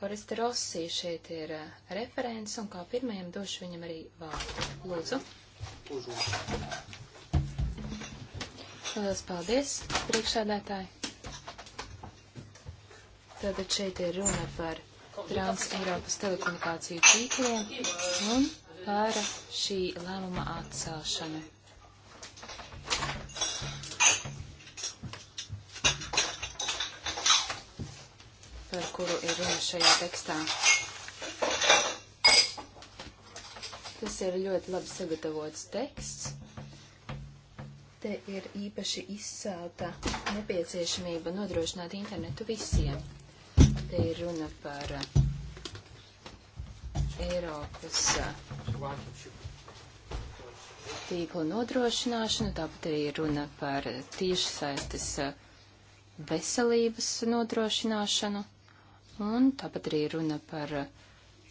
Oreste Rossi šeit ir eh, referents, un kā pirmajam došu viņam arī vārdu. Lūdzu. Lielas paldies, priekšādātāji. Tātad šeit ir runa par Trans-Eiropas telekomunikāciju tīkliem un par šī lēmuma atcelšanu. par kuru ir runa šajā tekstā. Tas ir ļoti labi sagatavots teksts. Te ir īpaši izcelta nepieciešamība nodrošināt internetu visiem. Te ir runa par uh, Eiropas uh, tīklu nodrošināšanu, tāpat arī runa par tiešsaistes uh, veselības nodrošināšanu. Un tāpat arī runa par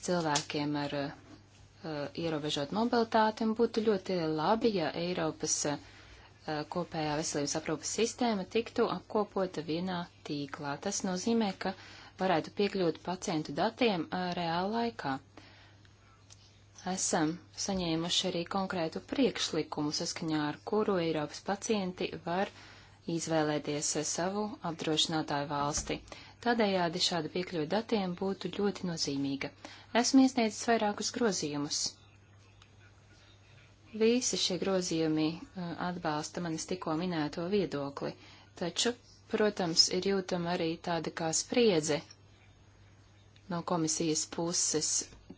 cilvēkiem ar uh, ierobežot mobilitāti, un būtu ļoti labi, ja Eiropas uh, kopējā veselības aprūpas sistēma tiktu apkopota vienā tīklā. Tas nozīmē, ka varētu piekļūt pacientu datiem uh, reāla laikā. Esam saņēmuši arī konkrētu priekšlikumu, saskaņā ar kuru Eiropas pacienti var izvēlēties savu apdrošinātāju valsti. Uh, Tādējādi šāda piekļuva datiem būtu ļoti nozīmīga. Esmu iesniedzis vairākus grozījumus. Visi šie grozījumi uh, atbalsta manis tikko minēto viedokli, taču, protams, ir jūtama arī tāda kā spriedze no komisijas puses,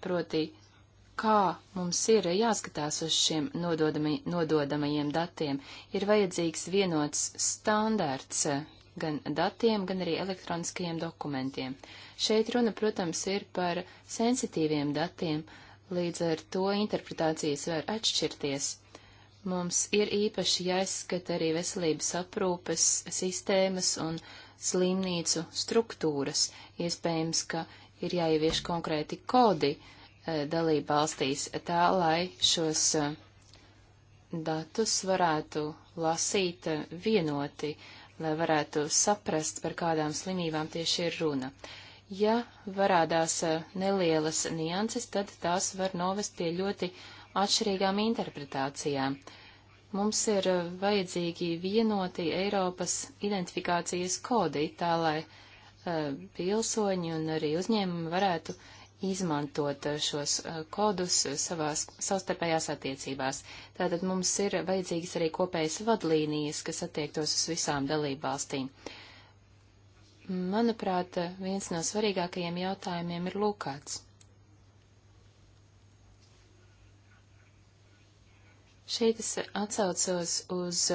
proti, kā mums ir jāskatās uz šiem nododami, nododamajiem datiem, ir vajadzīgs vienots standārts gan datiem, gan arī elektroniskajiem dokumentiem. Šeit runa, protams, ir par sensitīviem datiem, līdz ar to interpretācijas var atšķirties. Mums ir īpaši jāizskata arī veselības aprūpes sistēmas un slimnīcu struktūras. Iespējams, ka ir jāievieš konkrēti kodi e, dalība valstīs tā, lai šos e, datus varētu lasīt eh, vienoti. Uh, lai varētu saprast, par kādām slimībām tieši ir runa. Ja varādās eh, nelielas nianses, tad tās var novest pie ļoti atšķirīgām interpretācijām. Mums ir eh, vajadzīgi vienoti Eiropas identifikācijas kodi, tā lai eh, pilsoņi un arī uzņēmumi varētu izmantot eh, šos eh, kodus eh, savās savstarpējās attiecībās. Tātad mums ir vajadzīgas arī kopējas vadlīnijas, kas attiektos uz visām dalībvalstīm. Manuprāt, viens no svarīgākajiem jautājumiem ir lūkāts. Šeit es atsaucos uz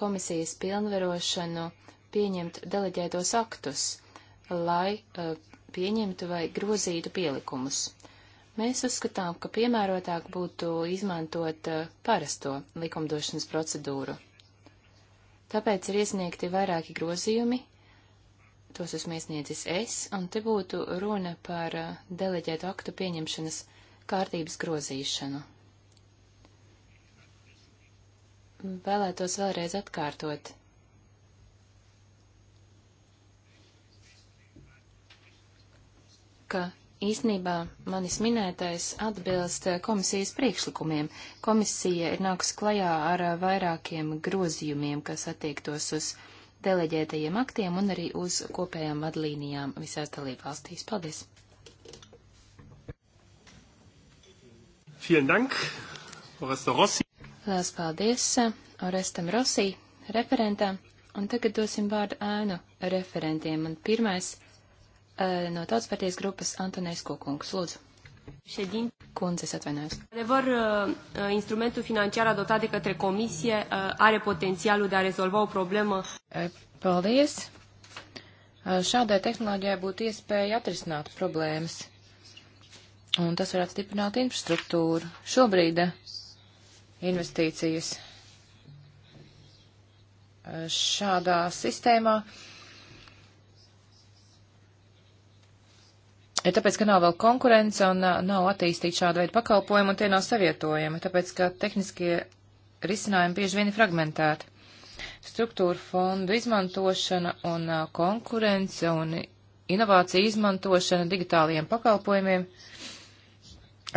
komisijas pilnvarošanu pieņemt deleģētos aktus, lai uh, pieņemtu vai grozītu pielikumus. Mēs uzskatām, ka piemērotāk būtu izmantot eh, parasto likumdošanas procedūru. Tāpēc ir iesniegti vairāki grozījumi, tos esmu iesniedzis es, un te būtu runa par eh, deleģētu aktu pieņemšanas kārtības grozīšanu. Vēlētos vēlreiz atkārtot, ka īsnībā manis minētais atbilst komisijas priekšlikumiem. Komisija ir nākusi klajā ar vairākiem grozījumiem, kas attiektos uz deleģētajiem aktiem un arī uz kopējām vadlīnijām visās dalībvalstīs. Paldies! Lielas paldies Orestam Rosī, referentam, un tagad dosim vārdu ēnu referentiem. Un pirmais Eh, no Tautas partijas grupas Antonēs Kokungs. Lūdzu. Ședin. Cunze, să atvenesc. Adevăr, eh, eh, instrumentul financiar adoptat de către Comisie are potențialul de a rezolva o problemă. Paldies. Šādai tehnoloģijai būtu iespēja atrisināt problēmas, un tas varētu stiprināt infrastruktūru. Šobrīd investīcijas šādā sistēmā uh, ir tāpēc, ka nav vēl konkurence un uh, nav attīstīta šāda veida pakalpojuma un tie nav savietojami, tāpēc, ka tehniskie risinājumi bieži vien ir fragmentēti. Struktūra fondu izmantošana un uh, konkurence un inovācija izmantošana digitālajiem pakalpojumiem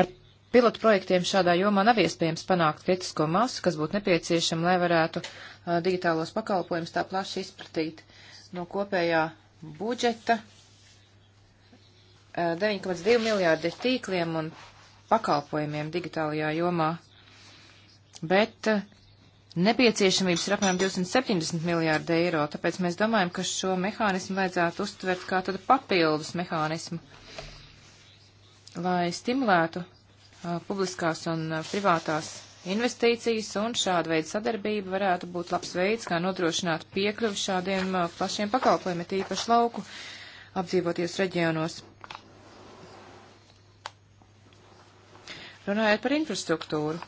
ar pilotu projektiem šādā jomā nav iespējams panākt kritisko masu, kas būtu nepieciešama, lai varētu uh, digitālos pakalpojumus tā plaši izpratīt no kopējā budžeta 9,2 miljārdi tīkliem un pakalpojumiem digitālajā jomā, bet eh, nepieciešamības ir apmēram 270 miljārdi eiro, tāpēc mēs domājam, ka šo mehānismu vajadzētu uztvert kā tādu papildus mehānismu, lai stimulētu uh, publiskās un uh, privātās investīcijas, un šāda veida sadarbība varētu būt labs veids, kā nodrošināt piekļuvi šādiem uh, plašiem pakalpojumiem, tīpaši lauku apdzīvoties reģionos. Runājot par infrastruktūru,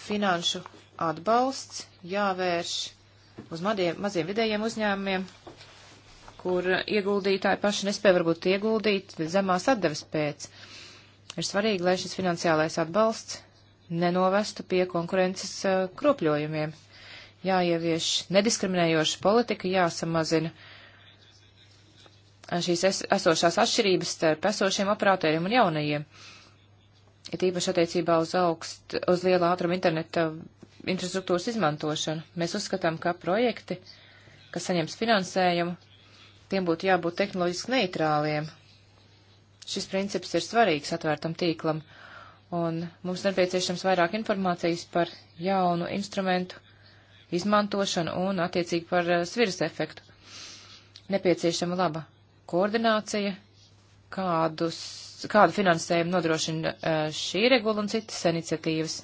finanšu atbalsts jāvērš uz madiem, maziem vidējiem uzņēmumiem, kur ieguldītāji paši nespēja varbūt ieguldīt zemās atdeves pēc. Ir svarīgi, lai šis finansiālais atbalsts nenovestu pie konkurences uh, kropļojumiem. Jāievieš nediskriminējoša politika, jāsamazina šīs es, esošās atšķirības starp esošiem operātoriem un jaunajiem. Uh, it īpaši attiecībā uz augst, uz liela ātruma interneta infrastruktūras izmantošanu. Mēs uzskatām, ka projekti, kas saņems finansējumu, tiem būtu jābūt tehnoloģiski neitrāliem. Šis princips ir svarīgs atvērtam tīklam, un mums nepieciešams vairāk informācijas par jaunu instrumentu izmantošanu un attiecīgi par eh, sviras efektu. Nepieciešama laba koordinācija kādus, kādu finansējumu nodrošina e, šī regula un citas iniciatīvas,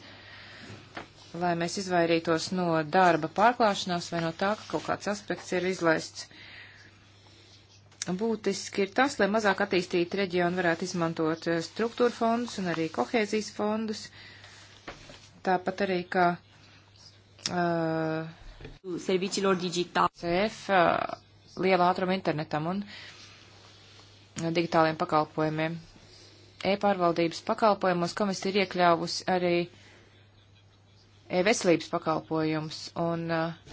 lai mēs izvairītos no darba pārklāšanās vai no tā, ka kaut kāds aspekts ir izlaists. Būtiski ir tas, lai mazāk attīstīti reģioni varētu izmantot e, struktūra fondus un arī kohēzijas fondus. Tāpat arī, ka uh, serviciilor digitāli CF uh, liela ātruma internetam un uh, digitāliem pakalpojumiem. E-pārvaldības pakalpojumos komisija ir iekļāvusi arī e-veselības pakalpojumus, un uh,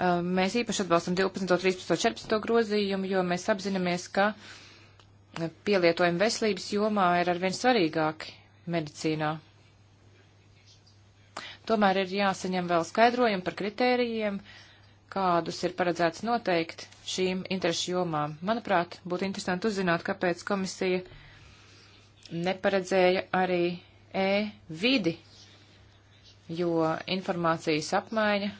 uh mēs īpaši atbalstam 12, 13, 14 grozījumu, jo mēs apzināmies, ka pielietojumi veselības jomā ir arvien svarīgāki medicīnā. Tomēr ir jāsaņem vēl skaidrojumi par kritērijiem, uh, kādus ir paredzēts noteikt šīm interešu jomām. Manuprāt, būtu interesanti uzzināt, kāpēc komisija neparedzēja arī e-vidi, jo informācijas apmaiņa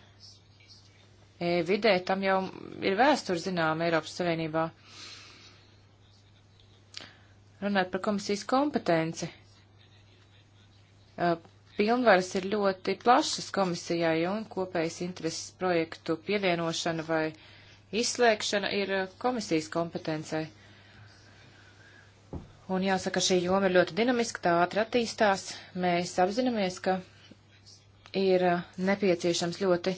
e-vidē tam jau ir vēstur zinām Eiropas Savienībā. Runāt par komisijas kompetenci pilnvaras ir ļoti plašas komisijai un kopējas intereses projektu pievienošana vai izslēgšana ir eh, komisijas kompetencei. Un jāsaka, šī joma ir ļoti dinamiska, tā ātri attīstās. Mēs apzināmies, ka ir eh, nepieciešams ļoti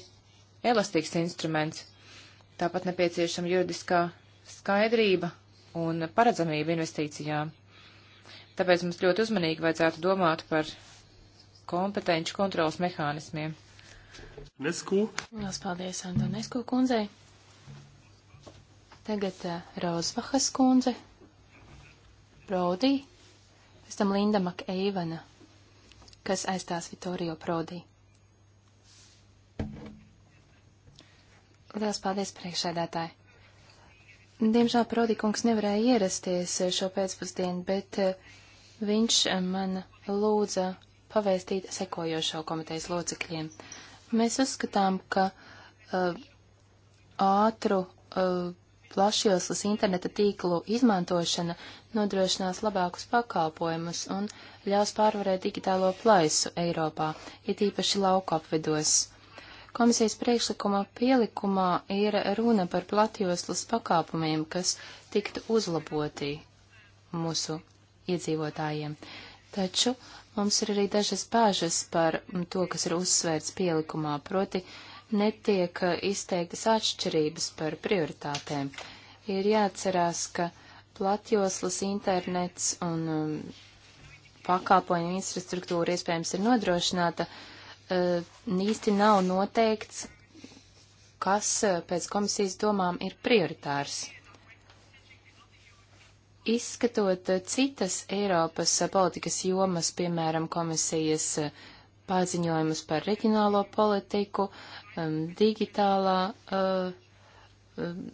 elastīgs instruments, tāpat nepieciešama juridiskā skaidrība un paredzamība investīcijām. Tāpēc mums ļoti uzmanīgi vajadzētu domāt par kompetenci kontrolas mehānismiem. Nesku. Lielas paldies Antonesku kundzei. Tagad uh, eh, Rozvahas kundze, Prodī, pēc tam Linda Makeivana, kas aizstās Vitorio Prodī. Lielas paldies priekšēdētāji. Diemžēl Prodī kungs nevarēja ierasties eh, šo pēcpusdienu, bet uh, viņš man lūdza pavēstīt sekojošo komitejas locekļiem. Mēs uzskatām, ka uh, ātru uh, plašjoslas interneta tīklu izmantošana nodrošinās labākus pakalpojumus un ļaus pārvarēt digitālo plaisu Eiropā, ja tīpaši lauku apvidos. Komisijas priekšlikuma pielikumā ir runa par platjoslas pakāpumiem, kas tiktu uzlaboti mūsu iedzīvotājiem. Taču uh, Mums ir arī dažas bāžas par to, kas ir uzsvērts pielikumā, proti netiek uh, izteiktas atšķirības par prioritātēm. Ir jāatcerās, ka platjoslas internets un um, pakāpoņu infrastruktūra iespējams ir nodrošināta, uh, īsti nav noteikts, kas uh, pēc komisijas domām ir prioritārs. Izskatot eh, citas Eiropas eh, politikas jomas, piemēram, komisijas eh, paziņojumus par reģionālo politiku, um, digitālā um,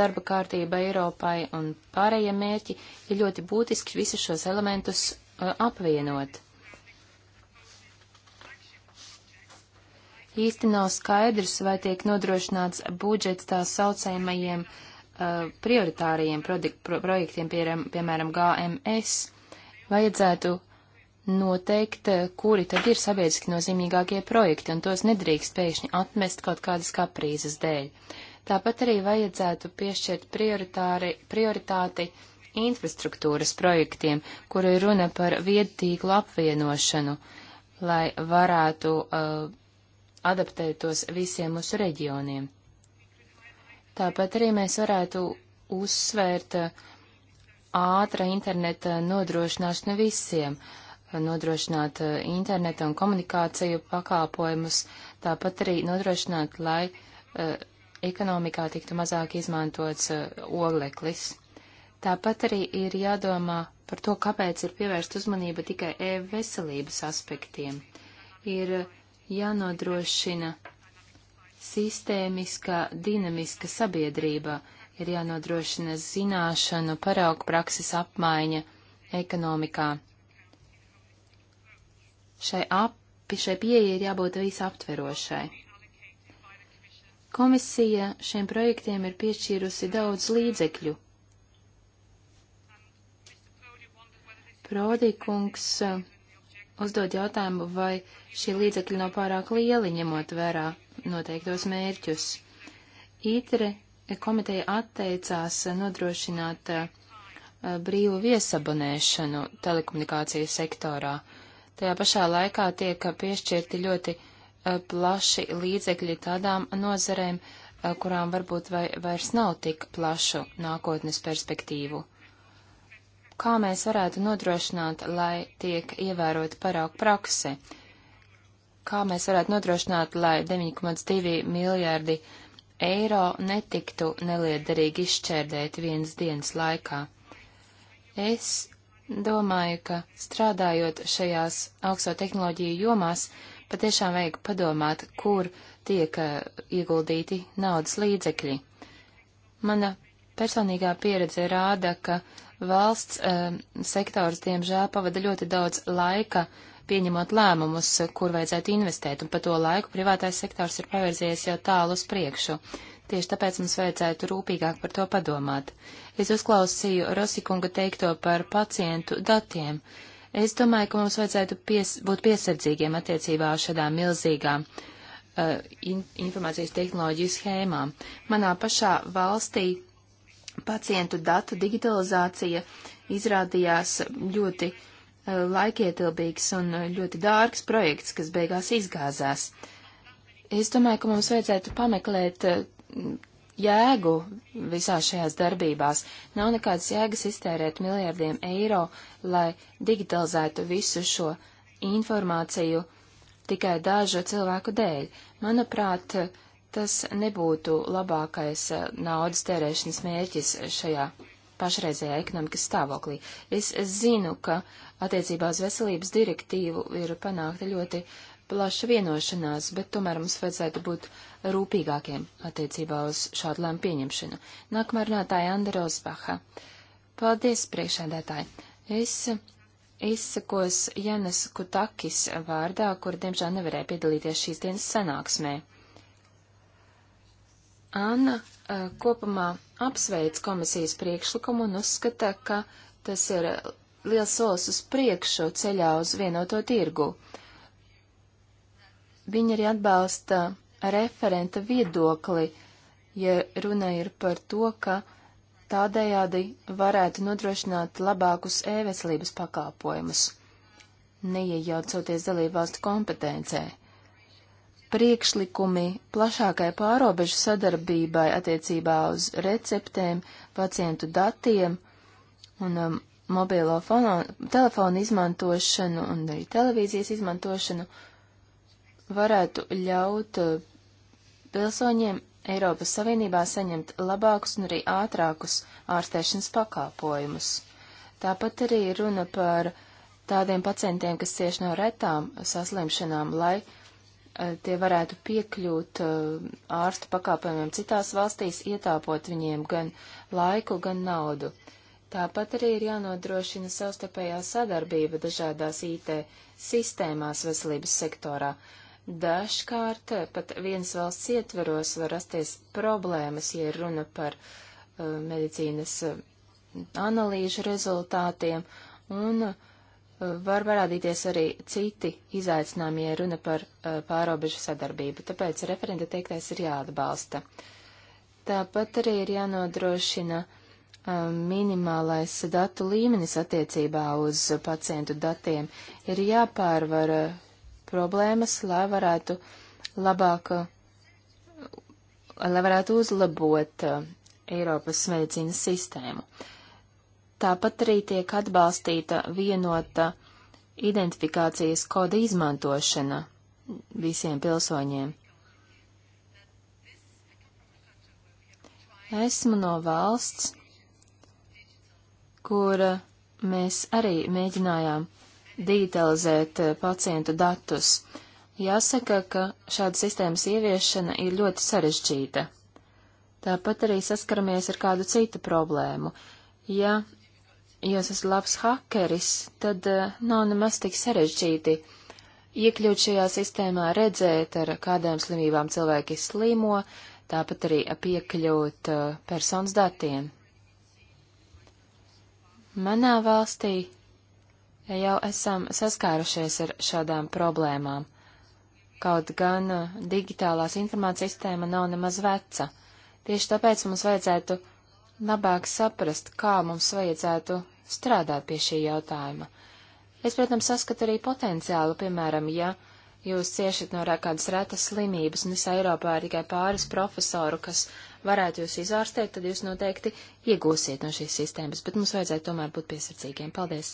darba kārtība Eiropai un pārējie mērķi, ir ļoti būtiski visus šos elementus apvienot. Īsti nav skaidrs, vai tiek nodrošināts budžets tā saucējumajiem uh, Eh, prioritārajiem projektiem, piemēram, GMS, vajadzētu noteikt, eh, kuri tad ir sabiedriski nozīmīgākie projekti, un tos nedrīkst pēkšņi atmest kaut kādas kaprīzes dēļ. Tāpat arī vajadzētu piešķirt prioritāti infrastruktūras projektiem, kur ir runa par viedtīklu apvienošanu, lai varētu uh, eh, adaptēt tos visiem mūsu reģioniem. Tāpat arī mēs varētu uzsvērt uh, ātra interneta nodrošināšanu visiem, nodrošināt uh, interneta un komunikāciju pakāpojumus, tāpat arī nodrošināt, lai uh, ekonomikā tiktu mazāk izmantots uh, ogleklis. Tāpat arī ir jādomā par to, kāpēc ir pievērst uzmanība tikai e-veselības aspektiem. Ir uh, jānodrošina uh, Sistēmiska, dinamiska sabiedrība ir jānodrošina zināšanu, paraugu prakses apmaiņa ekonomikā. Šai, ap, šai pieeja ir jābūt visaptverošai. Komisija šiem projektiem ir piešķīrusi daudz līdzekļu. Prodīkungs uh, uzdod jautājumu, vai šie līdzekļi nav pārāk lieli, ņemot vērā noteiktos mērķus. Ītre komiteja atteicās nodrošināt eh, brīvu viesabonēšanu telekomunikāciju sektorā. Tajā pašā laikā tiek piešķirti ļoti eh, plaši līdzekļi tādām nozarēm, eh, kurām varbūt vai, vairs nav tik plašu nākotnes perspektīvu. Kā mēs varētu nodrošināt, lai tiek ievērota parauga prakse? kā mēs varētu nodrošināt, lai 9,2 miljārdi eiro netiktu neliederīgi izšķērdēti vienas dienas laikā. Es domāju, ka strādājot šajās augsto tehnoloģiju jomās, patiešām vajag padomāt, kur tiek eh, ieguldīti naudas līdzekļi. Mana personīgā pieredze rāda, ka valsts e, sektors, diemžēl, pavada ļoti daudz laika pieņemot lēmumus, kur vajadzētu investēt, un pa to laiku privātais sektors ir pavērzies jau tālu uz priekšu. Tieši tāpēc mums vajadzētu rūpīgāk par to padomāt. Es uzklausīju Rosikunga teikto par pacientu datiem. Es domāju, ka mums vajadzētu pies, būt piesardzīgiem attiecībā uz šādām milzīgām uh, in, informācijas tehnoloģiju schēmām. Manā pašā valstī pacientu datu digitalizācija izrādījās ļoti uh, laikietilpīgs un ļoti dārgs projekts, kas beigās izgāzās. Es domāju, ka mums vajadzētu pameklēt eh, jēgu visā šajās darbībās. Nav nekādas jēgas iztērēt miljardiem eiro, lai digitalizētu visu šo informāciju tikai dažu cilvēku dēļ. Manuprāt, tas nebūtu labākais eh, naudas tērēšanas mērķis šajā pašreizējā ekonomikas stāvoklī. Es zinu, ka attiecībā uz veselības direktīvu ir panākta ļoti plaša vienošanās, bet tomēr mums vajadzētu būt rūpīgākiem attiecībā uz šādu lēmu pieņemšanu. Nākamā runātāja Anda Rozbaha. Paldies, priekšēdētāji. Es izsakos Janas Kutakis vārdā, kur diemžēl nevarēja piedalīties šīs dienas sanāksmē. Anna eh, kopumā apsveic komisijas priekšlikumu un uzskata, ka tas ir liels solis uz priekšu ceļā uz vienoto tirgu. Viņa arī atbalsta referenta viedokli, ja runa ir par to, ka tādējādi varētu nodrošināt labākus ēveslības pakāpojumus, neiejaucoties dalībvalstu kompetencē priekšlikumi plašākai pārobežu sadarbībai attiecībā uz receptēm, pacientu datiem un um, mobilo fono, telefonu izmantošanu un arī televīzijas izmantošanu varētu ļaut uh, pilsoņiem Eiropas Savienībā saņemt labākus un arī ātrākus ārstēšanas pakāpojumus. Tāpat arī runa par tādiem pacientiem, kas cieši no retām saslimšanām, lai uh, Eh, tie varētu piekļūt eh, ārstu pakāpojumiem citās valstīs, ietāpot viņiem gan laiku, gan naudu. Tāpat arī ir jānodrošina savstarpējā sadarbība dažādās IT sistēmās veselības sektorā. Dažkārt pat vienas valsts ietveros var rasties problēmas, ja ir runa par uh, medicīnas analīžu rezultātiem, un uh, var parādīties arī citi izaicinājumi, ja runa par eh, pārobežu sadarbību, tāpēc referenta teiktais ir jāatbalsta. Tāpat arī ir jānodrošina eh, minimālais datu līmenis attiecībā uz pacientu datiem. Ir jāpārvar problēmas, lai varētu labāk, eh, lai varētu uzlabot Eiropas medicīnas sistēmu. Uh, Tāpat arī tiek atbalstīta vienota identifikācijas koda izmantošana visiem pilsoņiem. Esmu no valsts, kur mēs arī mēģinājām digitalizēt eh, pacientu datus. Jāsaka, ka šāda sistēmas ieviešana ir ļoti sarežģīta. Tāpat arī saskaramies ar kādu citu problēmu. Ja jūs esat labs hakeris, tad eh, nav nemaz tik sarežģīti iekļūt šajā sistēmā, redzēt, ar kādām slimībām cilvēki slimo, tāpat arī piekļūt uh, personas datiem. Manā valstī jau esam saskārušies ar šādām problēmām. Kaut gan uh, digitālās informācijas sistēma nav nemaz veca. Tieši tāpēc mums vajadzētu labāk saprast, kā mums vajadzētu strādāt pie šī jautājuma. Es, protams, saskatu arī potenciālu, piemēram, ja jūs ciešat no kādas retas slimības, un visā Eiropā ir tikai pāris profesoru, kas varētu jūs izārstēt, tad jūs noteikti iegūsiet no šīs sistēmas, bet mums vajadzētu tomēr būt piesardzīgiem. Paldies!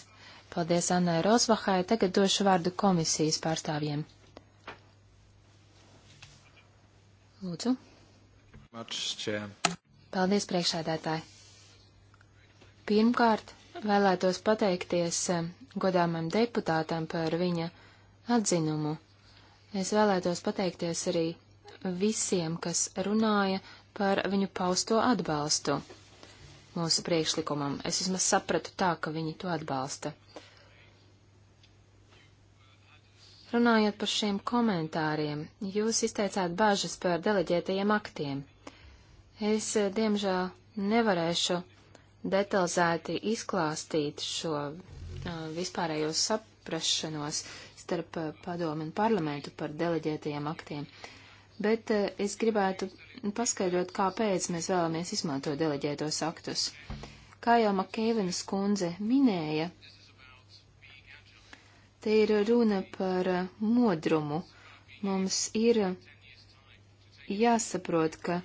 Paldies Annai Rozvahai, tagad došu vārdu komisijas pārstāvjiem. Lūdzu. Much, Paldies, priekšādētāji. Pirmkārt, Vēlētos pateikties eh, godāmam deputātam par viņa atzinumu. Es vēlētos pateikties arī visiem, kas runāja par viņu pausto atbalstu mūsu priekšlikumam. Es vismaz sapratu tā, ka viņi to atbalsta. Runājot par šiem komentāriem, jūs izteicāt bažas par deleģētajiem aktiem. Es, eh, diemžēl, nevarēšu detalizēti izklāstīt šo uh, vispārējo saprašanos starp padomu un parlamentu par deleģētajiem aktiem, bet uh, es gribētu paskaidrot, kāpēc mēs vēlamies izmantot deleģētos aktus. Kā jau Makēvenas kundze minēja, te ir runa par uh, modrumu. Mums ir jāsaprot, ka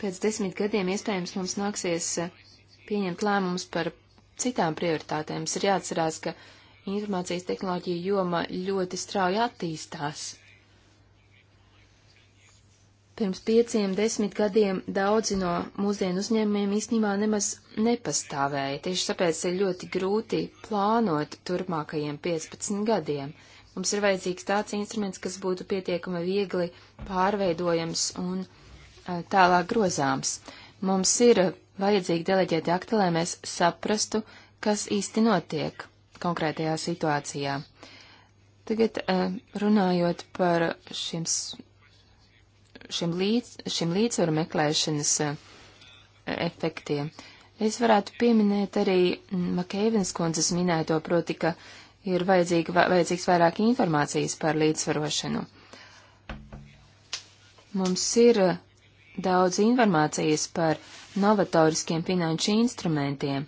pēc desmit gadiem iespējams mums nāksies uh, pieņemt lēmumus par citām prioritātēm. Mums ir jāatcerās, ka informācijas tehnoloģija joma ļoti strauji attīstās. Pirms pieciem, desmit gadiem daudzi no mūsdienu uzņēmumiem īstenībā nemaz nepastāvēja. Tieši tāpēc ir ļoti grūti plānot turpmākajiem 15 gadiem. Mums ir vajadzīgs tāds instruments, kas būtu pietiekami viegli pārveidojams un tālāk grozāms. Mums ir vajadzīgi deleģēti akti, lai mēs saprastu, kas īsti notiek konkrētajā situācijā. Tagad eh, runājot par šim, šim, līdz, šim līdzsvaru meklēšanas eh, efektiem, es varētu pieminēt arī Makēvins kundzes minēto, proti, ka ir vajadzīgs vairāk informācijas par līdzsvarošanu. Mums ir eh, daudz informācijas par uh, novatoriskiem finanšu instrumentiem.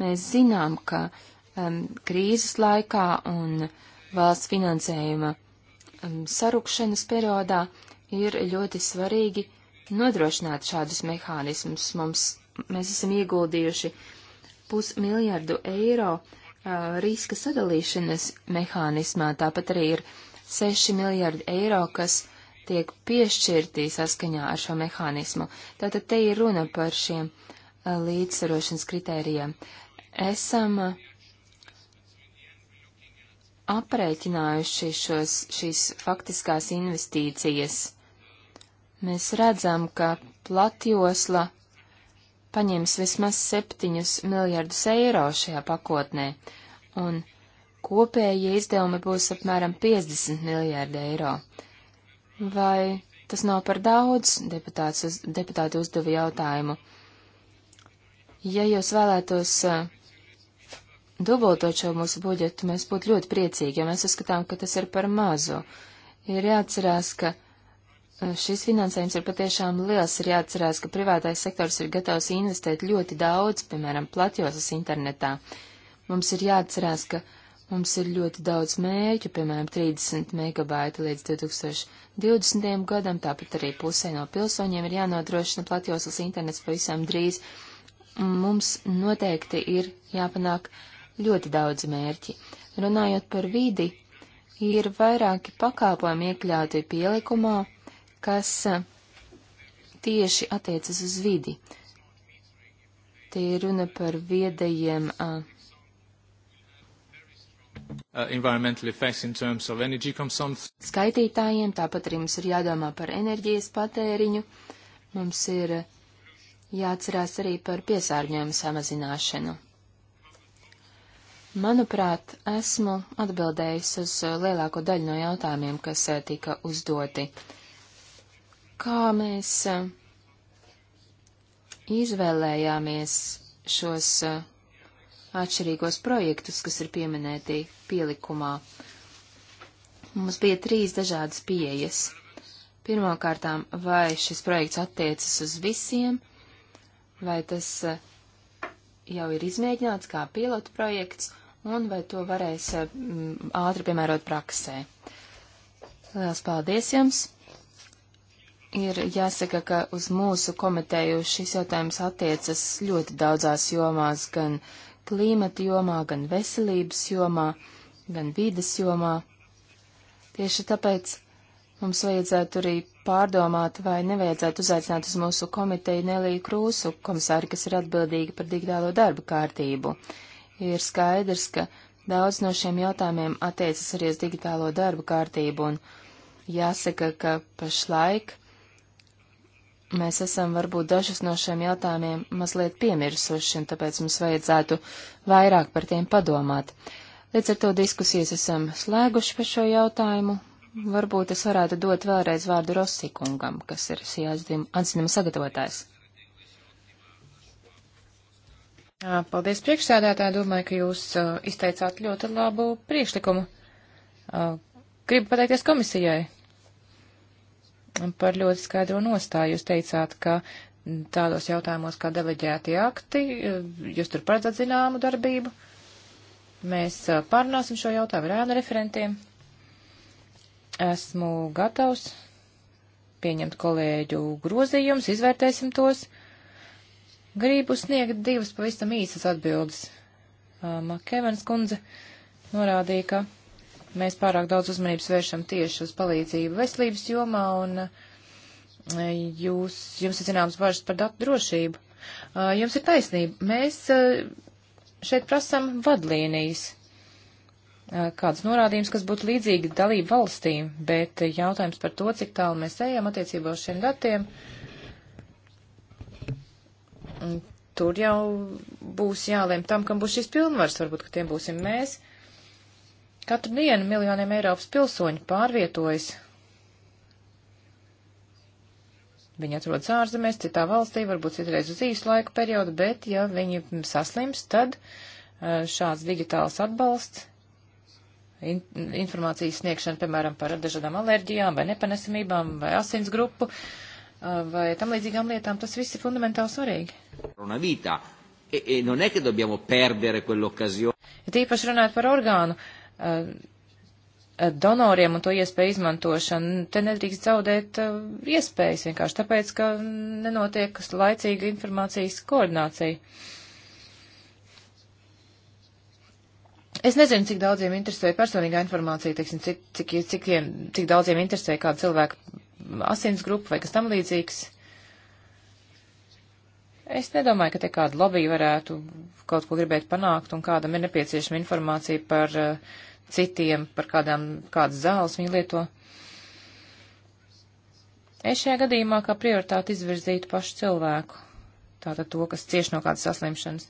Mēs zinām, ka um, krīzes laikā un valsts finansējuma um, sarukšanas periodā ir ļoti svarīgi nodrošināt šādus mehānismus. Mums, mēs esam ieguldījuši pusmiljardu eiro uh, riska sadalīšanas mehānismā, tāpat arī ir 6 miljardi eiro, kas tiek piešķirti saskaņā ar šo mehānismu. Tātad te ir runa par šiem eh, līdzsvarošanas kritērijiem. Esam eh, aprēķinājuši šos, šīs faktiskās investīcijas. Mēs redzam, ka platjosla paņems vismaz 7 miljardus eiro šajā pakotnē, un kopējie izdevumi būs apmēram 50 miljārdi eiro. Vai tas nav par daudz? Deputāts, uz, deputāti uzdeva jautājumu. Ja jūs vēlētos eh, dubultot šo mūsu budžetu, mēs būtu ļoti priecīgi, jo mēs uzskatām, ka tas ir par mazu. Ir jāatcerās, ka eh, šis finansējums ir patiešām liels, ir jāatcerās, ka privātais sektors ir gatavs investēt ļoti daudz, piemēram, platjosas internetā. Mums ir jāatcerās, ka uh, Mums ir ļoti daudz mērķu, piemēram, 30 megabaiti līdz 2020. gadam, tāpat arī pusē no pilsoņiem ir jānodrošina platjoslas internets pavisam drīz. Mums noteikti ir jāpanāk ļoti daudz mērķi. Runājot par vidi, ir vairāki pakāpojumi iekļauti pielikumā, kas eh, tieši attiecas uz vidi. Tie ir runa par viedajiem uh, Uh, Skaitītājiem tāpat arī mums ir jādomā par enerģijas patēriņu. Mums ir uh, jāatcerās arī par piesārņojumu samazināšanu. Manuprāt, esmu atbildējis uz uh, lielāko daļu no jautājumiem, kas tika uzdoti. Kā mēs izvēlējāmies šos atšķirīgos projektus, kas ir pieminēti pielikumā. Mums bija trīs dažādas pieejas. Pirmkārtām, vai šis projekts attiecas uz visiem, vai tas eh, jau ir izmēģināts kā pilotu projekts, un vai to varēs eh, mm, ātri piemērot praksē. Lielas paldies jums! Ir jāsaka, ka uz mūsu komiteju šis jautājums attiecas ļoti daudzās jomās, gan uh, klimata jomā, gan veselības jomā, gan vīdes jomā. Tieši tāpēc mums vajadzētu arī pārdomāt, vai nevajadzētu uzaicināt uz mūsu komiteju Neliju Krūsu, komisāri, kas ir atbildīga par digitālo darba kārtību. Ir skaidrs, ka daudz no šiem jautājumiem attiecas arī uz digitālo darba kārtību, un jāsaka, ka pašlaik Mēs esam varbūt dažus no šiem jautājumiem mazliet piemirsuši, un tāpēc mums vajadzētu vairāk par tiem padomāt. Līdz ar to diskusijas esam slēguši par šo jautājumu. Varbūt es varētu dot vēlreiz vārdu Rosikungam, kas ir šī atzinuma sagatavotājs. Paldies priekšsēdētāji, domāju, ka jūs uh, izteicāt ļoti labu priekšlikumu. Uh, gribu pateikties komisijai par ļoti skaidro nostāju. Jūs teicāt, ka tādos jautājumos kā deleģēti akti, eh, jūs tur paredzat zināmu darbību. Mēs eh, pārunāsim šo jautājumu ar ēnu referentiem. Esmu gatavs pieņemt kolēģu grozījumus, izvērtēsim tos. Gribu sniegt divas pavisam īsas atbildes. Eh, Makēvens kundze norādīja, ka mēs pārāk daudz uzmanības vēršam tieši uz palīdzību veselības jomā, un e, jūs, jums ir zināms bažas par datu drošību. E, jums ir taisnība. Mēs e, šeit prasam vadlīnijas, kādas norādījums, kas būtu līdzīgi dalību valstīm, bet jautājums par to, cik tālu mēs ejam attiecībā uz šiem datiem, tur jau būs jālēm tam, kam būs šis pilnvars, varbūt, ka tiem būsim mēs. Uh, Katru dienu miljoniem Eiropas pilsoņu pārvietojas. Viņi atrodas ārzemēs, citā valstī, varbūt citreiz uz īsu laiku periodu, bet ja viņi saslims, tad eh, šāds digitāls atbalsts, in, informācijas sniegšana, piemēram, par dažādām alerģijām vai nepanesamībām vai asins grupu eh, vai tam līdzīgām lietām, tas viss ir fundamentāli svarīgi. E, e ja tīpaši runājot par orgānu Eh, eh, donoriem un to iespēju izmantošanu. Te nedrīkst zaudēt eh, iespējas vienkārši tāpēc, ka nenotiek laicīga informācijas koordinācija. Es nezinu, cik daudziem interesē personīgā informācija, teiksim, cik, cik, cik, cik daudziem interesē kāda cilvēka asins grupa vai kas tam līdzīgs. Es nedomāju, ka te kāda lobby varētu kaut ko gribēt panākt un kādam ir nepieciešama informācija par uh, citiem par kādām, kādas zāles viņi lieto. Es šajā gadījumā kā prioritāti izvirzītu pašu cilvēku, tātad to, kas cieš no kādas saslimšanas.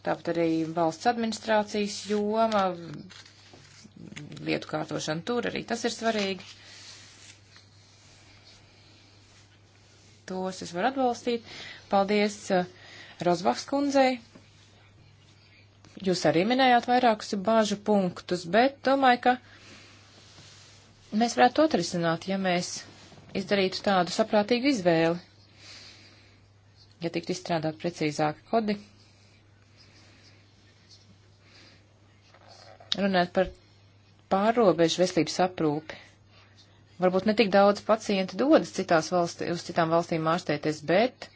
Tāpat arī valsts administrācijas joma, lietu kārtošana tur arī tas ir svarīgi. Tos es varu atbalstīt. Paldies uh, Rozbachs kundzei Jūs arī minējāt vairākus bāžu punktus, bet domāju, ka mēs varētu to atrisināt, ja mēs izdarītu tādu saprātīgu izvēli, ja tiktu izstrādāt precīzāki kodi. Runāt par pārrobežu veselības aprūpi. Varbūt netik daudz pacienti dodas citās valstī, uz citām valstīm ārstēties, bet,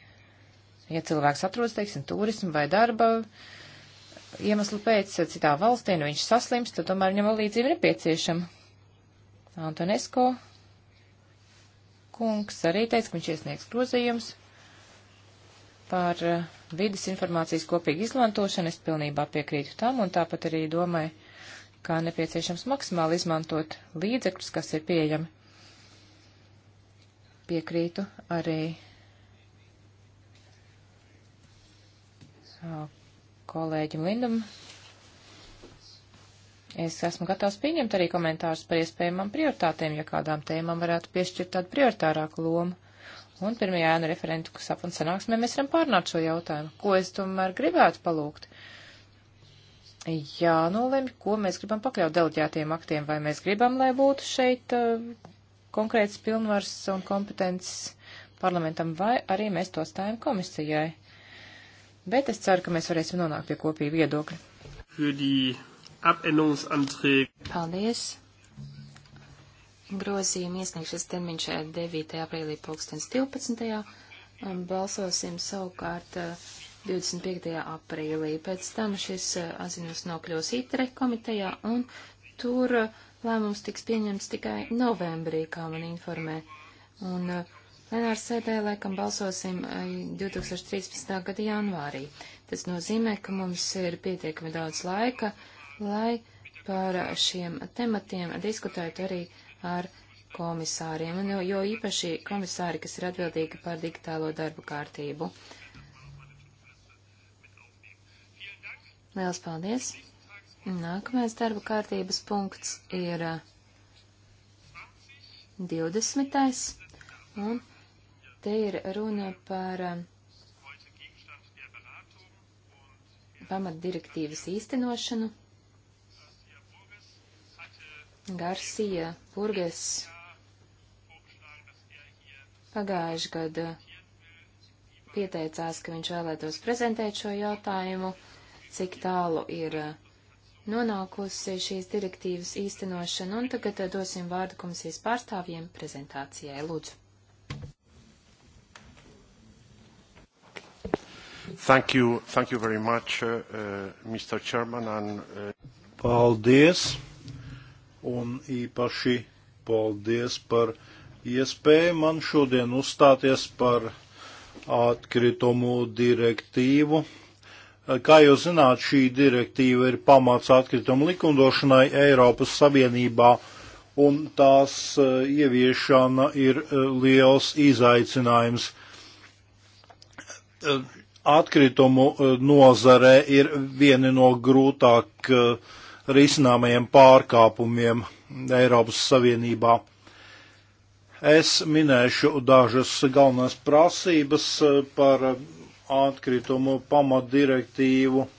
ja cilvēks atrodas, teiksim, turismu vai darba uh, iemeslu pēc eh, citā valstī, nu viņš saslimst, tad tomēr viņam palīdzība nepieciešama. Antonesko kungs arī teica, ka viņš iesniegs grozījums par eh, vidas informācijas kopīgu izmantošanu. Es pilnībā piekrītu tam un tāpat arī domāju, kā nepieciešams maksimāli izmantot līdzekļus, kas ir pieejami. Piekrītu arī kolēģim Lindam. Es esmu gatavs pieņemt arī komentārus par iespējamām prioritātēm, ja kādām tēmām varētu piešķirt tādu prioritārāku lomu. Un pirmajā ēnu referentu sapun sanāksmē mēs varam pārnāt šo jautājumu. Ko es tomēr gribētu palūgt? Jānolemj, ko mēs gribam pakļaut deleģētiem aktiem, vai mēs gribam, lai būtu šeit uh, konkrēts pilnvars un kompetences parlamentam, vai arī mēs to stājam komisijai bet es ceru, ka mēs varēsim nonākt pie kopīga viedokļa. Paldies! Grozījuma iesniegšanas termiņš 9. Eh, aprīlī 2012. Balsosim savukārt 25. Eh, aprīlī. Pēc tam šis eh, atziņas nokļūs ITRE komitejā un tur lēmums tiks pieņemts tikai novembrī, kā man informē. Un uh, Plenāra sēdē laikam balsosim 2013. Eh, gada janvārī. Tas nozīmē, ka mums ir pietiekami daudz laika, lai par šiem tematiem diskutētu arī ar komisāriem, un jo, jo īpaši komisāri, kas ir atbildīgi par digitālo darbu kārtību. Liels paldies! Nākamais darba kārtības punkts ir 20. Eh, un Te ir runa par um, pamatdirektīvas īstenošanu. Garcija Burges pagājuši gada pieteicās, ka viņš vēlētos prezentēt šo jautājumu, cik tālu ir uh, nonākusi šīs direktīvas īstenošana, un tagad uh, dosim vārdu komisijas pārstāvjiem prezentācijai. Lūdzu. Thank you, thank you very much, uh, uh Mr. Chairman. And, uh... Paldies, un īpaši paldies par iespēju man šodien uzstāties par atkritumu direktīvu. Kā jūs zināt, šī direktīva ir pamats atkritumu likumdošanai Eiropas Savienībā, un tās uh, ieviešana ir uh, liels izaicinājums atkritumu eh, nozarē ir vieni no grūtāk eh, risināmajiem pārkāpumiem Eiropas Savienībā. Es minēšu dažas galvenās prasības eh, par atkritumu pamatdirektīvu.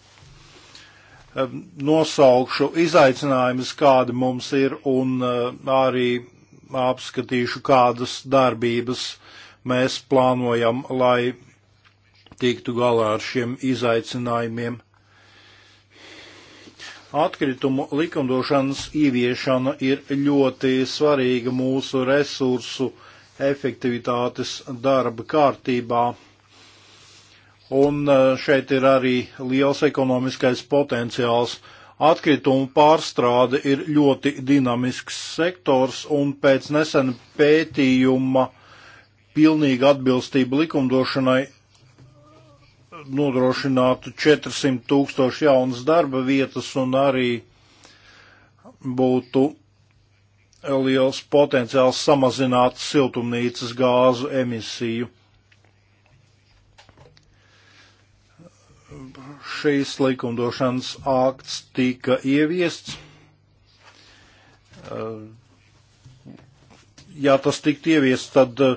Nosaukšu izaicinājumus, kādi mums ir, un arī apskatīšu, kādas darbības mēs plānojam, lai tiktu galā ar šiem izaicinājumiem. Atkritumu likumdošanas ieviešana ir ļoti svarīga mūsu resursu efektivitātes darba kārtībā. Un e, šeit ir arī liels ekonomiskais potenciāls. Atkritumu pārstrāde ir ļoti dinamisks sektors, un pēc nesena pētījuma pilnīga atbilstība likumdošanai nodrošinātu 400 tūkstoši jaunas darba vietas un arī būtu liels potenciāls samazināt siltumnīcas gāzu emisiju. Šīs likumdošanas akts tika ieviests. Ja tas tiktu ieviests, tad uh,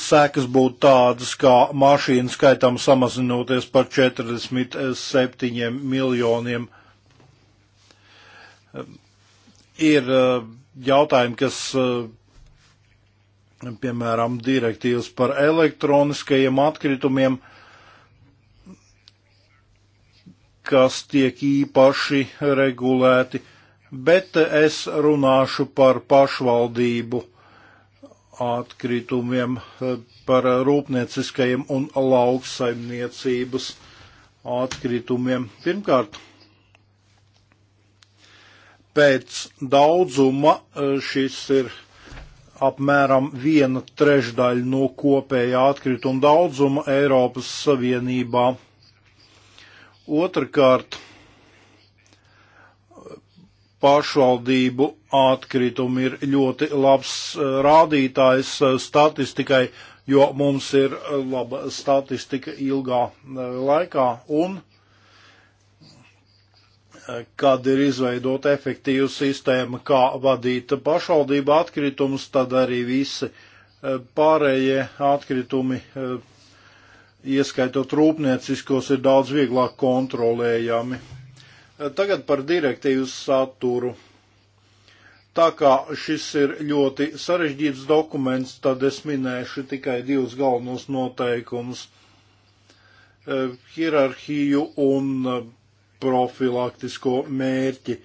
sekas būtu tādas, kā mašīnu skaitam samazinoties par 47 miljoniem. Ir eh, jautājumi, kas, eh, piemēram, direktīvas par elektroniskajiem atkritumiem, kas tiek īpaši regulēti, bet es runāšu par pašvaldību atkritumiem, eh, par rūpnieciskajiem un lauksaimniecības atkritumiem. Pirmkārt, pēc daudzuma eh, šis ir apmēram viena trešdaļa no kopējā atkrituma daudzuma Eiropas Savienībā. Otrakārt, pašvaldību atkritumi ir ļoti labs eh, rādītājs eh, statistikai, jo mums ir eh, laba statistika ilgā laikā un kad ir izveidota efektīva sistēma, kā vadīt pašvaldību atkritumus, tad arī visi pārējie atkritumi, ieskaitot rūpnieciskos, ir daudz vieglāk kontrolējami. Tagad par direktīvu saturu. Tā kā šis ir ļoti sarežģīts dokuments, tad es minēšu tikai divus galvenos noteikumus e, - hierarhiju un e, profilaktisko mērķi.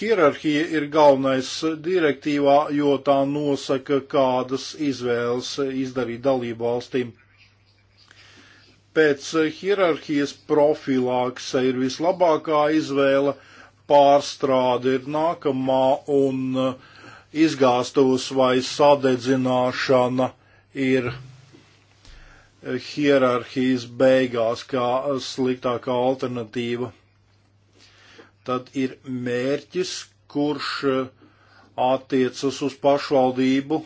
Hierarhija ir galvenais direktīvā, jo tā nosaka, kādas izvēles izdarīt dalību valstīm pēc eh, hierarhijas profilakse ir vislabākā izvēle, pārstrāde ir nākamā un eh, izgāstos vai sadedzināšana ir eh, hierarhijas beigās kā sliktākā alternatīva. Tad ir mērķis, kurš attiecas uz pašvaldību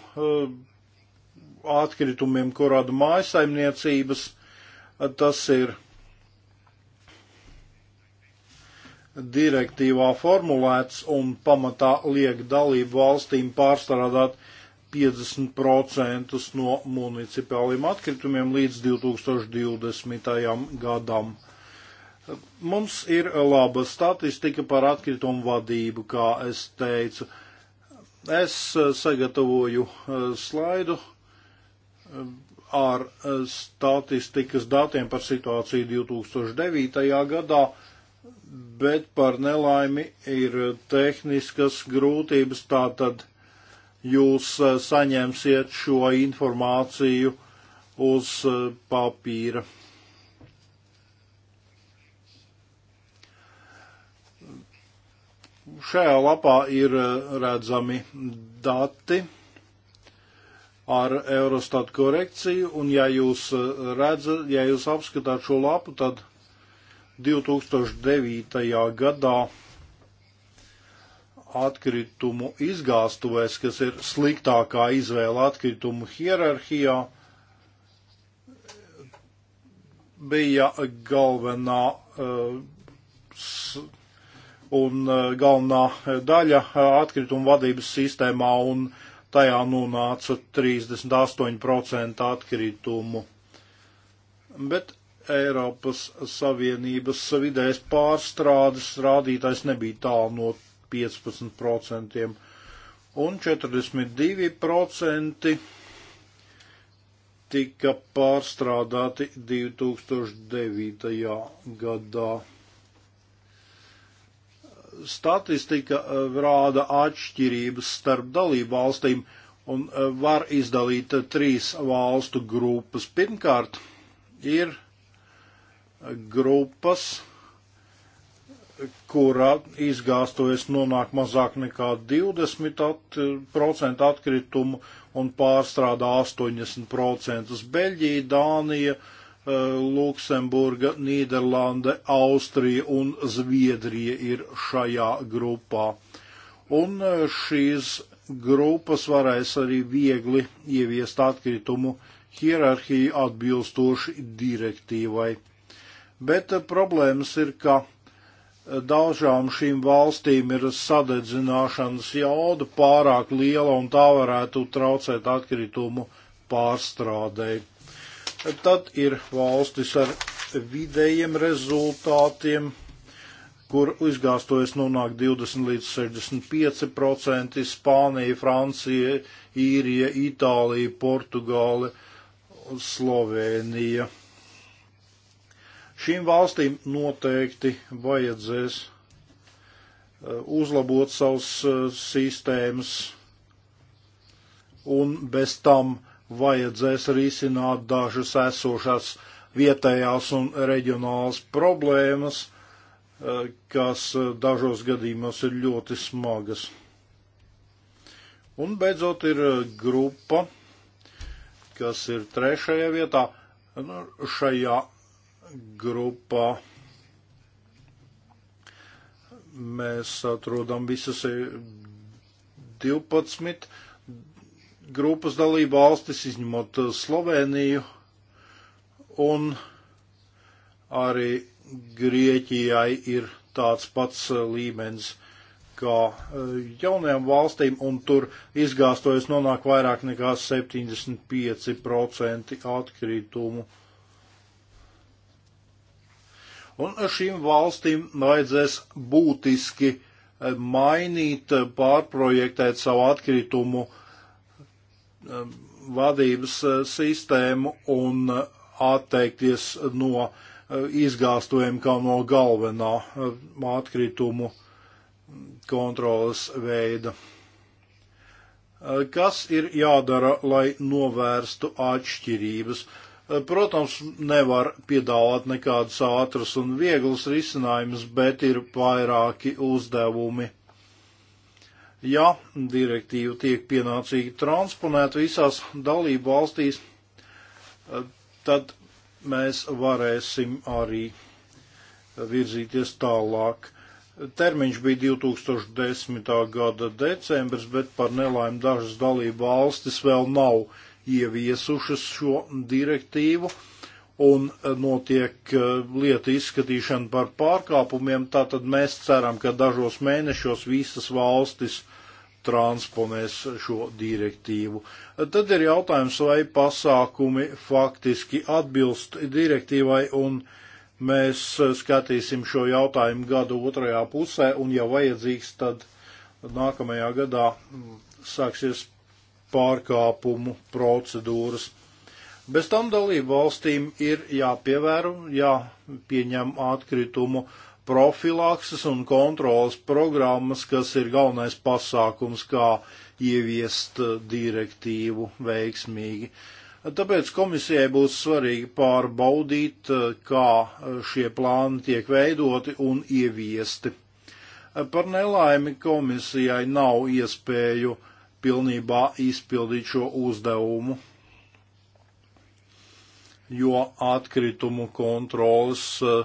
atkritumiem, ko rada mājasaimniecības, uh, Tas ir direktīvā formulēts un pamatā liek dalību valstīm pārstrādāt 50% no municipāliem atkritumiem līdz 2020. gadam. Mums ir laba statistika par atkritumu vadību, kā es teicu. Es sagatavoju eh, slaidu eh, ar eh, statistikas datiem par situāciju 2009. gadā, bet par nelaimi ir tehniskas grūtības, tātad jūs eh, saņemsiet šo informāciju uz eh, papīra. Šajā lapā ir redzami dati ar Eurostat korekciju, un ja jūs eh, redzat, ja jūs apskatāt šo lapu, tad 2009. gadā atkritumu izgāstuvēs, kas ir sliktākā izvēle atkritumu hierarhijā, bija galvenā eh, un eh, galvenā daļa atkritumu vadības sistēmā un uh, tajā nonāca 38% atkritumu. Bet Eiropas Savienības vidējais pārstrādes rādītājs nebija tālu no 15%, un 42% tika pārstrādāti 2009. gadā statistika eh, rāda atšķirības starp dalību valstīm un eh, var izdalīt eh, trīs valstu grupas. Pirmkārt, ir grupas, kurā izgāstoties nonāk mazāk nekā 20% atkritumu un pārstrādā 80%. Beļģija, Dānija, uh, Eh, Luksemburga, Nīderlande, Austrija un Zviedrija ir šajā grupā. Un eh, šīs grupas varēs arī viegli ieviest atkritumu hierarhiju atbilstoši direktīvai. Bet eh, problēmas ir, ka daužām šīm valstīm ir sadedzināšanas jauda pārāk liela un tā varētu traucēt atkritumu pārstrādēji. Tad ir valstis ar vidējiem rezultātiem, kur izgāstojas nonāk 20 līdz 65 procenti - Spānija, Francija, Īrija, Itālija, Portugāle, Slovēnija. Šīm valstīm noteikti vajadzēs uh, uzlabot savas uh, sistēmas, un bez tam vajadzēs risināt dažas esošās vietējās un reģionālas problēmas, eh, kas eh, dažos gadījumos ir ļoti smagas. Un beidzot ir eh, grupa, kas ir trešajā vietā. Nu, šajā grupā mēs atrodam visas 12 grupas dalību valstis, izņemot eh, Sloveniju, un arī Grieķijai ir tāds pats eh, līmenis kā eh, jaunajām valstīm, un tur izgāstojas nonāk vairāk nekā 75% atkritumu. Un šīm valstīm vajadzēs būtiski mainīt, pārprojektēt savu atkritumu uh, Um, vadības uh, sistēmu un uh, atteikties no uh, izgāstojuma kā no galvenā atkritumu kontrolas veida. Kas ir jādara, lai novērstu atšķirības? Protams, nevar piedāvāt nekādas ātras un vieglas risinājumus, bet ir vairāki uzdevumi Ja direktīva tiek pienācīgi transponēta visās dalību valstīs, tad mēs varēsim arī virzīties tālāk. Termiņš bija 2010. gada decembris, bet par nelaimi dažas dalību valstis vēl nav ieviesušas šo direktīvu un notiek eh, lieta izskatīšana par pārkāpumiem. Tātad mēs ceram, ka dažos mēnešos visas valstis uh, transponēs šo direktīvu. Tad ir jautājums, vai pasākumi faktiski atbilst direktīvai, un mēs skatīsim šo jautājumu gadu otrajā pusē, un ja vajadzīgs, tad nākamajā gadā mm, sāksies pārkāpumu procedūras. Bez tam dalību valstīm ir jāpievēru, jāpieņem atkritumu uh, profilakses un kontrolas programmas, kas ir galvenais pasākums, kā ieviest eh, direktīvu veiksmīgi. Tāpēc komisijai būs svarīgi pārbaudīt, eh, kā eh, šie plāni tiek veidoti un ieviesti. Par nelaimi komisijai nav iespēju pilnībā izpildīt šo uzdevumu, jo atkritumu kontrolas uh,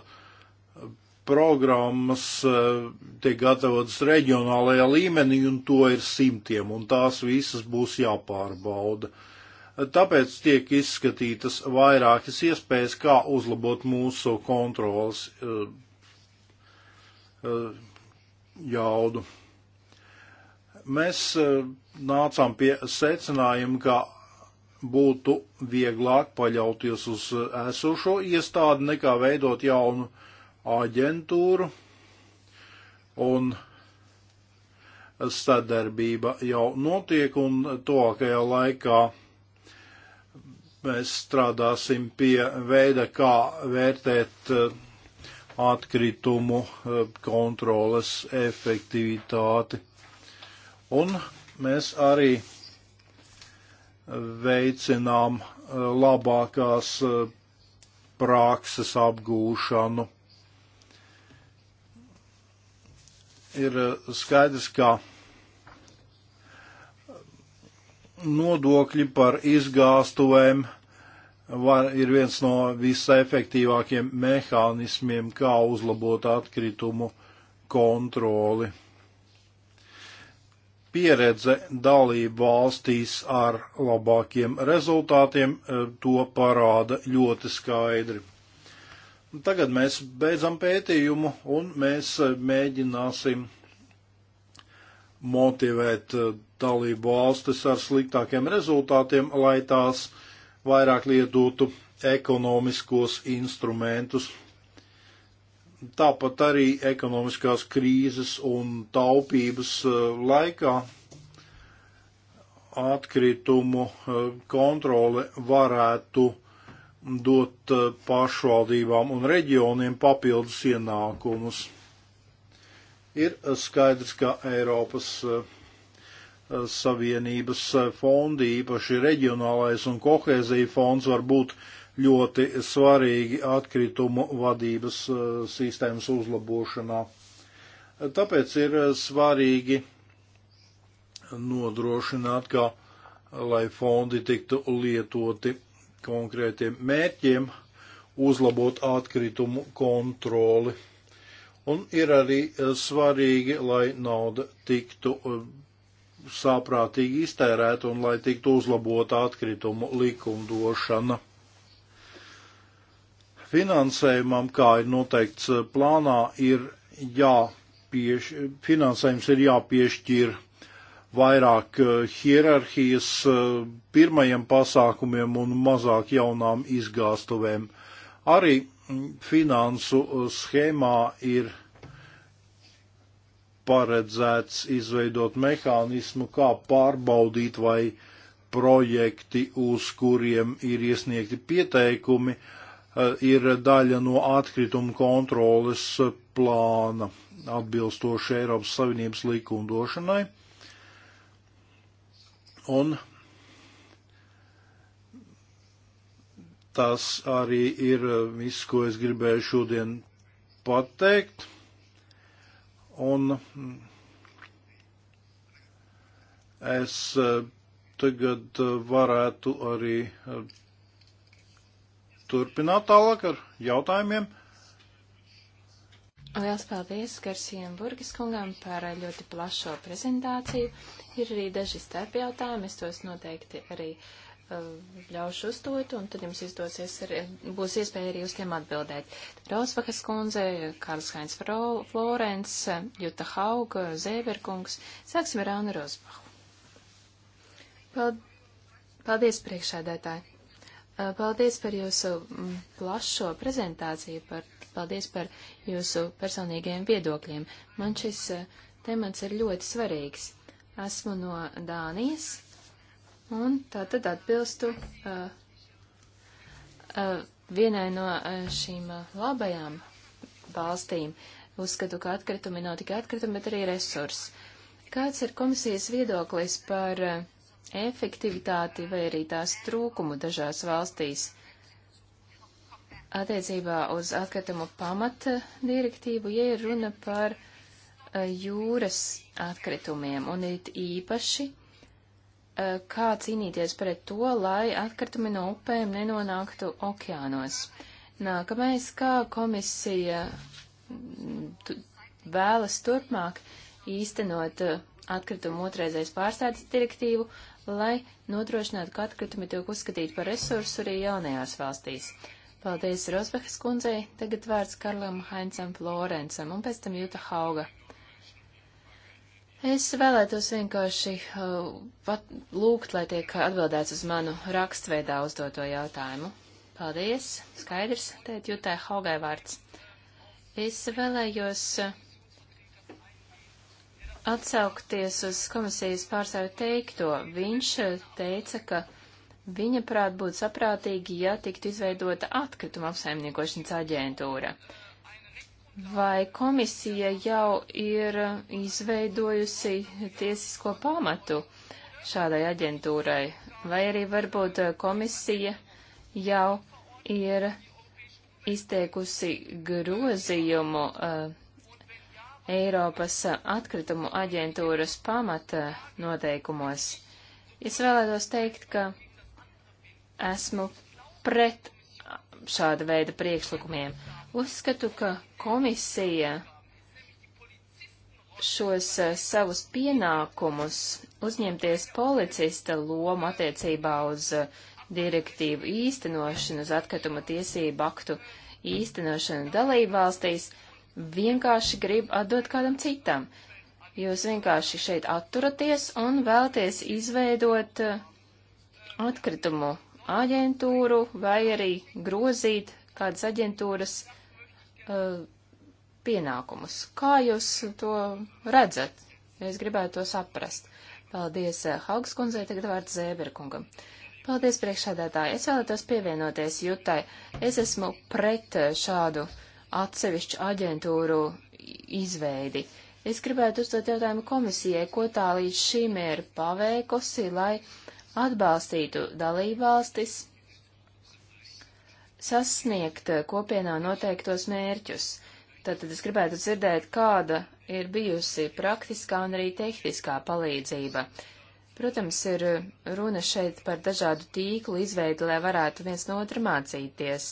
programmas eh, tiek gatavotas reģionālajā līmenī, un to ir simtiem, un tās visas būs jāpārbauda. Tāpēc tiek izskatītas vairākas iespējas, kā uzlabot mūsu kontrolas eh, eh, jaudu. Mēs nācām pie secinājuma, ka būtu vieglāk paļauties uz esošo iestādi nekā veidot jaunu uh, aģentūru, un sadarbība jau notiek, un tuvākajā laikā mēs strādāsim pie veida, kā vērtēt eh, atkritumu eh, kontroles efektivitāti. Un mēs arī veicinām eh, labākās prakses apgūšanu. ir eh, skaidrs, ka nodokļi par izgāstuvēm var, ir viens no visefektīvākiem mehānismiem, kā uzlabot atkritumu kontroli. Pieredze dalību valstīs ar labākiem rezultātiem eh, to parāda ļoti skaidri. Tagad mēs beidzam pētījumu un mēs eh, mēģināsim motivēt eh, dalību valstis ar sliktākiem rezultātiem, lai tās vairāk lietotu ekonomiskos instrumentus. Tāpat arī ekonomiskās krīzes un taupības eh, laikā atkritumu kontrole varētu uh, dot eh, pašvaldībām un reģioniem papildus ienākumus. Ir eh, skaidrs, ka Eiropas eh, Savienības fondi, īpaši reģionālais un kohēzija fonds, var būt ļoti svarīgi atkritumu vadības sistēmas uzlabošanā. Tāpēc ir svarīgi nodrošināt, ka, lai fondi tiktu lietoti konkrētiem mērķiem uzlabot atkritumu kontroli. Un ir arī eh, svarīgi, lai nauda tiktu eh, saprātīgi iztērēta un lai tiktu uzlabota atkritumu likumdošana. Finansējumam, kā ir noteikts eh, plānā, ir jāpieš, finansējums ir jāpiešķir vairāk eh, hierarhijas eh, pirmajiem pasākumiem un mazāk jaunām izgāstuvēm. Arī mm, finansu eh, schēmā ir paredzēts izveidot mehānismu, kā pārbaudīt, vai projekti, uz kuriem ir iesniegti pieteikumi, ir daļa no atkrituma kontroles plāna atbilstoši Eiropas Savienības likumdošanai. Un tas arī ir viss, ko es gribēju šodien pateikt. Un es eh, tagad eh, varētu arī eh, turpināt tālāk ar jautājumiem. Liels paldies Garsijam Burgis kungam par ļoti plašo prezentāciju. Ir arī daži starp jautājumi, es tos noteikti arī uh, ļaušu uzdot, un tad jums izdosies arī, būs iespēja arī uz tiem atbildēt. Rausvakas kundze, Karls Hainz Florens, Juta Hauga, Zēverkungs. Sāksim ar Ānu Rozbahu. Paldies. Paldies, priekšēdētāji! Eh, paldies par jūsu mm, plašo prezentāciju, par paldies par jūsu personīgajiem viedokļiem. Man šis eh, temats ir ļoti svarīgs. Esmu no Dānijas, un tā tad atbilstu uh, uh, vienai no uh, šīm uh, labajām valstīm. Uzskatu, ka atkritumi nav tikai atkritumi, bet arī resursi. Kāds ir komisijas viedoklis par uh, efektivitāti vai arī tās trūkumu dažās valstīs? attiecībā uz atkritumu pamata direktīvu, ja ir runa par eh, jūras atkritumiem un it īpaši, eh, kā cīnīties pret to, lai atkritumi no upēm nenonāktu okeānos. Nākamais, kā komisija mm, vēlas turpmāk īstenot eh, atkritumu otrreizais pārstādes direktīvu, lai nodrošinātu, ka atkritumi tiek uzskatīti par resursu arī jaunajās valstīs. Paldies Rosbehas kundzei. Tagad vārds Karlam Haincam Florencam un pēc tam Jūta Hauga. Es vēlētos vienkārši uh, lūgt, lai tiek atbildēts uz manu rakstveidā uzdoto jautājumu. Paldies, skaidrs, tēt jūtē haugai vārds. Es vēlējos uh, atsaukties uz komisijas pārstāvi teikto. Viņš uh, teica, ka Viņa prāt būtu saprātīgi, ja tiktu izveidota atkrituma apsaimniekošanas aģentūra. Vai komisija jau ir izveidojusi tiesisko pamatu šādai aģentūrai? Vai arī varbūt komisija jau ir izteikusi grozījumu uh, Eiropas atkritumu aģentūras pamata noteikumos? Es vēlētos teikt, ka esmu pret šāda veida priekšlikumiem. Uzskatu, ka komisija šos eh, savus pienākumus uzņemties policista lomu attiecībā uz eh, direktīvu īstenošanu, uz atkrituma tiesību aktu īstenošanu dalībvalstīs, vienkārši grib atdot kādam citam. Jūs vienkārši šeit atturaties un vēlties izveidot eh, atkritumu aģentūru vai arī grozīt kādas aģentūras uh, pienākumus. Kā jūs to redzat? Es gribētu to saprast. Paldies uh, Haugs kundzei, tagad vārds Zēberkungam. Paldies priekšādātāji. Es vēlētos pievienoties Jutai. Es esmu pret uh, šādu atsevišķu aģentūru izveidi. Es gribētu uzdot jautājumu komisijai, ko tā līdz šim ir paveikusi, lai uh, atbalstītu dalībvalstis sasniegt eh, kopienā noteiktos mērķus. Tātad es gribētu dzirdēt, kāda ir bijusi praktiskā un arī tehniskā palīdzība. Protams, ir eh, runa šeit par dažādu tīklu izveidi, lai varētu viens no otra mācīties,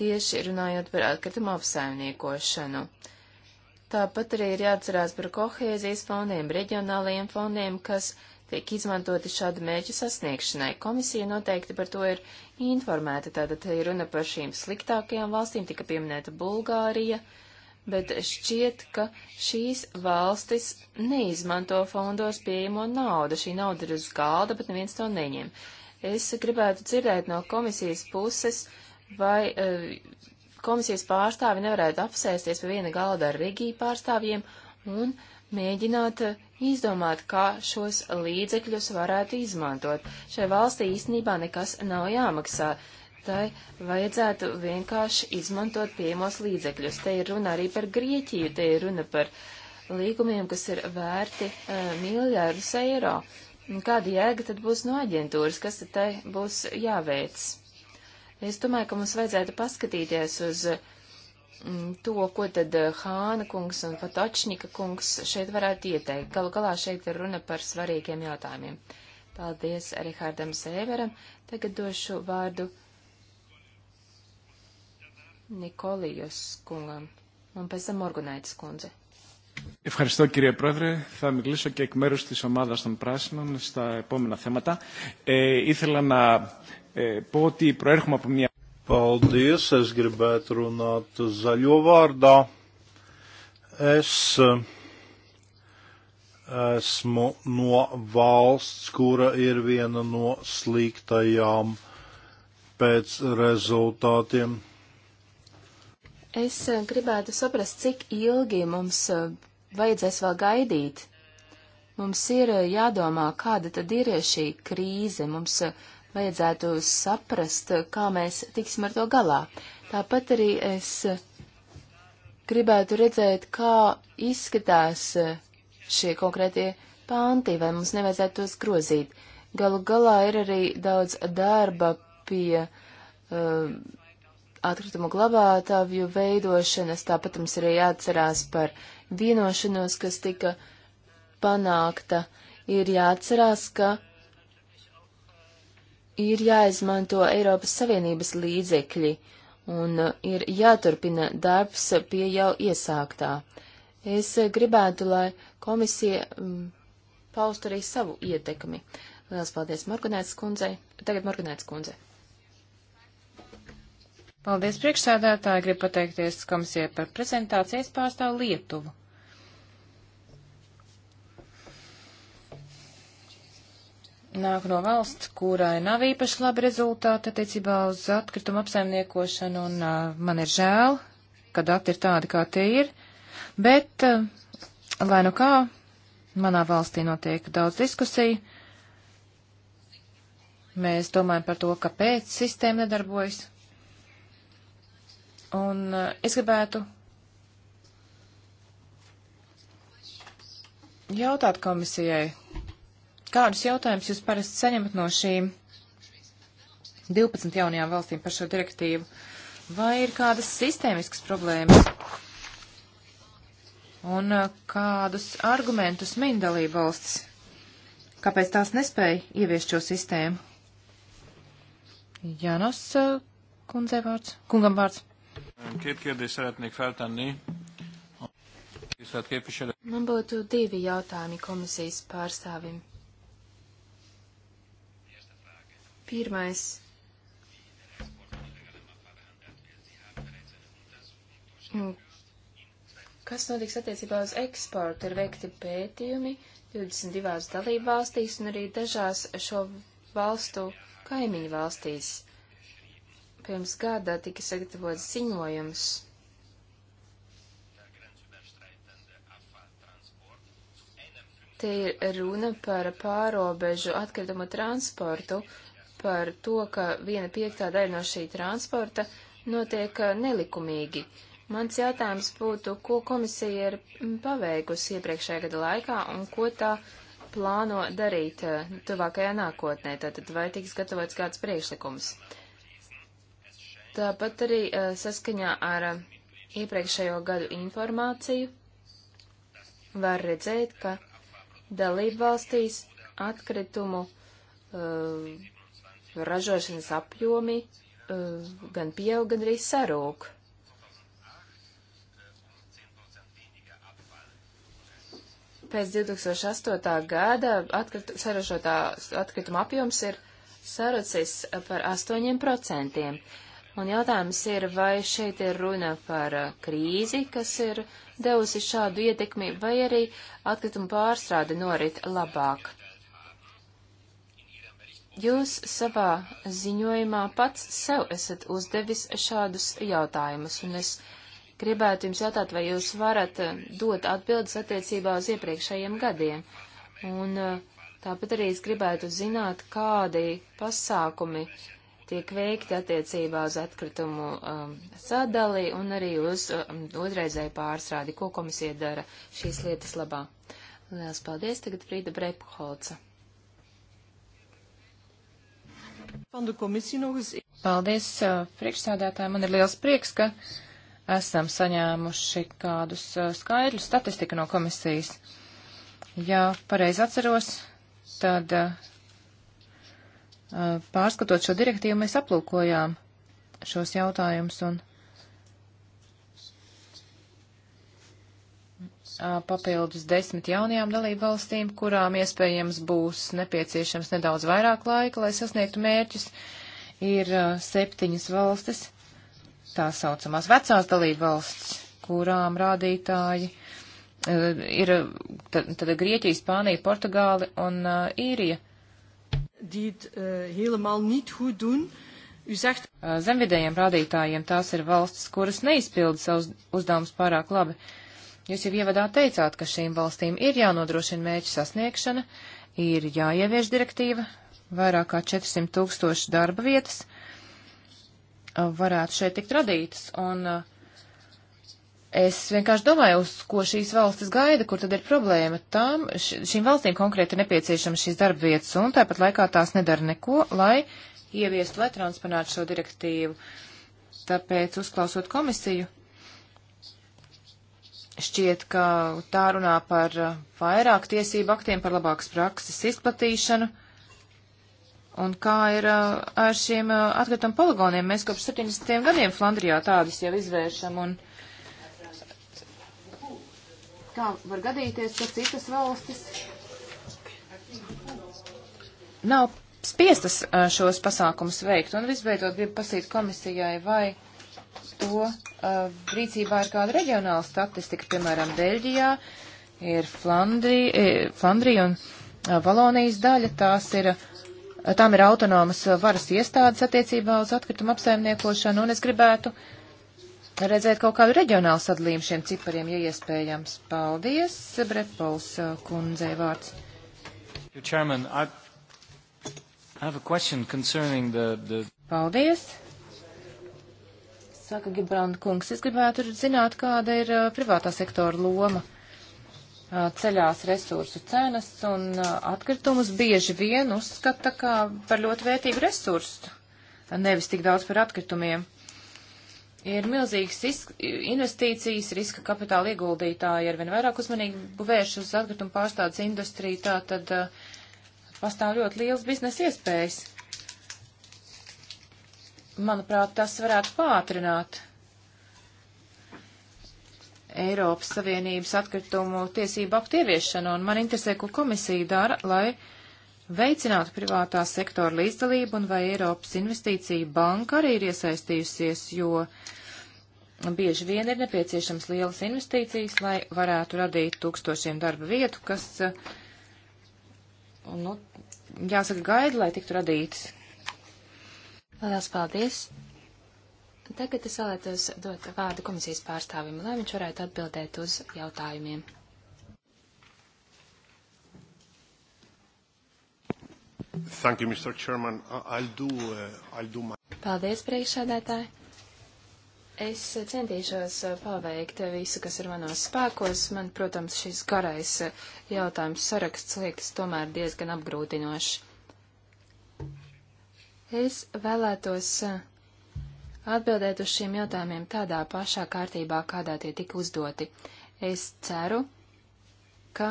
tieši runājot par atkritumu apsaimniekošanu. Tāpat arī ir jāatcerās par kohēzijas fondiem, reģionālajiem fondiem, kas tiek izmantoti šādu mēķu sasniegšanai. Komisija noteikti par to ir informēta, tātad ir runa par šīm sliktākajām valstīm, tika pieminēta Bulgārija, bet šķiet, ka šīs valstis neizmanto fondos pieejamo naudu. Šī nauda ir uz galda, bet neviens to neņem. Es gribētu dzirdēt no komisijas puses, vai eh, komisijas pārstāvi nevarētu apsēsties pie viena galda ar Rigī pārstāvjiem un uh, mēģināt eh, izdomāt, kā šos līdzekļus varētu izmantot. Šai valstī īstenībā nekas nav jāmaksā. Tai vajadzētu vienkārši izmantot pieejamos līdzekļus. Te ir runa arī par Grieķiju, te ir runa par līgumiem, kas ir vērti uh, eh, miljārdus eiro. Un kāda jēga tad būs no aģentūras, kas tad tai būs jāveic? Es domāju, ka mums vajadzētu paskatīties uz uh, Mm, to, ko tad eh, Hāna kungs un Patočņika kungs šeit varētu ieteikt. Galu galā šeit ir runa par svarīgiem jautājumiem. Paldies Rihardam Sēveram. Tagad došu vārdu Nikolijus kungam un pēc tam Morgunaitis kundze. Ευχαριστώ κύριε Πρόεδρε. Θα μιλήσω και εκ μέρους της ομάδας των Πράσινων στα επόμενα θέματα. Ε, ήθελα να ε, πω ότι προέρχομαι από μια... Paldies, es gribētu runāt zaļo vārdā. Es esmu no valsts, kura ir viena no sliktajām pēc rezultātiem. Es eh, gribētu saprast, cik ilgi mums eh, vajadzēs vēl gaidīt. Mums ir eh, jādomā, kāda tad ir šī krīze. Mums uh, vajadzētu saprast, kā mēs tiksim ar to galā. Tāpat arī es gribētu redzēt, kā izskatās šie konkrētie pānti, vai mums nevajadzētu tos grozīt. Galu galā ir arī daudz darba pie uh, atkritumu glabātāvju veidošanas, tāpat mums arī jāatcerās par vienošanos, kas tika panākta. Ir jāatcerās, ka ir jāizmanto Eiropas Savienības līdzekļi un uh, ir jāturpina darbs pie jau iesāktā. Es uh, gribētu, lai komisija um, paust arī savu ietekmi. Lielas paldies Margunētas kundzei. Tagad Margunētas kundzei. Paldies priekšsēdētāji, gribu pateikties komisijai par prezentācijas pārstāvu Lietuvu. nāk no valsts, kurai nav īpaši labi rezultāti attiecībā uz atkritumu apsaimniekošanu, un uh, man ir žēl, ka dati ir tādi, kā tie ir, bet, uh, lai nu kā, manā valstī notiek daudz diskusiju, mēs domājam par to, kāpēc sistēma nedarbojas, un uh, es gribētu jautāt komisijai, Kādus jautājumus jūs parasti saņemat no šīm 12 jaunajām valstīm par šo direktīvu? Vai ir kādas sistēmiskas problēmas? Un uh, kādus argumentus min dalība valstis? Kāpēc tās nespēja ieviest šo sistēmu? Janos uh, kundzei vārds, kungam vārds. Két kérdést szeretnék feltenni. Man būtu divi jautājumi komisijas pārstāvim. Pirmais. Nu, kas notiks attiecībā uz eksportu? Ir veikti pētījumi 22 dalību valstīs un arī dažās šo valstu kaimiņu valstīs. Pirms gada tika sagatavots ziņojums. Te ir runa par pārobežu atkritumu transportu par to, ka viena piektā daļa no šī transporta notiek uh, nelikumīgi. Mans jautājums būtu, ko komisija ir mm, paveikusi iepriekšējā gada laikā un ko tā plāno darīt uh, tuvākajā nākotnē, tātad vai tiks gatavots kāds priekšlikums. Tāpat arī uh, saskaņā ar iepriekšējo gadu informāciju var redzēt, ka dalību valstīs atkritumu uh, ražošanas apjomi eh, gan pieaug, gan arī sarūk. Pēc 2008. gada atkrit, saražotā atkrituma apjoms ir sarucis par 8%. Un jautājums ir, vai šeit ir runa par eh, krīzi, kas ir devusi šādu ietekmi, vai arī atkrituma pārstrāde norit labāk. Jūs savā ziņojumā pats sev esat uzdevis šādus jautājumus, un es gribētu jums jautāt, vai jūs varat eh, dot atbildes attiecībā uz iepriekšējiem gadiem. Un eh, tāpat arī es gribētu zināt, kādi pasākumi tiek veikti attiecībā uz atkritumu um, sadali un arī uz um, otrreizēju pārstrādi, ko komisija dara šīs lietas labā. Lielas paldies, tagad Frīda Brepholca. Paldies, eh, priekšsādātāji. Man ir liels prieks, ka esam saņēmuši kādus eh, skaidrus statistiku no komisijas. Ja pareizi atceros, tad eh, pārskatot šo direktīvu mēs aplūkojām šos jautājumus un papildus desmit jaunajām dalību valstīm, kurām iespējams būs nepieciešams nedaudz vairāk laika, lai sasniegtu mērķus, ir septiņas valstis, tā saucamās vecās dalību valsts, kurām rādītāji ir tad, tad Grieķija, Spānija, Portugāli un Īrija. Zemvidējiem rādītājiem tās ir valstis, kuras neizpilda savus uzdevumus pārāk labi. Uh, Jūs jau ievadā teicāt, ka šīm valstīm ir jānodrošina mērķu sasniegšana, ir jāievieš direktīva, vairāk kā 400 tūkstoši darba vietas varētu šeit tikt radītas. Un es vienkārši domāju, uz ko šīs valstis gaida, kur tad ir problēma. Tām, šīm valstīm konkrēti ir nepieciešama šīs darba vietas, un tāpat laikā tās nedara neko, lai ieviestu, lai transponētu šo direktīvu. Tāpēc, uzklausot komisiju, Šķiet, ka tā runā par uh, vairāk tiesību aktiem, par labākas prakses izplatīšanu. Un kā ir uh, ar šiem uh, atkritumu poligoniem? Mēs kopš 70. gadiem Flandrijā tādus jau izvēršam. Un kā var gadīties, ka citas valstis nav spiestas šos pasākumus veikt? Un visbeidzot, gribu pasīt komisijai, vai to rīcībā ir kāda reģionāla statistika, piemēram, Beļģijā ir Flandrija, Flandrija un Valonijas daļa, tās ir tām ir autonomas varas iestādes attiecībā uz atkritumu apsaimniekošanu, un es gribētu redzēt kaut kādu reģionālu sadalījumu šiem cipariem, ja iespējams. Paldies, Brepols kundzei vārds. Chairman, I have a question concerning the, the... Paldies. Saka Gibranda kungs, es gribētu zināt, kāda ir uh, privātā sektora loma. Uh, ceļās resursu cenas un uh, atkritumus bieži vien uzskata kā par ļoti vērtīgu resursu, nevis tik daudz par atkritumiem. Ir milzīgas investīcijas, riska kapitāla ieguldītāji ar vien vairāk uzmanību vērš uz atkritumu pārstādes industriju, tā tad pastāv ļoti liels biznesa iespējas manuprāt, tas varētu pātrināt Eiropas Savienības atkritumu tiesību aktu ieviešanu, un man interesē, ko komisija dara, lai veicinātu privātā sektora līdzdalību, un vai Eiropas investīcija banka arī ir iesaistījusies, jo bieži vien ir nepieciešams lielas investīcijas, lai varētu radīt tūkstošiem darba vietu, kas, eh, nu, jāsaka, gaida, lai tiktu radītas. Lielas paldies! Tagad es vēlētos dot vārdu komisijas pārstāvim, lai viņš varētu atbildēt uz jautājumiem. Thank you, Mr. Chairman. I'll do, uh, I'll do my... Paldies, priekšsēdētāji. Es centīšos uh, paveikt visu, kas ir manos spēkos. Man, protams, šis garais uh, jautājums saraksts liekas tomēr diezgan apgrūtinošs. Es vēlētos eh, atbildēt uz šiem jautājumiem tādā pašā kārtībā, kādā tie tika uzdoti. Es ceru, ka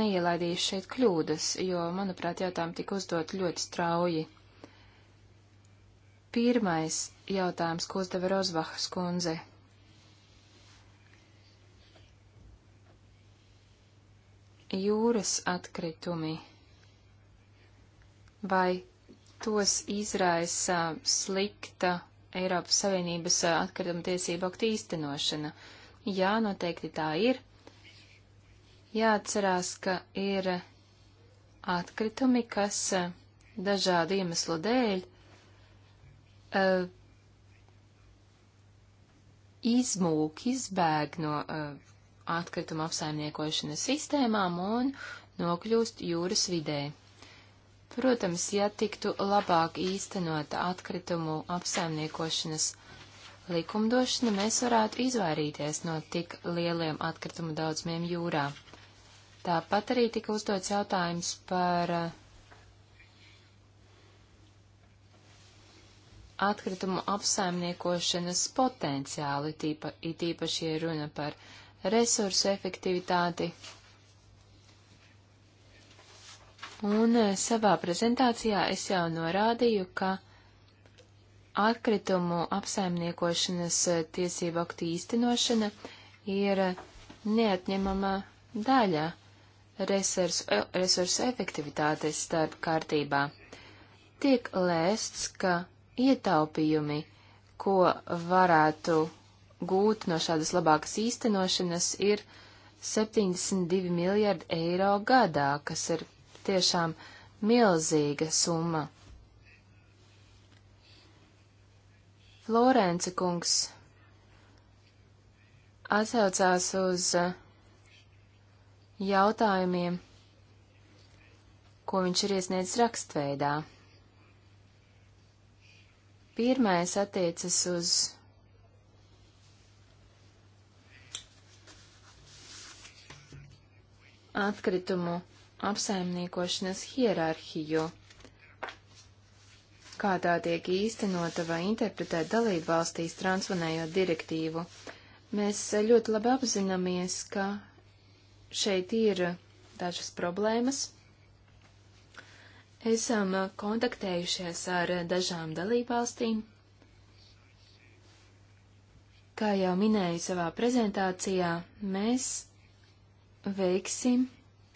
neielaidīšu šeit kļūdas, jo, manuprāt, jautājumi tika uzdot ļoti strauji. Pirmais jautājums, ko uzdeva Rozvahas kundze. Jūras atkritumi vai tos izraisa slikta Eiropas Savienības atkrituma tiesību aktu īstenošana. Jā, noteikti tā ir. Jāatcerās, ka ir atkritumi, kas dažādu iemeslu dēļ uh, izmūk, izbēg no uh, atkrituma apsaimniekošanas sistēmām un nokļūst jūras vidē. Protams, ja tiktu labāk īstenota atkritumu apsaimniekošanas likumdošana, mēs varētu izvairīties no tik lieliem atkritumu daudzumiem jūrā. Tāpat arī tika uzdots jautājums par uh, atkritumu apsaimniekošanas potenciālu, it īpaši, ja runa par resursu efektivitāti, Un eh, savā prezentācijā es jau norādīju, ka atkritumu apsaimniekošanas eh, tiesību aktu īstenošana ir eh, neatņemama daļa resursu, e, resursu efektivitātes starp kārtībā. Tiek lēsts, ka ietaupījumi, ko varētu gūt no šādas labākas īstenošanas, ir 72 miljardi eiro gadā, kas ir tiešām milzīga summa. Florence kungs atsaucās uz uh, jautājumiem, ko viņš ir iesniedzis rakstveidā. Pirmais attiecas uz atkritumu apsaimniekošanas hierarhiju, kā tā tiek īstenota vai interpretēta dalību valstīs transponējot direktīvu. Mēs ļoti labi apzināmies, ka šeit ir dažas problēmas. Esam kontaktējušies ar dažām dalībvalstīm. Kā jau minēju savā prezentācijā, mēs veiksim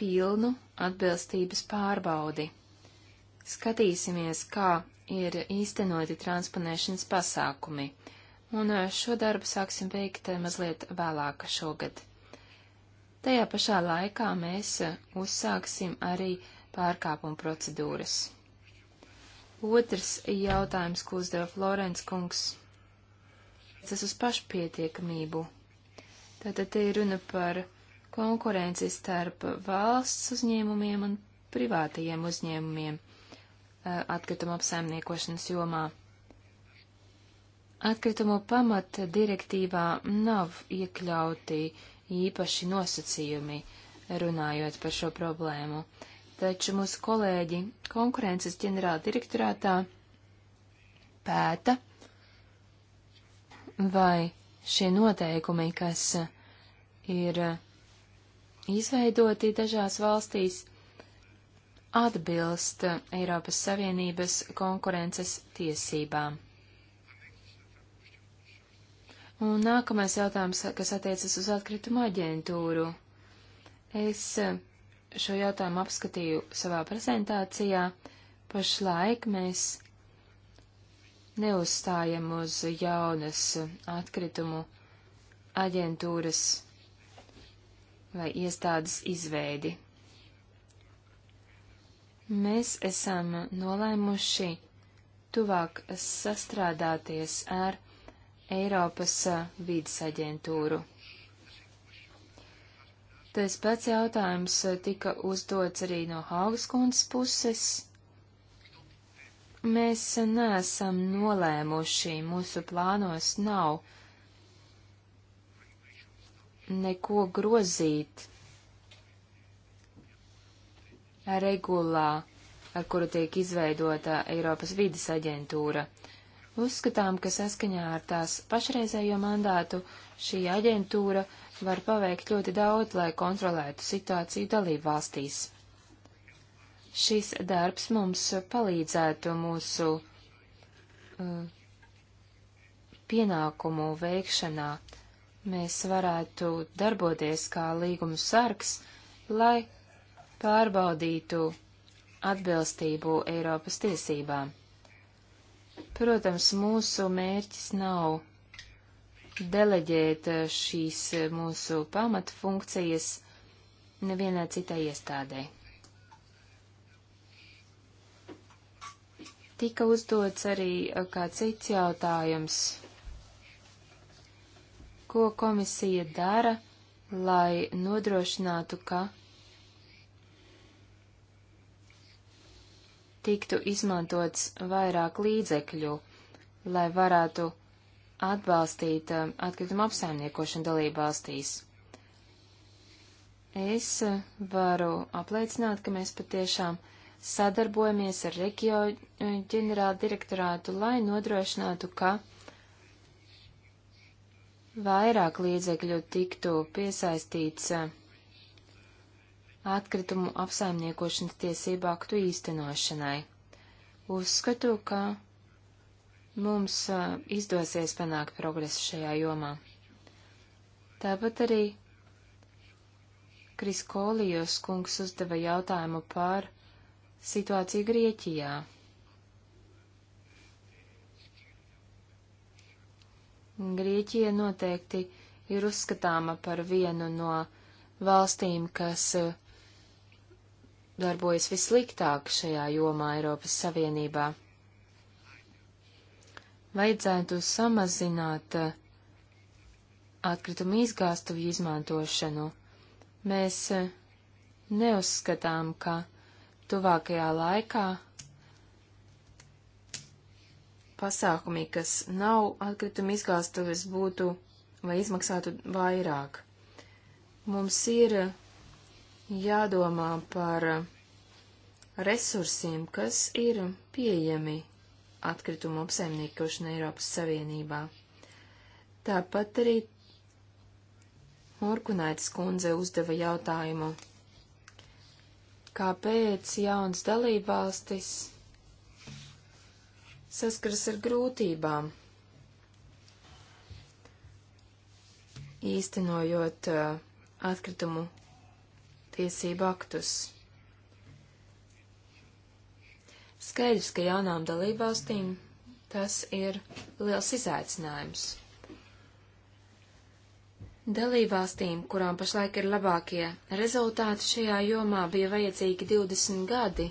pilnu atbilstības pārbaudi. Skatīsimies, kā ir īstenoti transponēšanas pasākumi, un eh, šo darbu sāksim veikt eh, mazliet vēlāk šogad. Tajā pašā laikā mēs eh, uzsāksim arī pārkāpumu procedūras. Otrs jautājums, ko uzdeva Florence kungs, tas uz pašpietiekamību. Tātad te ir runa par konkurenci starp valsts uzņēmumiem un privātajiem uzņēmumiem atkrituma apsaimniekošanas jomā. Atkritumu pamata direktīvā nav iekļauti īpaši nosacījumi runājot par šo problēmu, taču mūsu kolēģi konkurences ģenerāla direktorātā pēta, vai šie noteikumi, kas ir izveidoti dažās valstīs, atbilst Eiropas Savienības konkurences tiesībām. Un nākamais jautājums, kas attiecas uz atkritumu aģentūru. Es šo jautājumu apskatīju savā prezentācijā. Pašlaik mēs neuzstājam uz jaunas atkritumu aģentūras vai iestādes izveidi. Mēs esam nolēmuši tuvāk sastrādāties ar Eiropas vīdes aģentūru. Tas pats jautājums tika uzdots arī no Haugas kundzes puses. Mēs neesam nolēmuši, mūsu plānos nav uh, neko grozīt regulā, ar kuru tiek izveidota Eiropas vides aģentūra. Uzskatām, ka saskaņā ar tās pašreizējo mandātu šī aģentūra var paveikt ļoti daudz, lai kontrolētu situāciju dalību valstīs. Šis darbs mums palīdzētu mūsu uh, pienākumu veikšanā, uh, mēs varētu darboties kā līgumu sargs, lai pārbaudītu atbilstību Eiropas tiesībām. Protams, mūsu mērķis nav deleģēt šīs mūsu pamatfunkcijas nevienai citai iestādē. Tika uzdots arī uh, kā cits jautājums Ko komisija dara, lai nodrošinātu, ka tiktu izmantots vairāk līdzekļu, lai varētu atbalstīt um, atkrituma apsaimniekošanu dalībvalstīs? Es uh, varu apliecināt, ka mēs patiešām sadarbojamies ar Regio uh, ģenerāla direktorātu, lai nodrošinātu, ka vairāk līdzekļu tiktu piesaistīts eh, atkritumu apsaimniekošanas tiesību aktu īstenošanai. Uzskatu, ka mums eh, izdosies panākt progresu šajā jomā. Tāpat arī Kriskolijos kungs uzdeva jautājumu par situāciju Grieķijā. Grieķija noteikti ir uzskatāma par vienu no valstīm, kas eh, darbojas vissliktāk šajā jomā Eiropas Savienībā. Vajadzētu samazināt eh, atkritumu izgāstuvi izmantošanu. Mēs eh, neuzskatām, ka tuvākajā laikā pasākumi, kas nav atkrituma izgāstuves, būtu vai izmaksātu vairāk. Mums ir jādomā par resursiem, kas ir pieejami atkritumu apsaimniekošanai Eiropas Savienībā. Tāpat arī Morkunaitis kundze uzdeva jautājumu, kāpēc jauns dalībvalstis saskaras ar grūtībām, īstenojot uh, atkritumu tiesību aktus. Skaidrs, ka jaunām dalībvalstīm tas ir liels izaicinājums. Dalībvalstīm, kurām pašlaik ir labākie rezultāti šajā jomā, bija vajadzīgi 20 gadi,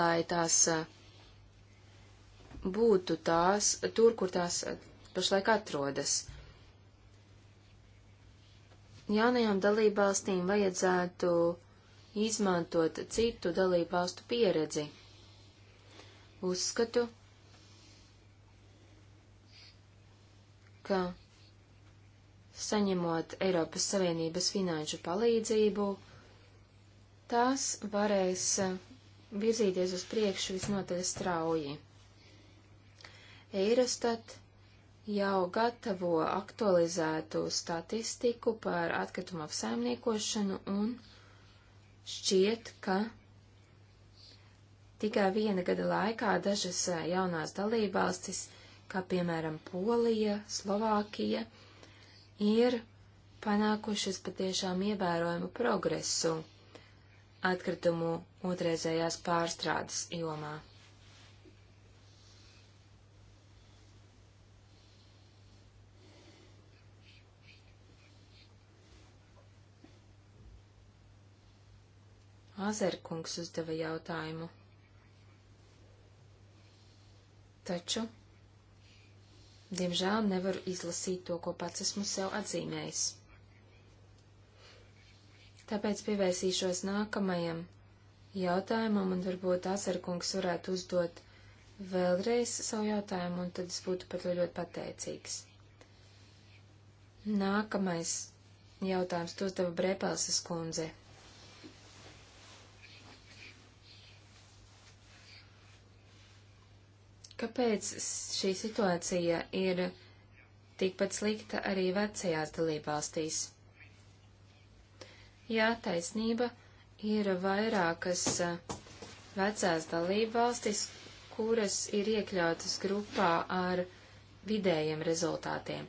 lai tās uh, būtu tās tur, kur tās pašlaik atrodas. Jaunajām dalībvalstīm vajadzētu izmantot citu dalībvalstu pieredzi. Uzskatu, ka saņemot Eiropas Savienības finanšu palīdzību, tās varēs virzīties uz priekšu visnotaļ strauji. Eirostat jau gatavo aktualizētu statistiku par atkritumu apsaimniekošanu un šķiet, ka tikai viena gada laikā dažas jaunās dalībvalstis, kā piemēram Polija, Slovākija, ir panākušas patiešām ievērojumu progresu atkritumu otrreizējās pārstrādes jomā. Azerkungs uzdeva jautājumu. Taču, diemžēl, nevaru izlasīt to, ko pats esmu sev atzīmējis. Tāpēc pievērsīšos nākamajam jautājumam, un varbūt Azerkungs varētu uzdot vēlreiz savu jautājumu, un tad es būtu par to ļoti pateicīgs. Nākamais jautājums to uzdeva Brepelses kundze. Kāpēc šī situācija ir tikpat slikta arī vecajās dalībvalstīs? Jā, taisnība ir vairākas vecās dalībvalstis, kuras ir iekļautas grupā ar vidējiem rezultātiem,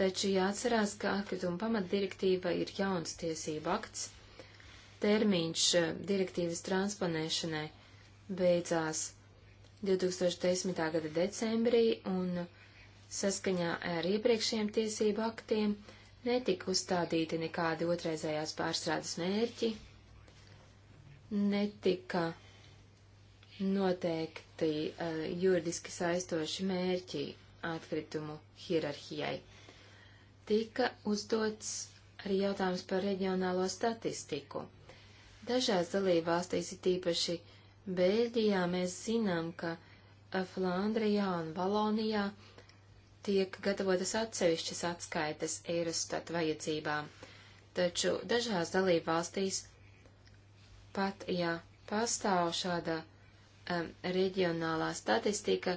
taču jāatcerās, ka atkrituma pamatdirektīva ir jauns tiesību akts. Termiņš direktīvas transponēšanai beidzās 2010. gada decembrī un saskaņā ar iepriekšējiem tiesību aktiem netika uzstādīti nekādi otrreizējās pārstrādes mērķi, netika noteikti uh, juridiski saistoši mērķi atkritumu hierarhijai. Tika uzdots arī jautājums par reģionālo statistiku. Dažās dalībvalstīs ir tīpaši uh, Bēļģijā mēs zinām, ka eh, Flandrijā un Valonijā tiek gatavotas atsevišķas atskaites Eirostat vajadzībām, taču dažās dalību valstīs pat, ja pastāv šāda um, reģionālā statistika,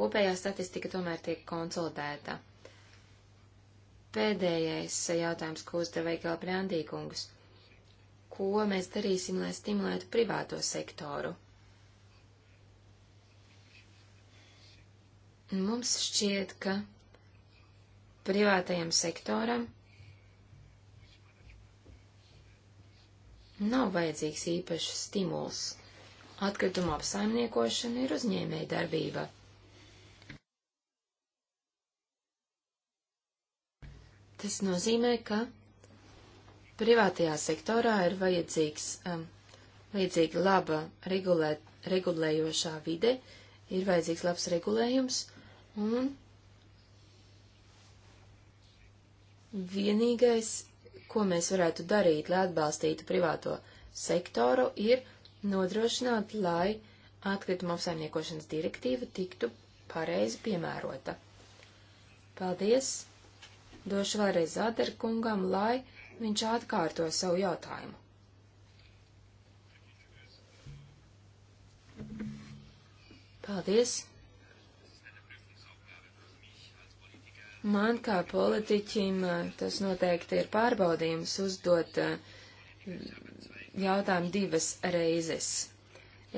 kopējā statistika tomēr tiek konsolidēta. Pēdējais jautājums, ko uzdeva Igala Brandīkungs. Ko mēs darīsim, lai stimulētu privāto sektoru? Mums šķiet, ka privātajam sektoram nav vajadzīgs īpašs stimuls. Atkrituma apsaimniekošana ir uzņēmēja darbība. Tas nozīmē, ka privātajā sektorā ir vajadzīgs, um, vajadzīga laba regulē, regulējošā vide, ir vajadzīgs labs regulējums, Un vienīgais, ko mēs varētu darīt, lai atbalstītu privāto sektoru, ir nodrošināt, lai atkrituma apsaimniekošanas direktīva tiktu pareizi piemērota. Paldies! Došu vēlreiz Zaderkungam, lai viņš atkārto savu jautājumu. Paldies! Man kā politiķim eh, tas noteikti ir pārbaudījums uzdot eh, jautājumu divas reizes.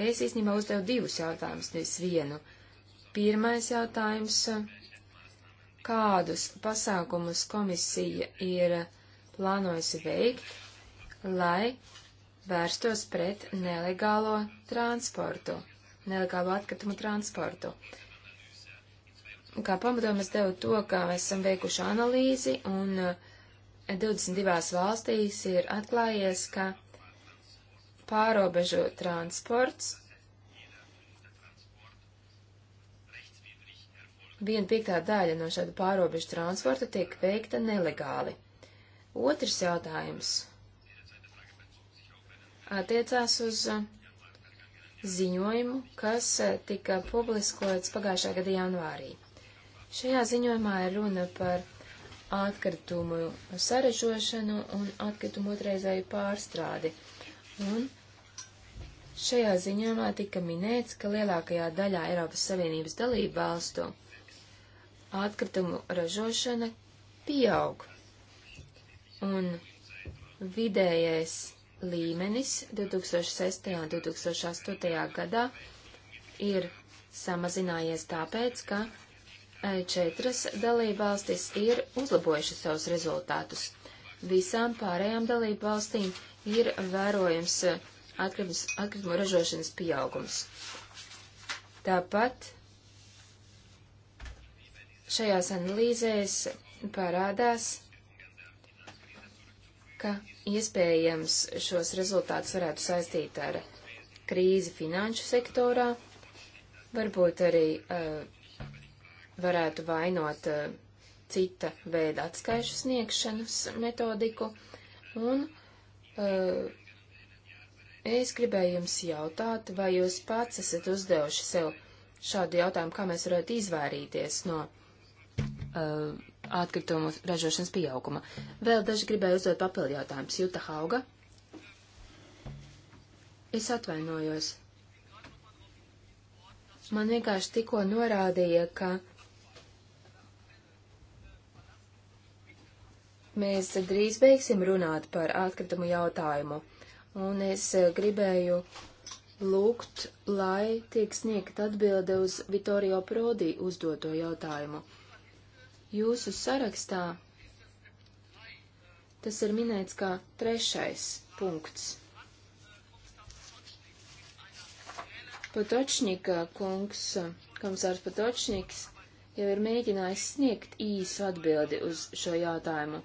Es īstenībā uzdevu divus jautājumus, nevis vienu. Pirmais jautājums - kādus pasākumus komisija ir plānojusi veikt, lai vērstos pret nelegālo transportu, nelegālo atkritumu transportu? Uh, kā pamatojumu es devu to, ka mēs esam veikuši analīzi un 22 eh, valstīs ir atklājies, ka pārobežu transports viena piektā daļa no šāda pārobežu transporta tiek veikta nelegāli. Otrs jautājums attiecās uz eh, ziņojumu, kas eh, tika publiskots pagājušā gada janvārī. Šajā ziņojumā ir runa par atkritumu sarežošanu un atkritumu otrreizēju pārstrādi. Un šajā ziņojumā tika minēts, ka lielākajā daļā Eiropas Savienības dalību valstu atkritumu ražošana pieaug. Un vidējais līmenis 2006. un 2008. gadā ir samazinājies tāpēc, ka Eh, četras dalībvalstis ir uzlabojušas savus rezultātus. Visām pārējām dalībvalstīm ir vērojams eh, atkritums, atkritumu ražošanas pieaugums. Tāpat šajās analīzēs parādās, ka iespējams šos rezultātus varētu saistīt ar krīzi finanšu sektorā, varbūt arī uh, varētu vainot eh, cita veida atskaišu sniegšanas metodiku. Un uh, es gribēju jums jautāt, vai jūs pats esat uzdevuši sev šādu jautājumu, kā mēs varētu izvairīties no uh, atkritumu ražošanas pieauguma. Vēl daži gribēju uzdot papildu jautājumus. Juta Hauga. Es atvainojos. Man vienkārši tikko norādīja, ka Mēs drīz beigsim runāt par atkritumu jautājumu, un es eh, gribēju lūgt, lai tiek sniegt atbilde uz Vitorio Prodi uzdoto jautājumu. Jūsu sarakstā tas ir minēts kā trešais punkts. Potočnika kungs, komisārs Potočniks, jau ir mēģinājis sniegt īsu atbildi uz šo jautājumu.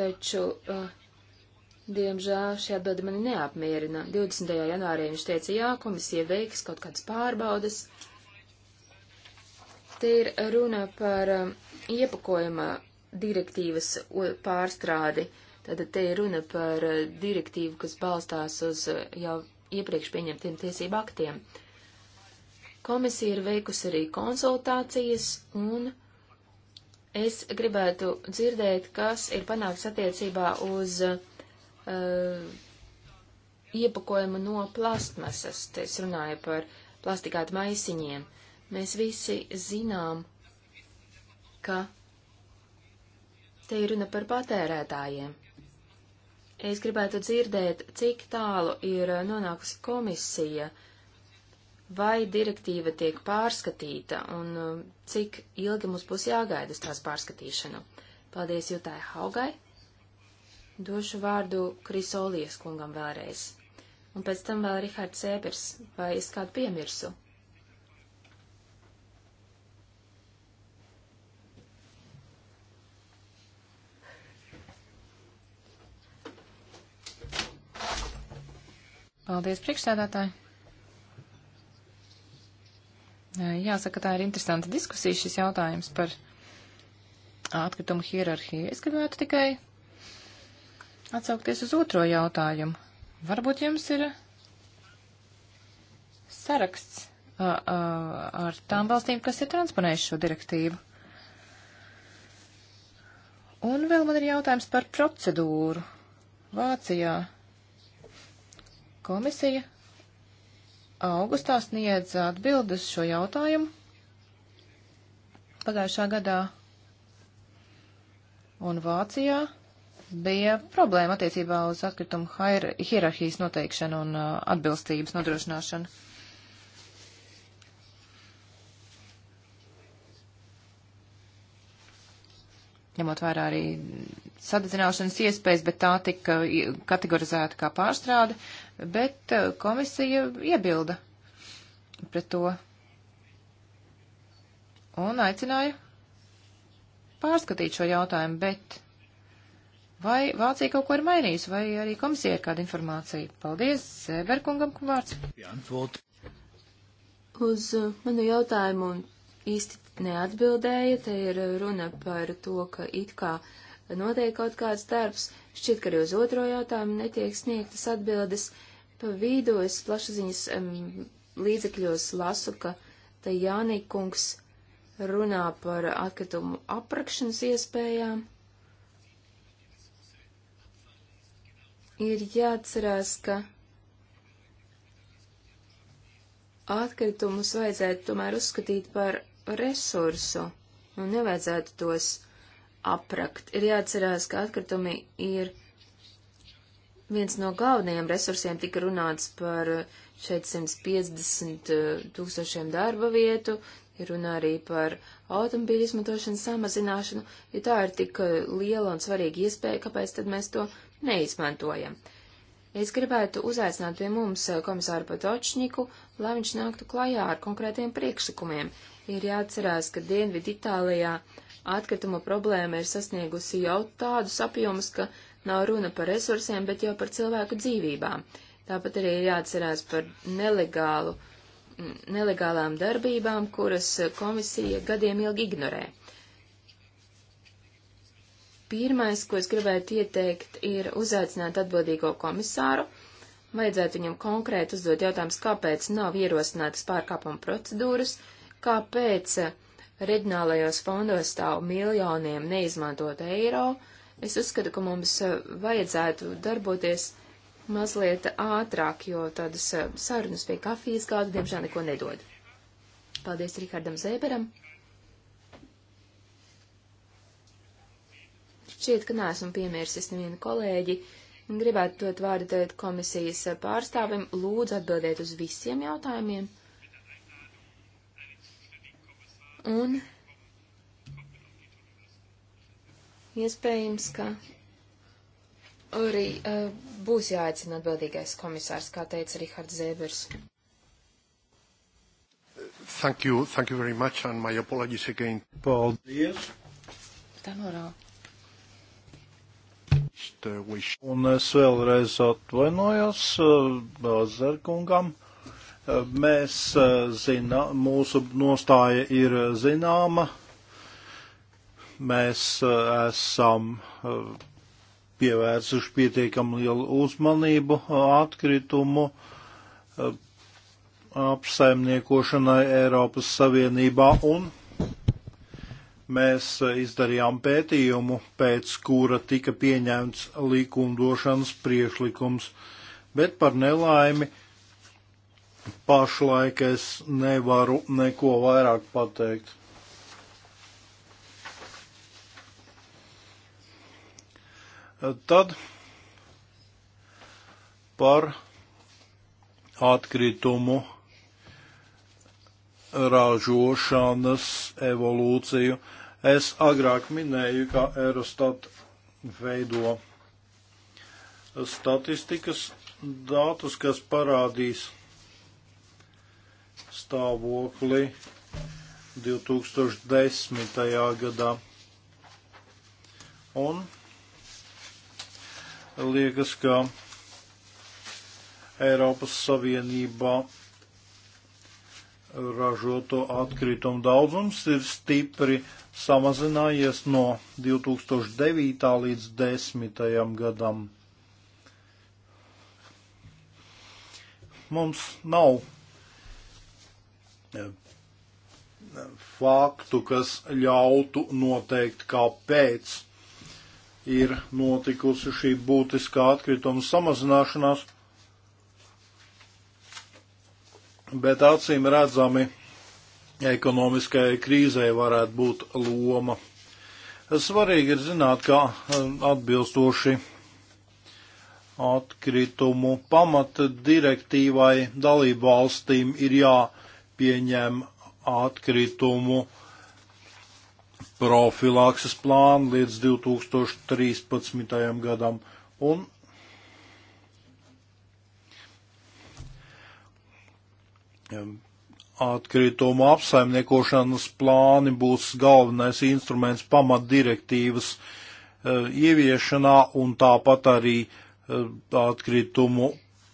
Taču, uh, diemžēl, šī atbilde mani neapmierina. 20. janvārī viņš teica, jā, komisija veiks kaut kādas pārbaudas. Te ir runa par um, iepakojuma direktīvas pārstrādi. Tātad te ir runa par uh, direktīvu, kas balstās uz uh, jau iepriekš pieņemtiem tiesību aktiem. Komisija ir veikusi arī konsultācijas un uh, Es gribētu dzirdēt, kas ir panākts attiecībā uz uh, iepakojumu no plastmasas. Te es runāju par plastikātu maisiņiem. Mēs visi zinām, ka te ir runa par patērētājiem. Es gribētu dzirdēt, cik tālu ir nonākusi komisija uh, vai direktīva tiek pārskatīta un um, cik ilgi mums būs jāgaida uz tās pārskatīšanu. Paldies Jutai Haugai. Došu vārdu Krisolijas kungam vēlreiz. Un pēc tam vēl Rihards Sēbers, vai es kādu piemirsu? Paldies, priekšsēdētāji! Jāsaka, tā ir interesanta diskusija šis jautājums par atkritumu hierarhiju. Es gribētu tikai atsaukties uz otro jautājumu. Varbūt jums ir saraksts a, a, ar tām valstīm, kas ir transponējuši šo direktīvu. Un vēl man ir jautājums par procedūru. Vācijā komisija augustā sniedz atbildes šo jautājumu pagājušā gadā. Un Vācijā bija problēma attiecībā uz atkritumu hierarhijas noteikšanu un uh, atbilstības nodrošināšanu. ņemot vērā arī sadedzināšanas iespējas, bet tā tika kategorizēta kā pārstrāde bet eh, komisija iebilda pret to un aicināja pārskatīt šo jautājumu, bet vai Vācija kaut ko ir mainījusi, vai arī komisija ir kāda informācija? Paldies, Berkungam, kam vārds. Uz eh, manu jautājumu īsti neatbildēja, te ir runa par to, ka it kā notiek kaut kāds darbs, šķiet, ka arī uz otro jautājumu netiek sniegtas atbildes. Uh, Pa vidu es plašsaziņas um, līdzekļos lasu, ka te Jānīkungs runā par atkritumu aprakšanas iespējām. Ir jāatcerās, ka atkritumus vajadzētu tomēr uzskatīt par resursu un nevajadzētu tos aprakt. Ir jāatcerās, ka atkritumi ir viens no galvenajiem resursiem tika runāts par 450 eh, eh, tūkstošiem darba vietu, ir runā arī par automobīļu izmantošanas samazināšanu, ja tā ir tik eh, liela un svarīga iespēja, kāpēc tad mēs to neizmantojam. Es gribētu uzaicināt pie mums komisāru Patočņiku, lai viņš nāktu klajā ar konkrētiem priekšlikumiem. Ir jāatcerās, ka Dienvidu Itālijā atkritumu problēma ir sasniegusi jau tādus apjomus, ka Nav runa par resursiem, bet jau par cilvēku dzīvībām. Tāpat arī ir jāatcerās par nelegālu, nelegālām darbībām, kuras komisija gadiem ilgi ignorē. Pirmais, ko es gribētu ieteikt, ir uzaicināt atbildīgo komisāru. Vajadzētu viņam konkrēti uzdot jautājums, kāpēc nav ierosinātas pārkāpuma procedūras, kāpēc eh, reģionālajos fondos stāv miljoniem neizmantot eiro, uh, Es uzskatu, ka mums eh, vajadzētu darboties mazliet ātrāk, jo tādas eh, sarunas pie kafijas gāda, diemžēl, neko nedod. Paldies Rihardam Zēberam. Šķiet, ka neesmu piemērsis nevienu kolēģi. Gribētu dot vārdu tēt komisijas eh, pārstāvim. Lūdzu atbildēt uz visiem jautājumiem. Un Iespējams, ka arī uh, būs jāaicina atbildīgais komisārs, kā teica Rihards Zēbers. Thank you, thank you very much, and my apologies again. Paldies. Tā norāda. Un es vēlreiz atvainojos Bāzerkungam. Eh, eh, mēs zinām, mūsu nostāja ir zināma, mēs eh, esam eh, pievērsuši pietiekami lielu uzmanību eh, atkritumu apsaimniekošanai Eiropas Savienībā un mēs izdarījām pētījumu, pēc kura tika pieņemts likumdošanas priešlikums, bet par nelaimi pašlaik es nevaru neko vairāk pateikt. Tad par atkritumu ražošanas evolūciju. Es agrāk minēju, ka Eurostat veido statistikas datus, kas parādīs stāvokli 2010. gadā. Un liekas, ka Eiropas Savienībā ražoto atkritumu daudzums ir stipri samazinājies no 2009. līdz 2010. gadam. Mums nav eh, faktu, kas ļautu noteikt, kāpēc ir notikusi šī būtiskā atkrituma samazināšanās, bet acīm redzami ekonomiskajai krīzei varētu būt loma. Svarīgi ir zināt, ka um, atbilstoši atkritumu pamata direktīvai dalību valstīm ir jāpieņem atkritumu profilakses plānu līdz 2013. gadam un atkritumu apsaimniekošanas plāni būs galvenais instruments pamatdirektīvas e, ieviešanā un tāpat arī e, atkritumu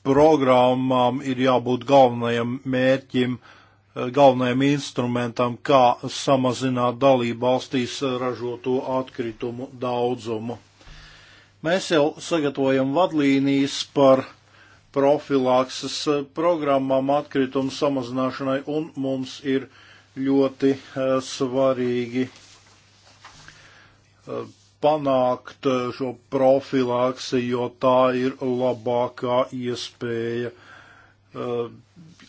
programmām ir jābūt galvenajam mērķim uh, galvenajam instrumentam, kā samazināt dalību valstīs ražoto atkritumu daudzumu. Mēs jau sagatavojam vadlīnijas par profilakses programmām atkritumu samazināšanai, un mums ir ļoti eh, svarīgi eh, panākt eh, šo profilaksi, jo tā ir labākā iespēja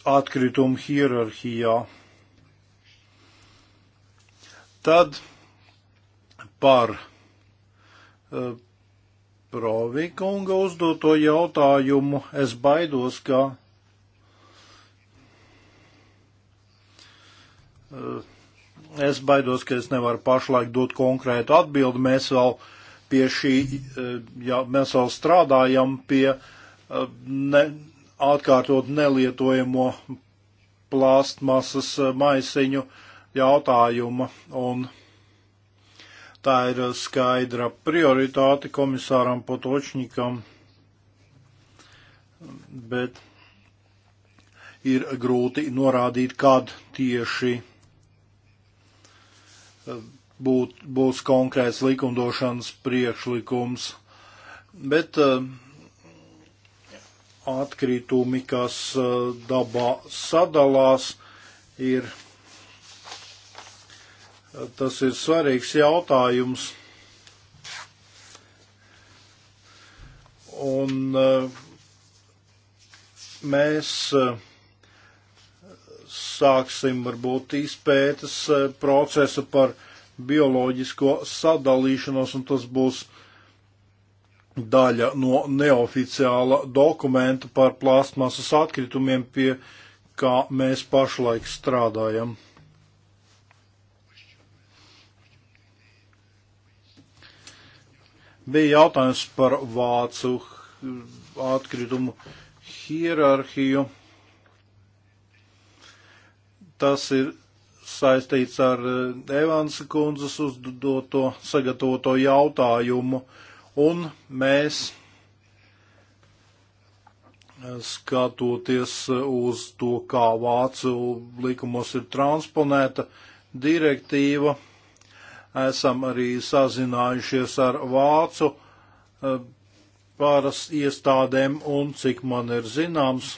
atkritumu hierarhijā. Tad par uh, eh, Provikunga uzdoto jautājumu es baidos, ka uh, es baidos, ka es nevaru pašlaik dot konkrētu atbildi. Mēs vēl pie šī, uh, eh, ja mēs vēl strādājam pie ne, atkārtot nelietojamo plāstmasas eh, maisiņu jautājuma, un tā ir eh, skaidra prioritāte komisāram Potočņikam, bet ir grūti norādīt, kad tieši eh, būt, būs konkrēts likumdošanas priekšlikums. Bet uh, atkritumi, kas dabā sadalās, ir, tas ir svarīgs jautājums. Un mēs sāksim varbūt izpētes procesu par bioloģisko sadalīšanos, un tas būs uh, daļa no neoficiāla dokumenta par plāstmasas atkritumiem, pie kā mēs pašlaik strādājam. Bija jautājums par vācu atkritumu hierarhiju. Tas ir saistīts ar Evansa kundzes uzdoto sagatavoto jautājumu. Uh, un mēs, skatoties uz to, kā vācu likumos ir transponēta direktīva, esam arī sazinājušies ar vācu e, pāras iestādēm un, cik man ir zināms,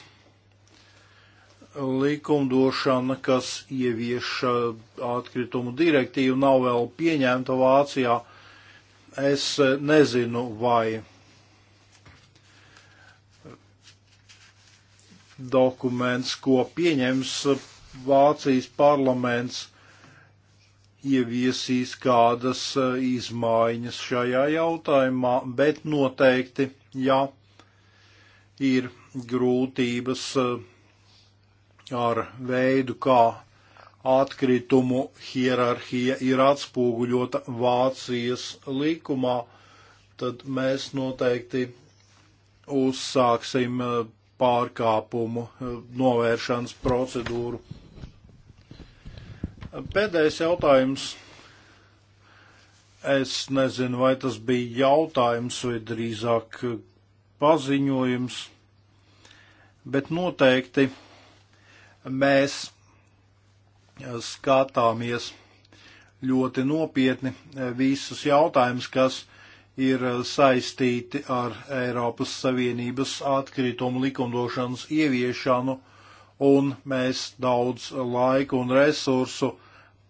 likumdošana, kas ievieš e, atkritumu direktīvu, nav vēl pieņemta Vācijā, Es e, nezinu, vai dokuments, ko pieņems Vācijas parlaments, ieviesīs kādas e, izmaiņas šajā jautājumā, bet noteikti, ja ir grūtības e, ar veidu, kā atkritumu hierarhija ir atspoguļota Vācijas likumā, tad mēs noteikti uzsāksim eh, pārkāpumu eh, novēršanas procedūru. Pēdējais jautājums. Es nezinu, vai tas bija jautājums vai drīzāk eh, paziņojums, bet noteikti mēs skatāmies ļoti nopietni eh, visus jautājumus, kas ir eh, saistīti ar Eiropas Savienības atkritumu likumdošanas ieviešanu, un mēs daudz laika un resursu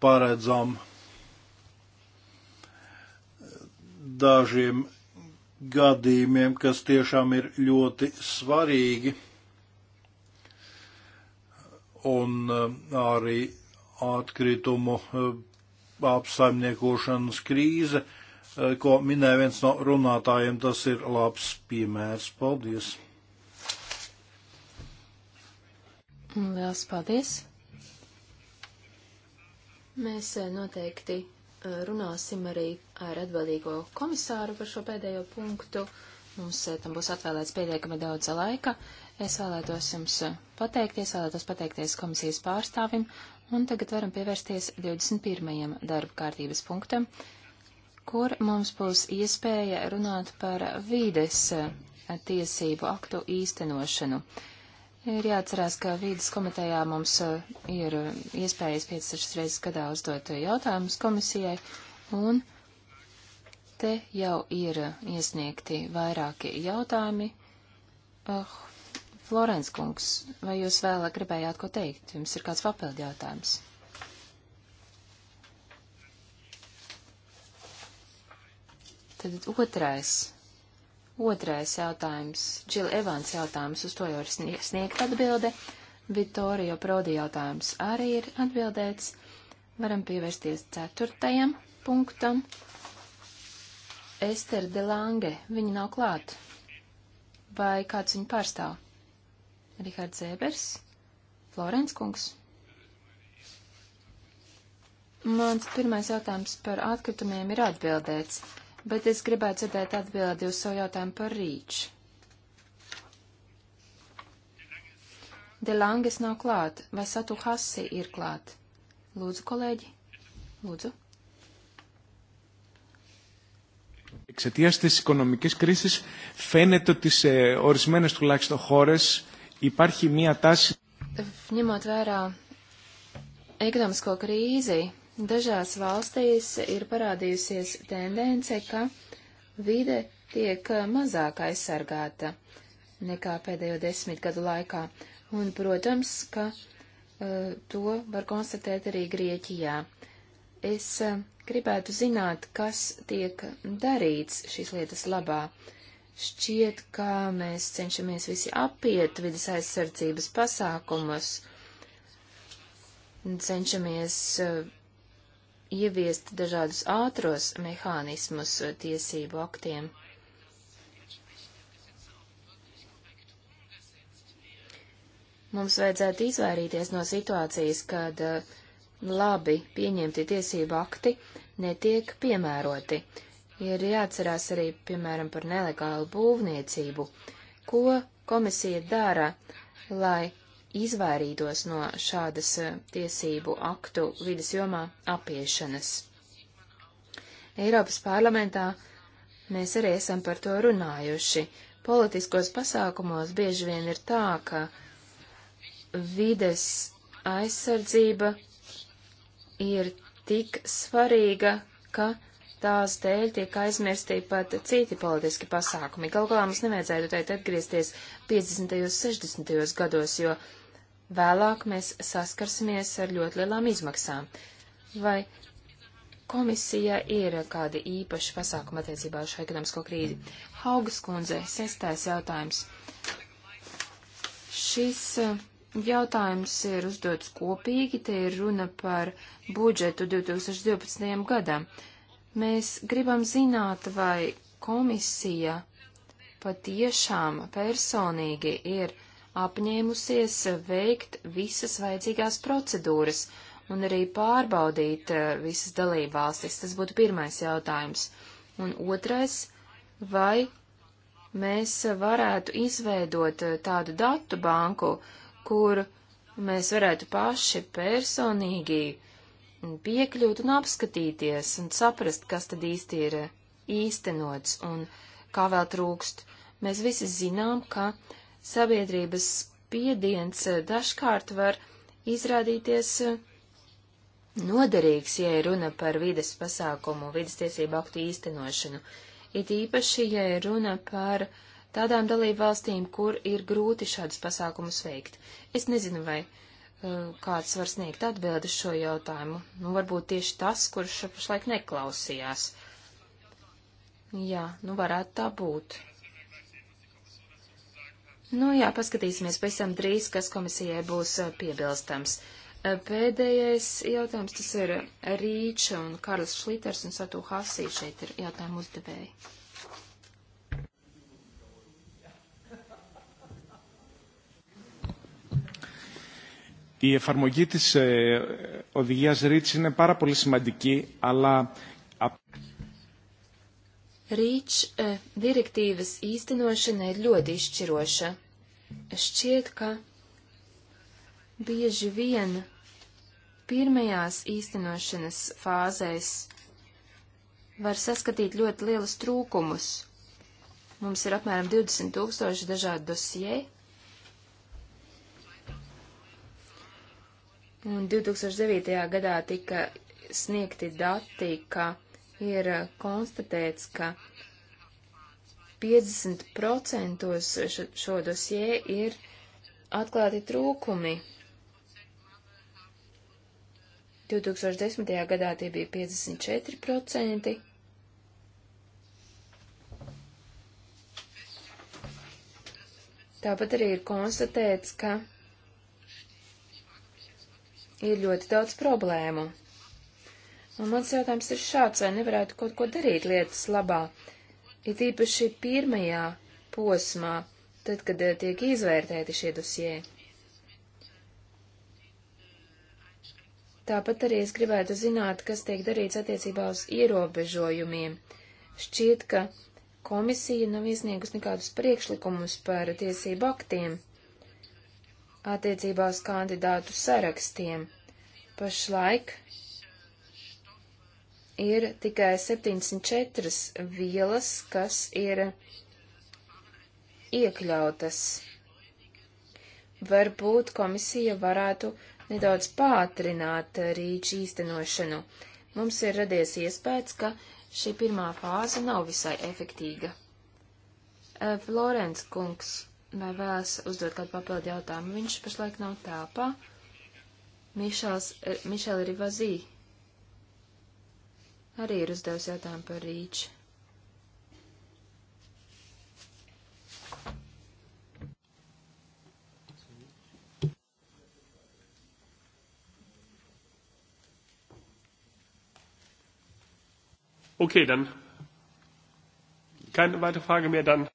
paredzam dažiem gadījumiem, kas tiešām ir ļoti svarīgi, un eh, arī atkritumu e, apsaimniekošanas krīze, e, ko minēja viens no runātājiem, tas ir labs piemērs. Paldies! Lielas paldies! Mēs e, noteikti runāsim arī ar atbildīgo komisāru par šo pēdējo punktu. Mums tam būs atvēlēts pietiekami daudz laika. Es vēlētos jums pateikties, vēlētos pateikties komisijas pārstāvim Un tagad varam pievērsties 21. darba kārtības punktam, kur mums būs iespēja runāt par vīdes eh, tiesību aktu īstenošanu. Ir jāatcerās, ka vīdas komitejā mums eh, ir eh, iespējas 5-6 reizes gadā uzdot jautājumus komisijai, un te jau ir iesniegti vairāki jautājumi. Uh, Florence kungs, vai jūs vēl gribējāt ko teikt? Jums ir kāds papildi jautājums? Tad otrais Otrais jautājums, Džila Evans jautājums, uz to jau ir sniegta atbilde. Vittorio Prodi jautājums arī ir atbildēts. Varam pievērsties ceturtajam punktam. Ester Delange, viņa nav klāt. Vai kāds viņu pārstāv? Rihards Zēbers, Florence kungs. Mans pirmais jautājums par atkritumiem ir atbildēts, bet es gribētu dzirdēt atbildi uz savu jautājumu par rīču. De Langes nav klāt, vai Satu Hassi ir klāt? Lūdzu, kolēģi, lūdzu. Εξαιτία τη οικονομική κρίση, φαίνεται ότι σε ορισμένε τουλάχιστον χώρε υπάρχει μία τάση. Ņemot vērā ekonomisko krīzi, dažās valstīs ir parādījusies tendence, ka vide tiek mazāk aizsargāta nekā pēdējo desmit gadu laikā. Un, protams, ka uh, to var konstatēt arī Grieķijā. Es uh, gribētu zināt, kas tiek darīts šīs lietas labā. Uh, Šķiet, ka mēs cenšamies visi apiet vidas aizsardzības pasākumus, cenšamies eh, ieviest dažādus ātros mehānismus eh, tiesību aktiem. Mums vajadzētu izvairīties no situācijas, kad eh, labi pieņemti tiesību akti netiek piemēroti ir jāatcerās arī, piemēram, par nelegālu būvniecību. Ko komisija dara, lai izvairītos no šādas eh, tiesību aktu vidas jomā apiešanas? Eiropas parlamentā mēs arī esam par to runājuši. Politiskos pasākumos bieži vien ir tā, ka vides aizsardzība ir tik svarīga, ka tās dēļ tiek aizmirsti pat citi politiski pasākumi. Galu galā mums nevajadzētu teikt atgriezties 50. un 60. gados, jo vēlāk mēs saskarsimies ar ļoti lielām izmaksām. Vai komisija ir kādi īpaši pasākumi attiecībā uz šo ekonomisko krīzi? Haugas kundze, sestais jautājums. Šis eh, jautājums ir uzdots kopīgi, te ir runa par budžetu 2012. gadam. Mēs gribam zināt, vai komisija patiešām personīgi ir apņēmusies veikt visas vajadzīgās procedūras un arī pārbaudīt eh, visas dalībvalstis. Tas būtu pirmais jautājums. Un otrais, vai mēs varētu izveidot eh, tādu datu banku, kur mēs varētu paši personīgi uh, piekļūt un apskatīties un saprast, kas tad īsti ir īstenots un kā vēl trūkst. Mēs visi zinām, ka sabiedrības spiediens eh, dažkārt var izrādīties eh, noderīgs, ja ir runa par vides pasākumu, vides tiesību aktu īstenošanu. It īpaši, ja ir runa par tādām dalību valstīm, kur ir grūti šādus pasākumus veikt. Es nezinu, vai kāds var sniegt atbildi šo jautājumu. Nu, varbūt tieši tas, kurš pašlaik neklausījās. Jā, nu varētu tā būt. Nu jā, paskatīsimies pavisam drīz, kas komisijai būs eh, piebilstams. Eh, pēdējais jautājums, tas ir Rīča un Karls Šliters un Satū Hasī šeit ir jautājumu uzdevēji. Η εφαρμογή της ε, οδηγίας REACH είναι πάρα πολύ σημαντική, αλλά... REACH eh, direktīvas īstenošana ir ļoti izšķiroša. Šķiet, ka bieži vien pirmajās īstenošanas fāzēs var saskatīt ļoti lielus trūkumus. Mums ir apmēram 20 tūkstoši dažādu dosieju, Un 2009. gadā tika sniegti dati, ka ir konstatēts, ka 50% šo dosie ir atklāti trūkumi. 2010. gadā tie bija 54%. Tāpat arī ir konstatēts, ka ir ļoti daudz problēmu. Un mans jautājums ir šāds, vai nevarētu kaut ko darīt lietas labā, it īpaši pirmajā posmā, tad, kad eh, tiek izvērtēti šie dosie. Tāpat arī es gribētu zināt, kas tiek darīts attiecībā uz ierobežojumiem. Šķiet, ka komisija nav iesniegusi nekādus priekšlikumus par tiesību aktiem attiecībā uz kandidātu sarakstiem. Pašlaik ir tikai 74 vielas, kas ir iekļautas. Varbūt komisija varētu nedaudz pātrināt rīču īstenošanu. Mums ir radies iespējas, ka šī pirmā fāze nav visai efektīga. Eh, Florence kungs vai vēlas uzdot kādu papildu jautājumu. Viņš pašlaik nav tāpā. Mišels, eh, Mišela Rivazī arī ir uzdevusi jautājumu par rīču. Okay, dann keine weitere Frage mehr, dann.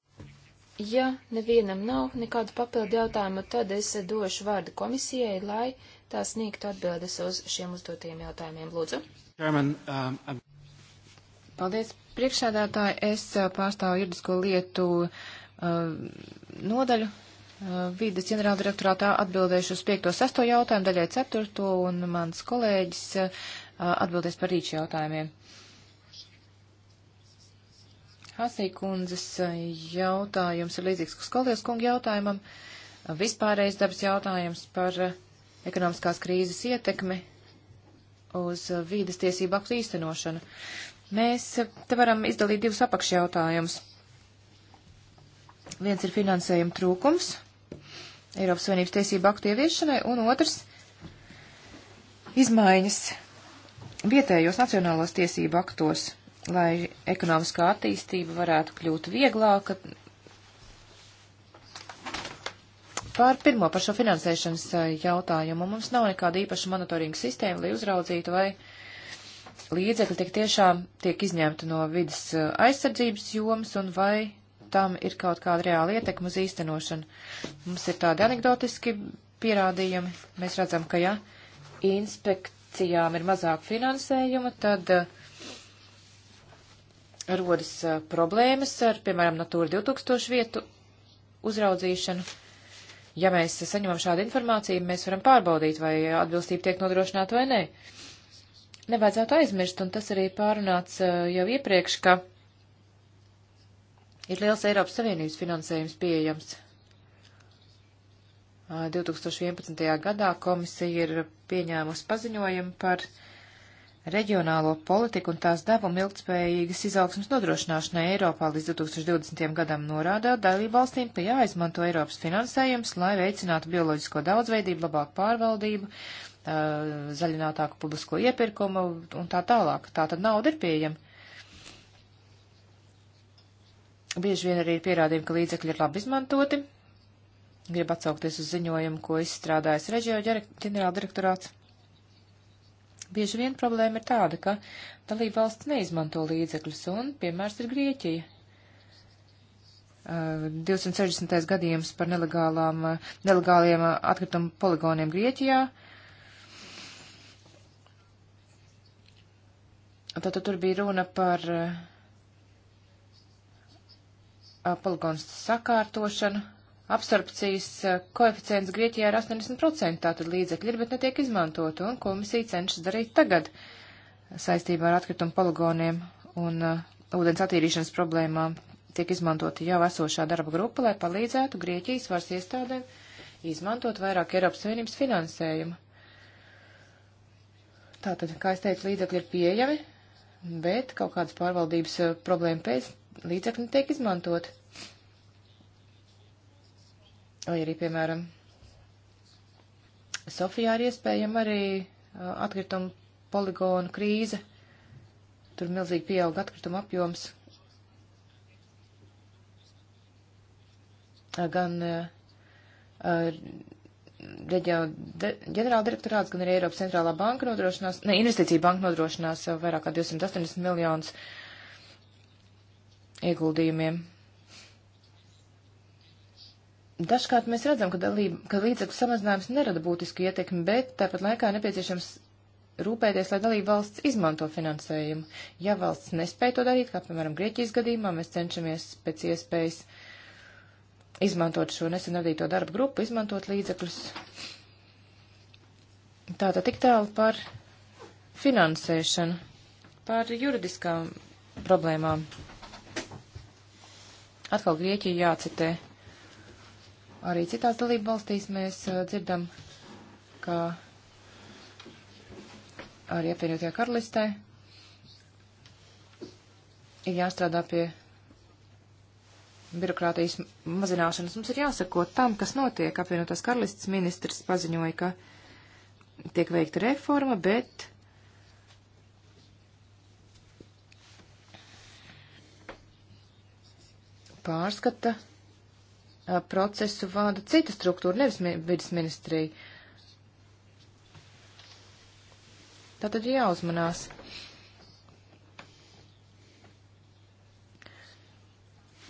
Ja nevienam nav nekādu papildu jautājumu, tad es došu vārdu komisijai, lai tā sniegtu atbildes uz šiem uzdotajiem jautājumiem. Lūdzu. German, um, Paldies, priekšsēdētāji. Es uh, pārstāvu juridisko lietu uh, nodaļu. Uh, Vīdas ģenerāldirektorātā atbildēšu uz 5.6. jautājumu, daļai 4. un mans kolēģis uh, atbildēs par rīču jautājumiem. Uh, Hasī kundzes eh, jautājums ir līdzīgs Skoldies kunga jautājumam. Eh, vispārējais dabas jautājums par eh, ekonomiskās krīzes ietekmi uz vīdas tiesību aktu īstenošanu. Mēs te varam izdalīt divus apakšjautājumus. Viens ir finansējuma trūkums Eiropas Savienības tiesību aktu ieviešanai, un otrs - izmaiņas vietējos nacionālos tiesību aktos lai ekonomiskā attīstība varētu kļūt vieglāka. Pār pirmo par šo finansēšanas eh, jautājumu mums nav nekāda īpaša monitoringa sistēma, lai uzraudzītu, vai līdzekļi tik tiešām tiek izņemti no vidas eh, aizsardzības jomas un vai tam ir kaut kāda reāla ietekma uz īstenošanu. Mums ir tādi anegdotiski pierādījumi. Mēs redzam, ka ja inspekcijām ir mazāk finansējuma, tad uh, rodas problēmas ar, piemēram, Natūra 2000 vietu uzraudzīšanu. Ja mēs saņemam šādu informāciju, mēs varam pārbaudīt, vai atbilstība tiek nodrošināta vai nē. Nevajadzētu aizmirst, un tas arī pārunāts jau iepriekš, ka ir liels Eiropas Savienības finansējums pieejams. 2011. gadā komisija ir pieņēmusi paziņojumu par uh, reģionālo politiku un tās devumu ilgtspējīgas izaugsmas nodrošināšanai Eiropā līdz 2020. gadam norādā dalību valstīm, ka jāizmanto Eiropas finansējums, lai veicinātu bioloģisko daudzveidību, labāku pārvaldību, zaļinātāku publisko iepirkumu un tā tālāk. Tā tad nauda ir pieejama. Bieži vien arī ir pierādījumi, ka līdzekļi ir labi izmantoti. Gribu atsaukties uz ziņojumu, ko izstrādājas reģio ģenerāldirektorāts. Bieži vien problēma ir tāda, ka dalība valsts neizmanto līdzekļus, un piemērs ir Grieķija. 260. Uh, gadījums par nelegālām, uh, nelegāliem uh, atkritumu poligoniem Grieķijā. Tātad tur bija runa par poligonu sakārtošanu, absorpcijas eh, koeficients Grieķijā ir 80%, tātad līdzekļi ir, bet netiek izmantot, un komisija cenšas darīt tagad saistībā ar atkritumu poligoniem un uh, ūdens attīrīšanas problēmām. Tiek izmantota jau esošā darba grupa, lai palīdzētu Grieķijas varas iestādēm izmantot vairāk Eiropas Savienības finansējumu. Tātad, kā es teicu, līdzekļi ir pieejami, bet kaut kādas pārvaldības eh, problēma pēc līdzekļi tiek izmantoti. Vai arī, piemēram, Sofijā ir iespējama arī atkrituma poligonu krīze. Tur milzīgi pieauga atkrituma apjoms. Gan reģiona ģenerāldirektorāts, gan arī Eiropas centrālā banka nodrošinās, ne, investīcija banka nodrošinās vairāk kā 280 miljonus ieguldījumiem Dažkārt mēs redzam, ka, dalība, ka līdzekļu samazinājums nerada būtisku ietekmi, bet tāpat laikā nepieciešams rūpēties, lai dalība valsts izmanto finansējumu. Ja valsts nespēja to darīt, kā piemēram Grieķijas gadījumā, mēs cenšamies pēc iespējas izmantot šo nesen radīto darbu grupu, izmantot līdzekļus. Tātad tik tālu par finansēšanu, par juridiskām problēmām. Atkal Grieķija jācitē. Arī citās dalību valstīs mēs uh, dzirdam, ka arī apvienotajā karalistē ir jāstrādā pie birokrātijas mazināšanas. Mums ir jāsako tam, kas notiek. Apvienotās karalists ministrs paziņoja, ka tiek veikta reforma, bet. Pārskata Eh, procesu vada cita struktūra, nevis vidas ministrija. Tātad jāuzmanās.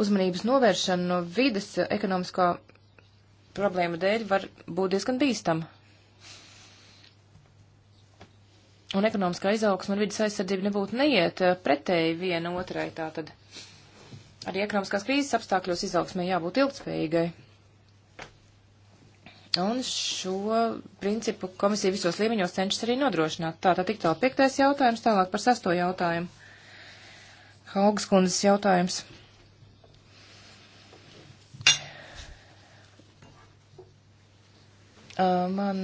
Uzmanības novēršana no vidas ekonomiskā problēma dēļ var būt diezgan bīstama. Un ekonomiskā izaugsma un vidas aizsardzība nebūtu neiet eh, pretēji viena otrai tātad. Arī ekonomiskās krīzes apstākļos izaugsmē jābūt ilgspējīgai. Un šo principu komisija visos līmeņos cenšas arī nodrošināt. Tā, tā tik tālu piektais jautājums, tālāk par sesto jautājumu. Haugas kundzes jautājums. Uh, man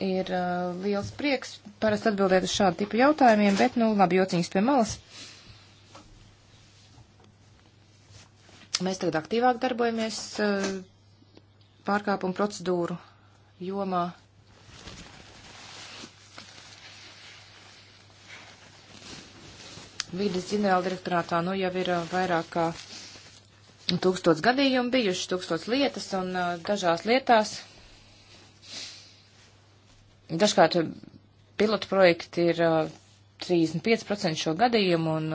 ir uh, liels prieks parasti atbildēt uz šādu tipu jautājumiem, bet, nu, labi, jociņas pie malas. Uh, Mēs tagad aktīvāk darbojamies eh, pārkāpumu procedūru jomā. Vides ģenerāla direktorātā nu jau ir eh, vairāk kā tūkstots gadījumu bijuši, tūkstots lietas un eh, dažās lietās. Dažkārt pilotu projekti ir 35% šo gadījumu un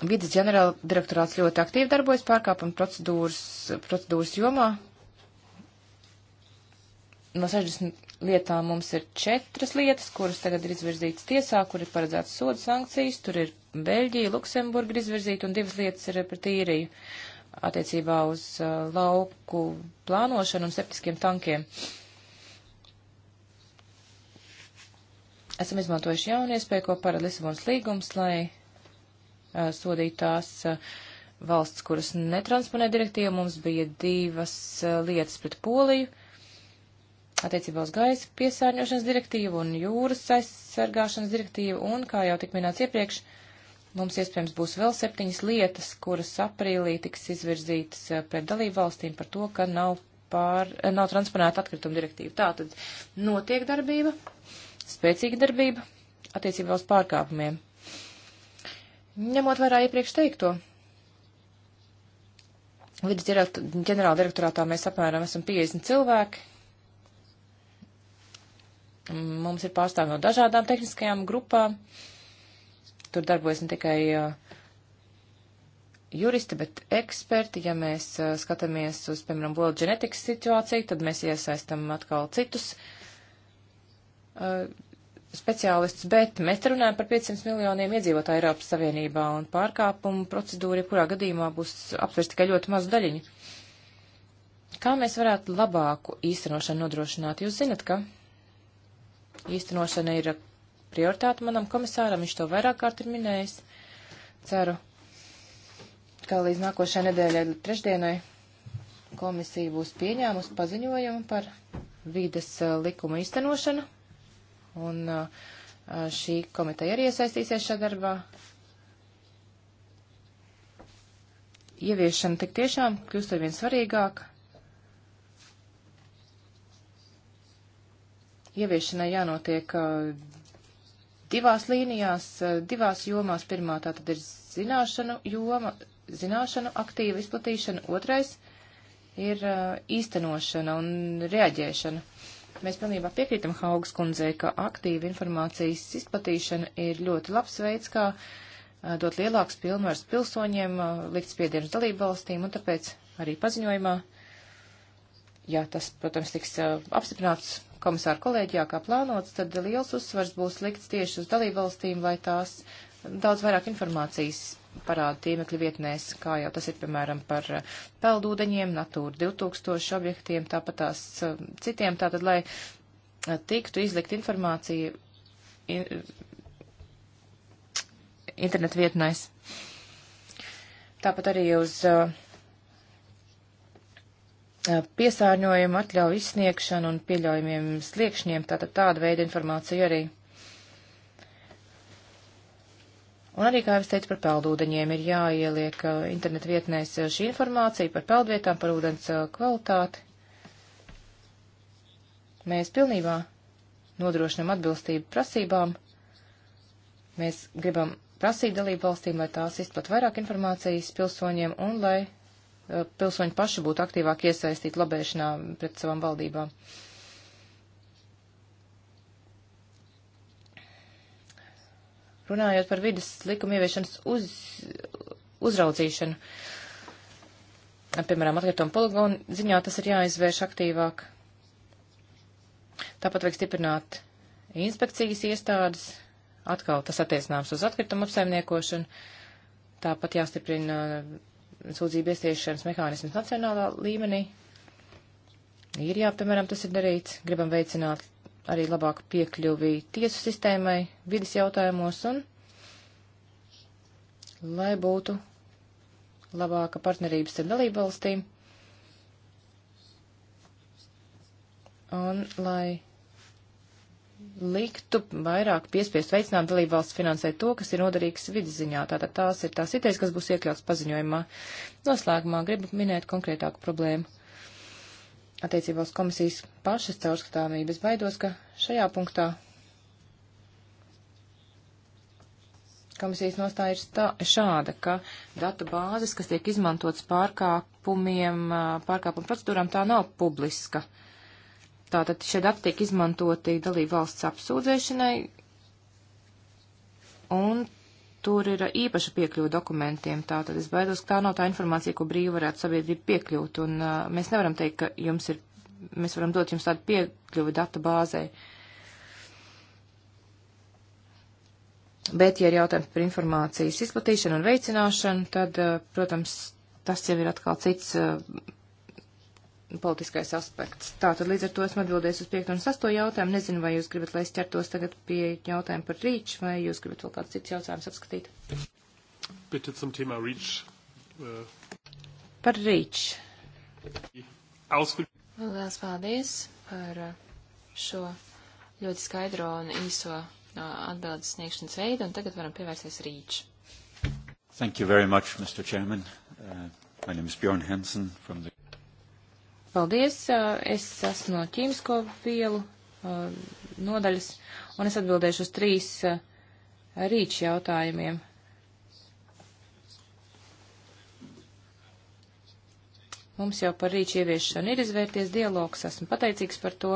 Vides ģenerāla direktorāts ļoti aktīvi darbojas pārkāpuma procedūras, procedūras jomā. No 60 lietām mums ir četras lietas, kuras tagad ir izvirzītas tiesā, kur ir paredzētas soda sankcijas. Tur ir Beļģija, Luksemburga ir izvirzīta un divas lietas ir pret īriju attiecībā uz uh, lauku plānošanu un septiskiem tankiem. Esam izmantojuši jaunu iespēju, ko parāda Lisabonas līgums, lai sodīt tās valsts, kuras netransponē direktīvu. Mums bija divas lietas pret Poliju attiecībā uz gaisa piesārņošanas direktīvu un jūras aizsargāšanas direktīvu, un, kā jau tik minēts iepriekš, mums iespējams būs vēl septiņas lietas, kuras aprīlī tiks izvirzītas pret dalību valstīm par to, ka nav, pār, nav transponēta atkrituma direktīva. Tā tad notiek darbība, spēcīga darbība attiecībā uz pārkāpumiem. Ņemot vērā iepriekš teikto, vidas ģenerāla direktorātā mēs apmēram esam 50 cilvēki. Mums ir pārstāvi no dažādām tehniskajām grupām. Tur darbojas ne tikai uh, juristi, bet eksperti. Ja mēs uh, skatāmies uz, piemēram, World Genetics situāciju, tad mēs iesaistam atkal citus uh, speciālistus, bet mēs runājam par 500 miljoniem iedzīvotāju Eiropas Savienībā, un pārkāpumu procedūra, kurā gadījumā būs apsvērsta tikai ļoti mazu daļiņu. Kā mēs varētu labāku īstenošanu nodrošināt? Jūs zinat, ka īstenošana ir prioritāte manam komisāram, viņš to vairāk kārt ir minējis. Ceru, ka līdz nākošajai nedēļai, trešdienai, komisija būs pieņēmusi paziņojumu par vīdes eh, likuma īstenošanu Un šī komiteja arī iesaistīsies šajā darbā. Ieviešana tik tiešām kļūst arvien svarīgāka. Ieviešanai jānotiek divās līnijās, divās jomās. Pirmā tā tad ir zināšanu joma, zināšanu aktīva izplatīšana, otrais ir īstenošana un reaģēšana. Mēs pilnībā piekrītam Haugas kundzei, ka aktīva informācijas izplatīšana ir ļoti labs veids, kā dot lielāks pilnvars pilsoņiem, likt spiedienus dalību valstīm, un tāpēc arī paziņojumā, ja tas, protams, tiks apstiprināts komisāru kolēģijā kā plānots, tad liels uzsvars būs likts tieši uz dalību valstīm, lai tās daudz vairāk informācijas parādu tīmekļa vietnēs, kā jau tas ir, piemēram, par eh, peldūdeņiem, Natūra 2000 objektiem, tāpat tās eh, citiem, tātad, lai eh, tiktu izlikt informācija in, internet vietnēs. Tāpat arī uz uh, piesārņojumu atļauju izsniegšanu un pieļaujumiem sliekšņiem, tātad tāda veida informācija arī. Un arī, kā jau es teicu, par peldūdeņiem ir jāieliek uh, internet vietnēs uh, šī informācija par peldvietām, par ūdens uh, kvalitāti. Mēs pilnībā nodrošinam atbilstību prasībām. Mēs gribam prasīt dalību valstīm, lai tās izplat vairāk informācijas pilsoņiem un lai pilsoņi paši būtu aktīvāk iesaistīti labēšanā pret savām valdībām. Uh, runājot par vidas likuma ieviešanas uz, uzraudzīšanu. Piemēram, atkrituma poligonu ziņā tas ir jāizvērš aktīvāk. Tāpat vajag stiprināt inspekcijas iestādes, atkal tas attiecināms uz atkritumu apsaimniekošanu, tāpat jāstiprina uh, sūdzību iestiešanas mehānismus nacionālā līmenī. Ir jā, piemēram, tas ir darīts, gribam veicināt arī labāk piekļuvi tiesu sistēmai, vidas jautājumos un lai būtu labāka partnerības ar dalību valstīm un lai liktu vairāk piespiest veicināt dalību valsts finansēt to, kas ir noderīgs vidas ziņā. Tātad tās ir tās idejas, kas būs iekļauts paziņojumā. Noslēgumā gribu minēt konkrētāku problēmu attiecībā uz komisijas pašas caurskatāmības baidos, ka šajā punktā komisijas nostāja ir šāda, ka datu bāzes, kas tiek izmantotas pārkāpumiem, pārkāpumu procedūrām, tā nav publiska. Tātad šie dati tiek izmantoti dalību valsts apsūdzēšanai, un tur ir īpaša piekļuva dokumentiem, tātad es baidos, ka tā nav tā informācija, ko brīvi varētu sabiedrība piekļūt, un uh, mēs nevaram teikt, ka jums ir, mēs varam dot jums tādu piekļuvi datu bāzē. Bet, ja ir jautājums par informācijas izplatīšanu un veicināšanu, tad, uh, protams, tas jau ir atkal cits uh, politiskais aspekts. Tātad līdz ar to esmu atbildējis uz 5 un 6 jautājumu. Nezinu, vai jūs gribat, lai es ķertos tagad pie jautājumu par rīču, vai jūs gribat vēl kāds cits jautājums apskatīt. Bitte zum Thema Reach. Uh... Par Reach. Ausku... Lielas paldies par šo ļoti skaidro un īso atbildes sniegšanas veidu, un tagad varam pievērsties Reach. Thank you very much, Mr. Chairman. Uh, my name is Bjorn Hansen from the Paldies, uh, es esmu no ķīmisko vielu uh, nodaļas, un es atbildēšu uz trīs uh, rīču jautājumiem. Mums jau par rīču ieviešanu ir izvērties dialogs, esmu pateicīgs par to.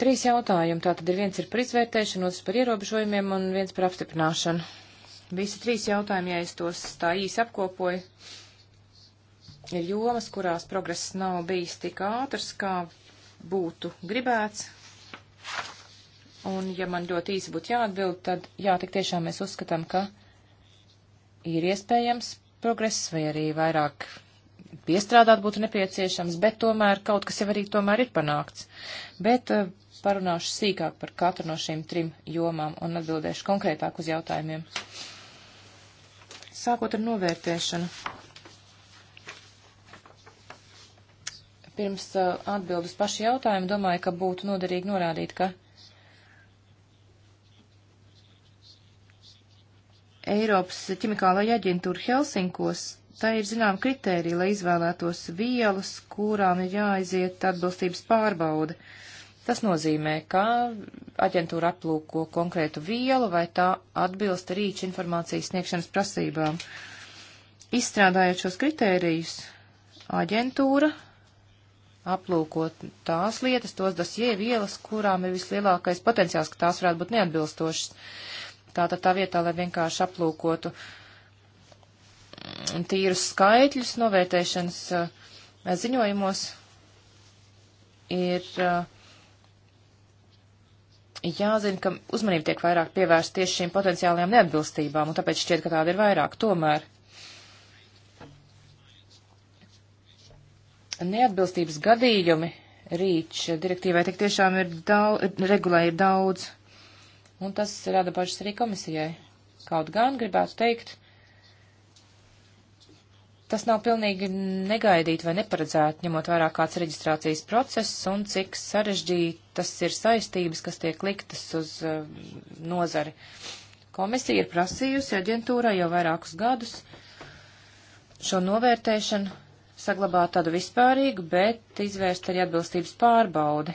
Trīs jautājumi, tātad ir viens ir par izvērtēšanu, otrs par ierobežojumiem un viens par apstiprināšanu. Visi trīs jautājumi, ja es tos tā īsi apkopoju ir jomas, kurās progress nav bijis tik ātrs, kā būtu gribēts. Un, ja man ļoti īsi būtu jāatbild, tad jā, tik tiešām mēs uzskatām, ka ir iespējams progress vai arī vairāk piestrādāt būtu nepieciešams, bet tomēr kaut kas jau arī tomēr ir panākts. Bet uh, parunāšu sīkāk par katru no šīm trim jomām un atbildēšu konkrētāk uz jautājumiem. Sākot ar novērtēšanu Pirms uh, atbildus pašu jautājumu domāju, ka būtu noderīgi norādīt, ka Eiropas ķimikālajā aģentūra Helsinkos, tā ir zinām kritērija, lai izvēlētos vielas, kurām ir jāaiziet atbilstības pārbauda. Tas nozīmē, ka aģentūra aplūko konkrētu vielu vai tā atbilst rīču informācijas sniegšanas prasībām. Izstrādājot šos kritērijus, aģentūra aplūkot tās lietas, tos dosie vielas, kurām ir vislielākais potenciāls, ka tās varētu būt neatbilstošas. Tātad tā vietā, lai vienkārši aplūkotu tīrus skaitļus novērtēšanas eh, ziņojumos, ir eh, jāzina, ka uzmanība tiek vairāk pievērsta tieši šīm potenciālajām neatbilstībām, un tāpēc šķiet, ka tāda ir vairāk. Tomēr neatbilstības gadījumi rīč direktīvai tik tiešām ir daudz, regulēja daudz, un tas rada bažas arī komisijai. Kaut gan gribētu teikt, tas nav pilnīgi negaidīt vai neparedzēt, ņemot vērā kāds reģistrācijas process un cik sarežģītas ir saistības, kas tiek liktas uz uh, nozari. Komisija ir prasījusi aģentūrai jau vairākus gadus šo novērtēšanu saglabāt tādu vispārīgu, bet izvērst arī atbilstības pārbaudi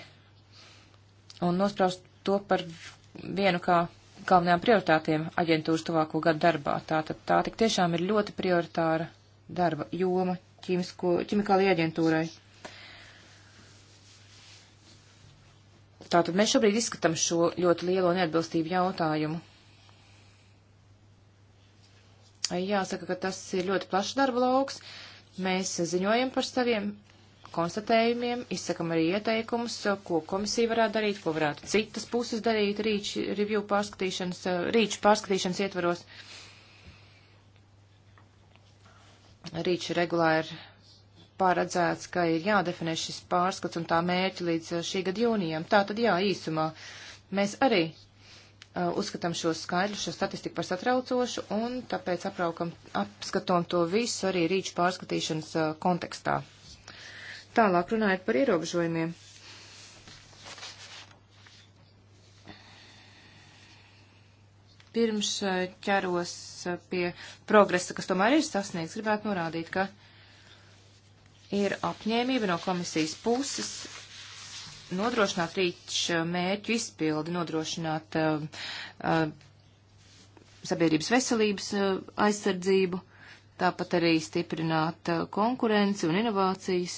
un nospraust to par vienu kā galvenajām prioritātiem aģentūras tuvāko gadu darbā. Tātad tā, tā tik tiešām ir ļoti prioritāra darba joma ķimikālajai aģentūrai. Tātad mēs šobrīd izskatām šo ļoti lielo neatbilstību jautājumu. Jāsaka, ka tas ir ļoti plašs darba lauks. Uh, Mēs ziņojam par saviem konstatējumiem, izsakam arī ieteikumus, ko komisija varētu darīt, ko varētu citas puses darīt rīč, review pārskatīšanas, rīču pārskatīšanas ietvaros. Rīču regulā ir paredzēts, ka ir jādefinē šis pārskats un tā mērķi līdz šī gada jūnijam. Tā tad jā, īsumā mēs arī Uh, uzskatām šo skaidru, šo statistiku par satraucošu un tāpēc apraukam, apskatām to visu arī rīču pārskatīšanas uh, kontekstā. Tālāk runājot par ierobežojumiem. Pirms uh, ķeros uh, pie progresa, kas tomēr ir sasniegts, gribētu norādīt, ka ir apņēmība no komisijas puses nodrošināt rīč eh, mērķu izpildi, nodrošināt uh, uh, sabiedrības veselības uh, aizsardzību, tāpat arī stiprināt konkurenci un inovācijas.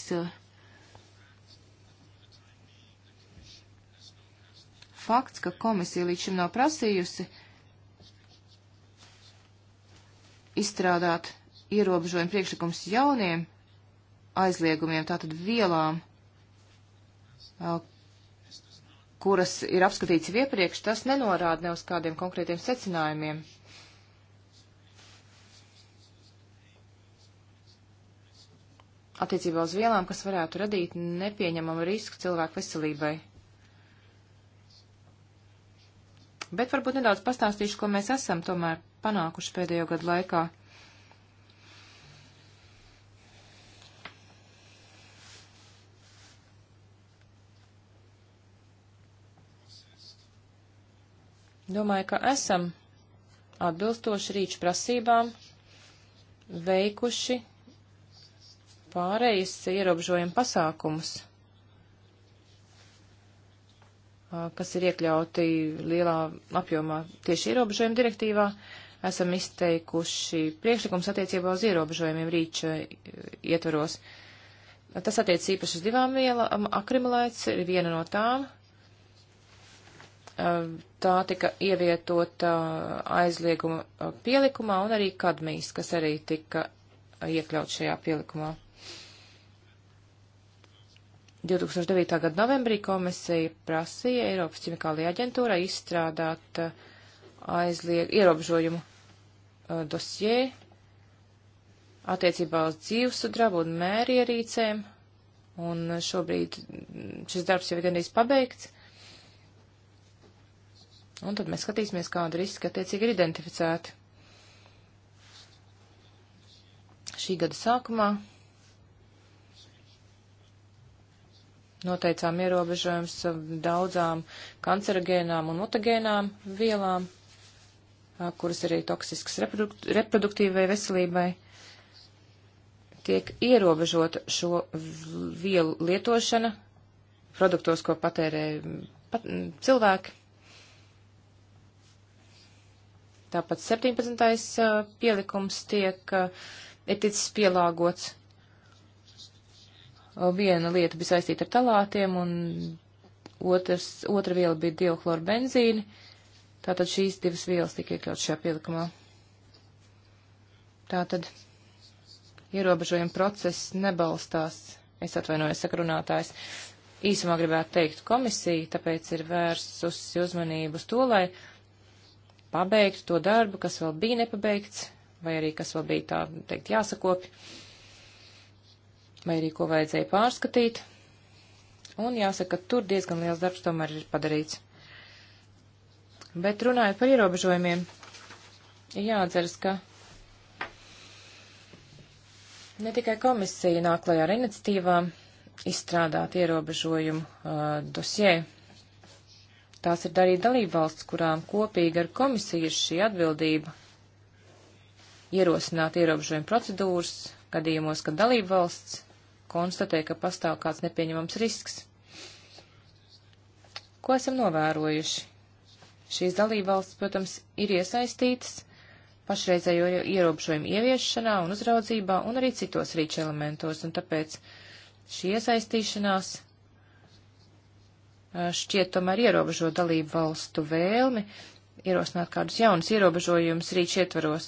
Fakts, ka komisija līdz šim nav prasījusi izstrādāt ierobežojumu priekšlikums jauniem aizliegumiem, tātad vielām, kuras ir apskatīts jau iepriekš, tas nenorāda ne uz kādiem konkrētiem secinājumiem. Attiecībā uz vielām, kas varētu radīt nepieņemamu risku cilvēku veselībai. Bet varbūt nedaudz pastāstīšu, ko mēs esam tomēr panākuši pēdējo gadu laikā. Domāju, ka esam atbilstoši rīču prasībām veikuši pārējas ierobežojumu pasākumus, kas ir iekļauti lielā apjomā tieši ierobežojumu direktīvā. Esam izteikuši priekšlikums attiecībā uz ierobežojumiem rīču ietvaros. Tas attiec īpaši uz divām vielām. Akrimilēts ir viena no tām tā tika ievietota aizlieguma pielikumā un arī kadmijas, kas arī tika iekļaut šajā pielikumā. 2009. gada novembrī komisija prasīja Eiropas ķimikālajā aģentūrā izstrādāt aizlieg, ierobežojumu dosjē attiecībā uz dzīvesudrabu un mērierīcēm, un šobrīd šis darbs jau ir gandrīz pabeigts. Un tad mēs skatīsimies, kāda riska attiecīgi ir identificēti. Šī gada sākumā noteicām ierobežojums daudzām kancerogēnām un mutagēnām vielām, kuras arī toksiskas reprodukt reproduktīvai veselībai. Tiek ierobežota šo vielu lietošana produktos, ko patērē pat, cilvēki. Tāpat 17. pielikums tiek, ir ticis pielāgots. Viena lieta bija saistīta ar talātiem, un otrs, otra viela bija diohlorbenzīni. Tātad šīs divas vielas tika iekļautas šajā pielikumā. Tātad ierobežojuma process nebalstās, es atvainojos sakrunātājs, īsumā gribētu teikt komisija, tāpēc ir vērsusi uzmanību uz to, lai uh, pabeigt to darbu, kas vēl bija nepabeigts, vai arī kas vēl bija tā teikt jāsakopi, vai arī ko vajadzēja pārskatīt. Un jāsaka, ka tur diezgan liels darbs tomēr ir padarīts. Bet runājot par ierobežojumiem, jāatceras, ka ne tikai komisija nāk klajā ar iniciatīvām izstrādāt ierobežojumu uh, dosē Tās ir arī dalībvalsts, kurām kopīgi ar komisiju ir šī atbildība ierosināt ierobežojumu procedūras gadījumos, kad dalībvalsts konstatē, ka pastāv kāds nepieņemams risks. Ko esam novērojuši? Šīs dalībvalsts, protams, ir iesaistītas pašreizējo ierobežojumu ieviešanā un uzraudzībā un arī citos rīču elementos, un tāpēc šī iesaistīšanās Eh, šķiet tomēr ierobežo dalību valstu vēlmi ierosināt kādus jaunus ierobežojumus rīču ietvaros.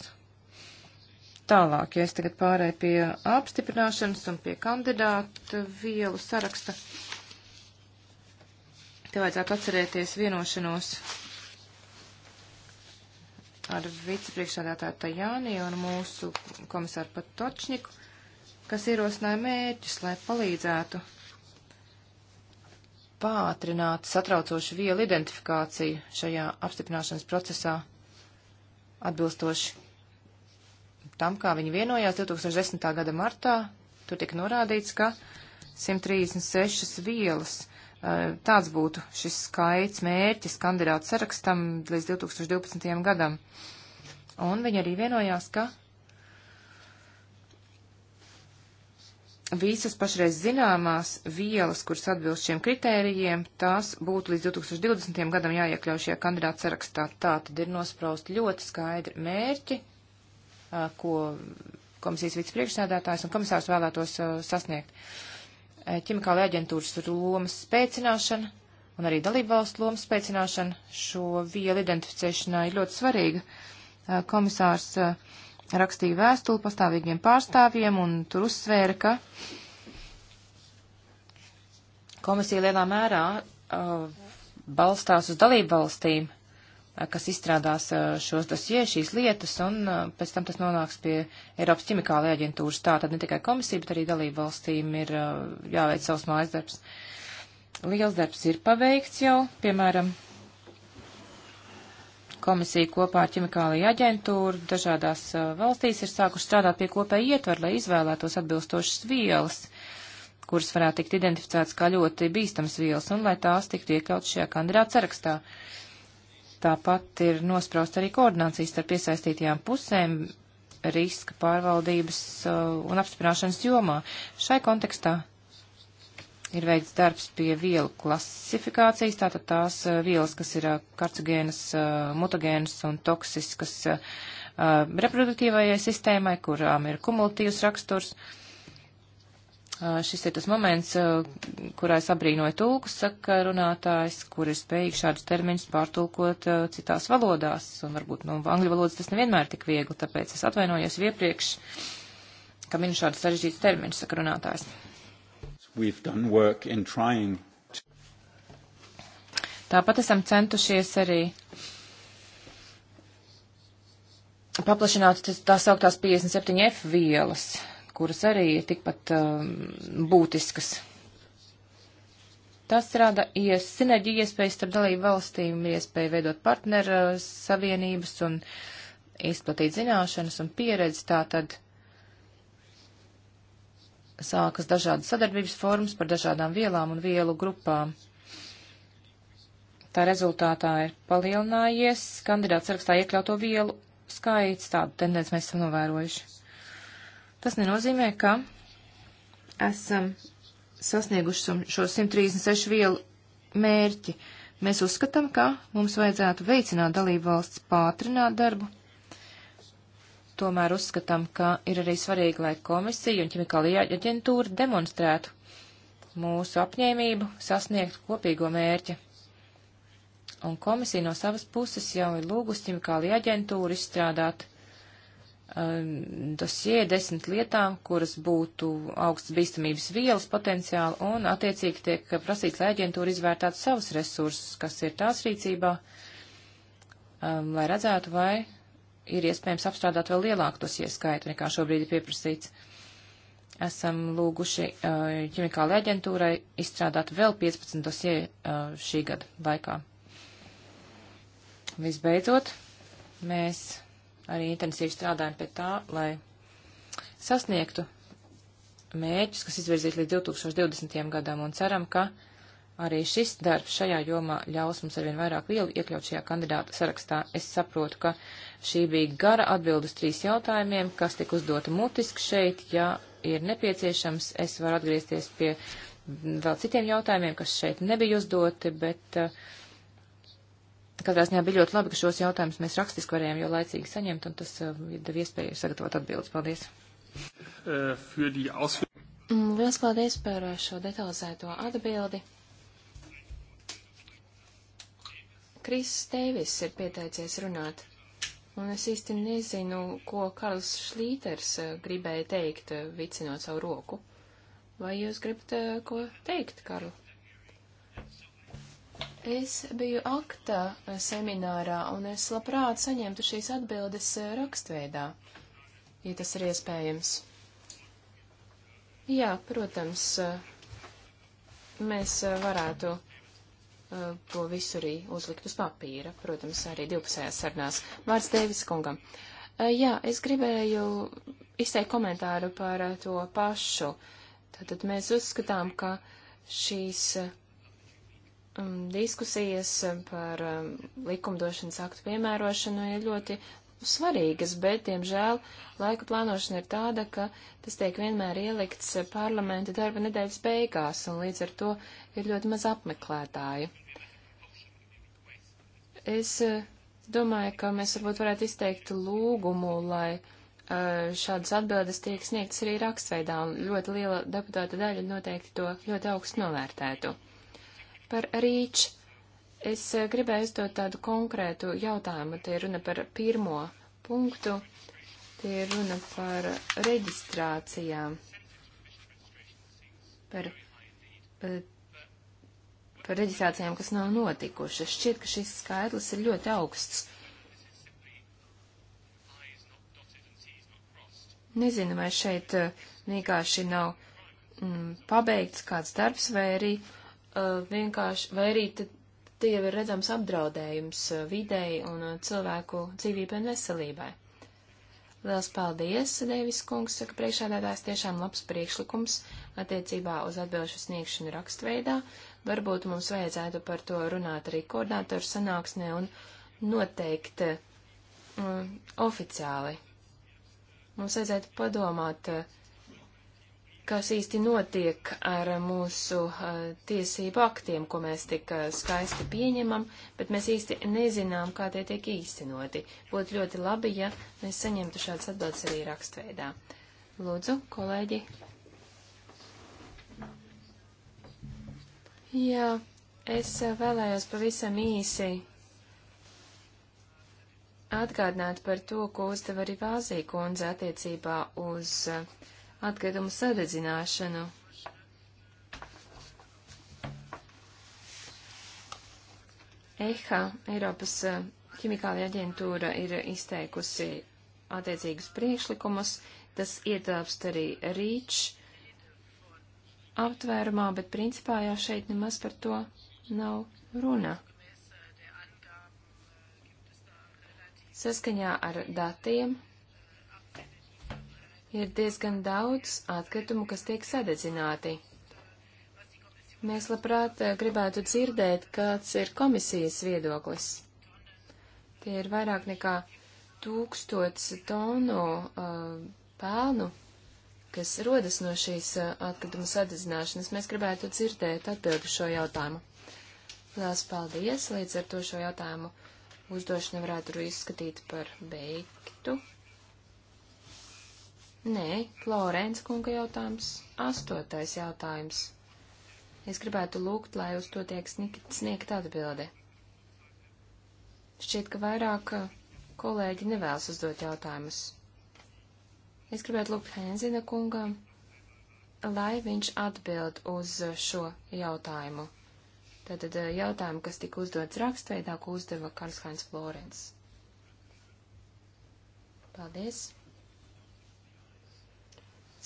Tālāk, ja es tagad pārēju pie apstiprināšanas un pie kandidātu vielu saraksta, te vajadzētu atcerēties vienošanos ar vicepriekšādātāju Tajāni un mūsu komisāru Patočniku, kas ierosināja mērķus, lai palīdzētu pātrināt satraucošu vielu identifikāciju šajā apstiprināšanas procesā atbilstoši tam, kā viņi vienojās 2010. gada martā. Tur tika norādīts, ka 136 vielas. Eh, tāds būtu šis skaits, mērķis kandidātu sarakstam līdz 2012. gadam. Un viņi arī vienojās, ka visas pašreiz zināmās vielas, kuras atbilst šiem kritērijiem, tās būtu līdz 2020. gadam jāiekļauj šajā kandidāta sarakstā. Tā tad ir nospraust ļoti skaidri mērķi, ko komisijas vicepriekšsēdētājs un komisārs vēlētos sasniegt. Ķimikāla aģentūras lomas spēcināšana un arī dalību valstu lomas spēcināšana šo vielu identificēšanā ir ļoti svarīga. Komisārs uh, rakstīja vēstuli pastāvīgiem pārstāvjiem un tur uzsvēra, ka komisija lielā mērā uh, balstās uz dalību valstīm, uh, kas izstrādās uh, šos dosie, šīs lietas, un uh, pēc tam tas nonāks pie Eiropas ķimikāla aģentūras. Tā tad ne tikai komisija, bet arī dalību valstīm ir uh, jāveic savs mājas darbs. Liels darbs ir paveikts jau, piemēram, Komisija kopā ar ķimikāliju aģentūru dažādās valstīs ir sākuši strādāt pie kopēja ietver, lai izvēlētos atbilstošas vielas, kuras varētu tikt identificētas kā ļoti bīstams vielas, un lai tās tiktu iekļautas šajā kandidāta sarakstā. Tāpat ir nospraust arī koordinācijas starp iesaistītajām pusēm riska pārvaldības uh, un apstiprināšanas jomā. Šai kontekstā ir veikts darbs pie vielu klasifikācijas, tātad tās vielas, kas ir karcogēnas, mutagēnas un toksiskas reproduktīvajai sistēmai, kurām ir kumulatīvs raksturs. Šis ir tas moments, kurā es abrīnoju tulku, saka runātājs, kur ir spējīgi šādus terminus pārtulkot citās valodās, un varbūt no nu, angļu valodas tas nevienmēr tik viegli, tāpēc es atvainojos iepriekš, ka minu šādus sarežģītus terminus, saka runātājs we've done work in trying to... Tāpat esam centušies arī paplašināt tā sauktās 57F vielas, kuras arī ir tikpat um, būtiskas. Tas rada ies, sinerģiju iespējas starp dalību valstīm, iespēju veidot partneru uh, savienības un izplatīt zināšanas un pieredzi. Tātad sākas dažādas sadarbības formas par dažādām vielām un vielu grupām. Tā rezultātā ir palielinājies kandidāts sarakstā iekļauto vielu skaits, tādu tendenci mēs esam novērojuši. Tas nenozīmē, ka esam sasnieguši šo 136 vielu mērķi. Mēs uzskatām, ka mums vajadzētu veicināt dalību valsts pātrināt darbu tomēr uzskatām, ka ir arī svarīgi, lai komisija un ķimikālija aģentūra demonstrētu mūsu apņēmību sasniegt kopīgo mērķi. Un komisija no savas puses jau ir lūgusi ķimikālija aģentūru izstrādāt um, dosie desmit lietām, kuras būtu augsts bīstamības vielas potenciāli, un attiecīgi tiek prasīts, lai aģentūra izvērtātu savus resursus, kas ir tās rīcībā, um, lai redzētu, vai ir iespējams apstrādāt vēl lielāku tos ieskaitu, nekā šobrīd ir pieprasīts. Esam lūguši uh, ķimikāla aģentūrai izstrādāt vēl 15 dosie uh, šī gada laikā. Visbeidzot, mēs arī intensīvi strādājam pie tā, lai sasniegtu mērķus, kas izvirzīti līdz 2020. gadam, un ceram, ka uh, Arī šis darbs šajā jomā ļaus mums arvien vairāk vielu iekļaut šajā kandidāta sarakstā. Es saprotu, ka šī bija gara atbildes trīs jautājumiem, kas tika uzdota mutiski šeit. Ja ir nepieciešams, es varu atgriezties pie vēl citiem jautājumiem, kas šeit nebija uzdoti, bet uh, katrā ziņā bija ļoti labi, ka šos jautājumus mēs rakstiski varējām jau laicīgi saņemt, un tas uh, eh, deva iespēju sagatavot atbildes. Paldies! Uh, Liels paldies par eh, šo detalizēto atbildi. Kriss Teivis ir pieteicies runāt, un es īsti nezinu, ko Karls Šlīters eh, gribēja teikt, eh, vicinot savu roku. Vai jūs gribat eh, ko teikt, Karl? Es biju akta seminārā, un es labprāt saņemtu šīs atbildes rakstveidā, ja tas ir iespējams. Jā, protams, mēs varētu to visu arī uzlikt uz papīra, protams, arī divpusējās sarunās. Vārds Dēvis kungam. Jā, es gribēju izteikt komentāru par to pašu. Tātad mēs uzskatām, ka šīs diskusijas par likumdošanas aktu piemērošanu ir ļoti svarīgas, bet, diemžēl, laika plānošana ir tāda, ka tas tiek vienmēr ielikts parlamenta darba nedēļas beigās, un līdz ar to ir ļoti maz apmeklētāju. Es eh, domāju, ka mēs varbūt varētu izteikt lūgumu, lai eh, šādas atbildes tiek sniegtas arī rakstveidā, un ļoti liela deputāta daļa noteikti to ļoti augstu novērtētu. Par rīču Es eh, gribēju uzdot tādu konkrētu jautājumu. Te ir runa par pirmo punktu, te ir runa par reģistrācijām, par, eh, par reģistrācijām, kas nav notikušas. Šķiet, ka šis skaitlis ir ļoti augsts. Nezinu, vai šeit eh, vienkārši nav mm, pabeigts kāds darbs, vai arī uh, vienkārši, vai arī tad te jau ir redzams apdraudējums videi un cilvēku dzīvībai un veselībai. Liels paldies, Deivis kungs, saka priekšādātājs tiešām labs priekšlikums attiecībā uz atbilžu sniegšanu rakstveidā. Varbūt mums vajadzētu par to runāt arī koordinātoru sanāksnē un noteikt mm, oficiāli. Mums vajadzētu padomāt, uh, kas īsti notiek ar mūsu eh, tiesību aktiem, ko mēs tik eh, skaisti pieņemam, bet mēs īsti nezinām, kā tie tiek īstenoti. Būtu ļoti labi, ja mēs saņemtu šādas atbildes arī rakstveidā. Lūdzu, kolēģi. Jā, es eh, vēlējos pavisam īsi atgādināt par to, ko uzdev arī Vāzī kundze attiecībā uz uh, atkritumu sadedzināšanu. EHA, Eiropas eh, ķimikāla aģentūra, ir izteikusi attiecīgus priekšlikumus. Tas ietilpst arī rīčs aptvērumā, bet principā jau šeit nemaz par to nav runa. Saskaņā ar datiem ir diezgan daudz atkritumu, kas tiek sadedzināti. Mēs labprāt eh, gribētu dzirdēt, kāds ir komisijas viedoklis. Tie ir vairāk nekā tūkstots tonu uh, eh, pelnu, kas rodas no šīs uh, atkrituma sadedzināšanas. Mēs gribētu dzirdēt atbildi šo jautājumu. Lielas paldies! Līdz ar to šo jautājumu uzdošanu varētu arī izskatīt par beigtu. Nē, Florence kunga jautājums. Astotais jautājums. Es gribētu lūgt, lai uz to tiek sniegt atbildi. Šķiet, ka vairāk uh, kolēģi nevēlas uzdot jautājumus. Es gribētu lūgt Henzina kungam, lai viņš atbild uz uh, šo jautājumu. Tātad uh, jautājumu, kas tika uzdots rakstveidā, ko uzdeva Karlshains Florens. Paldies!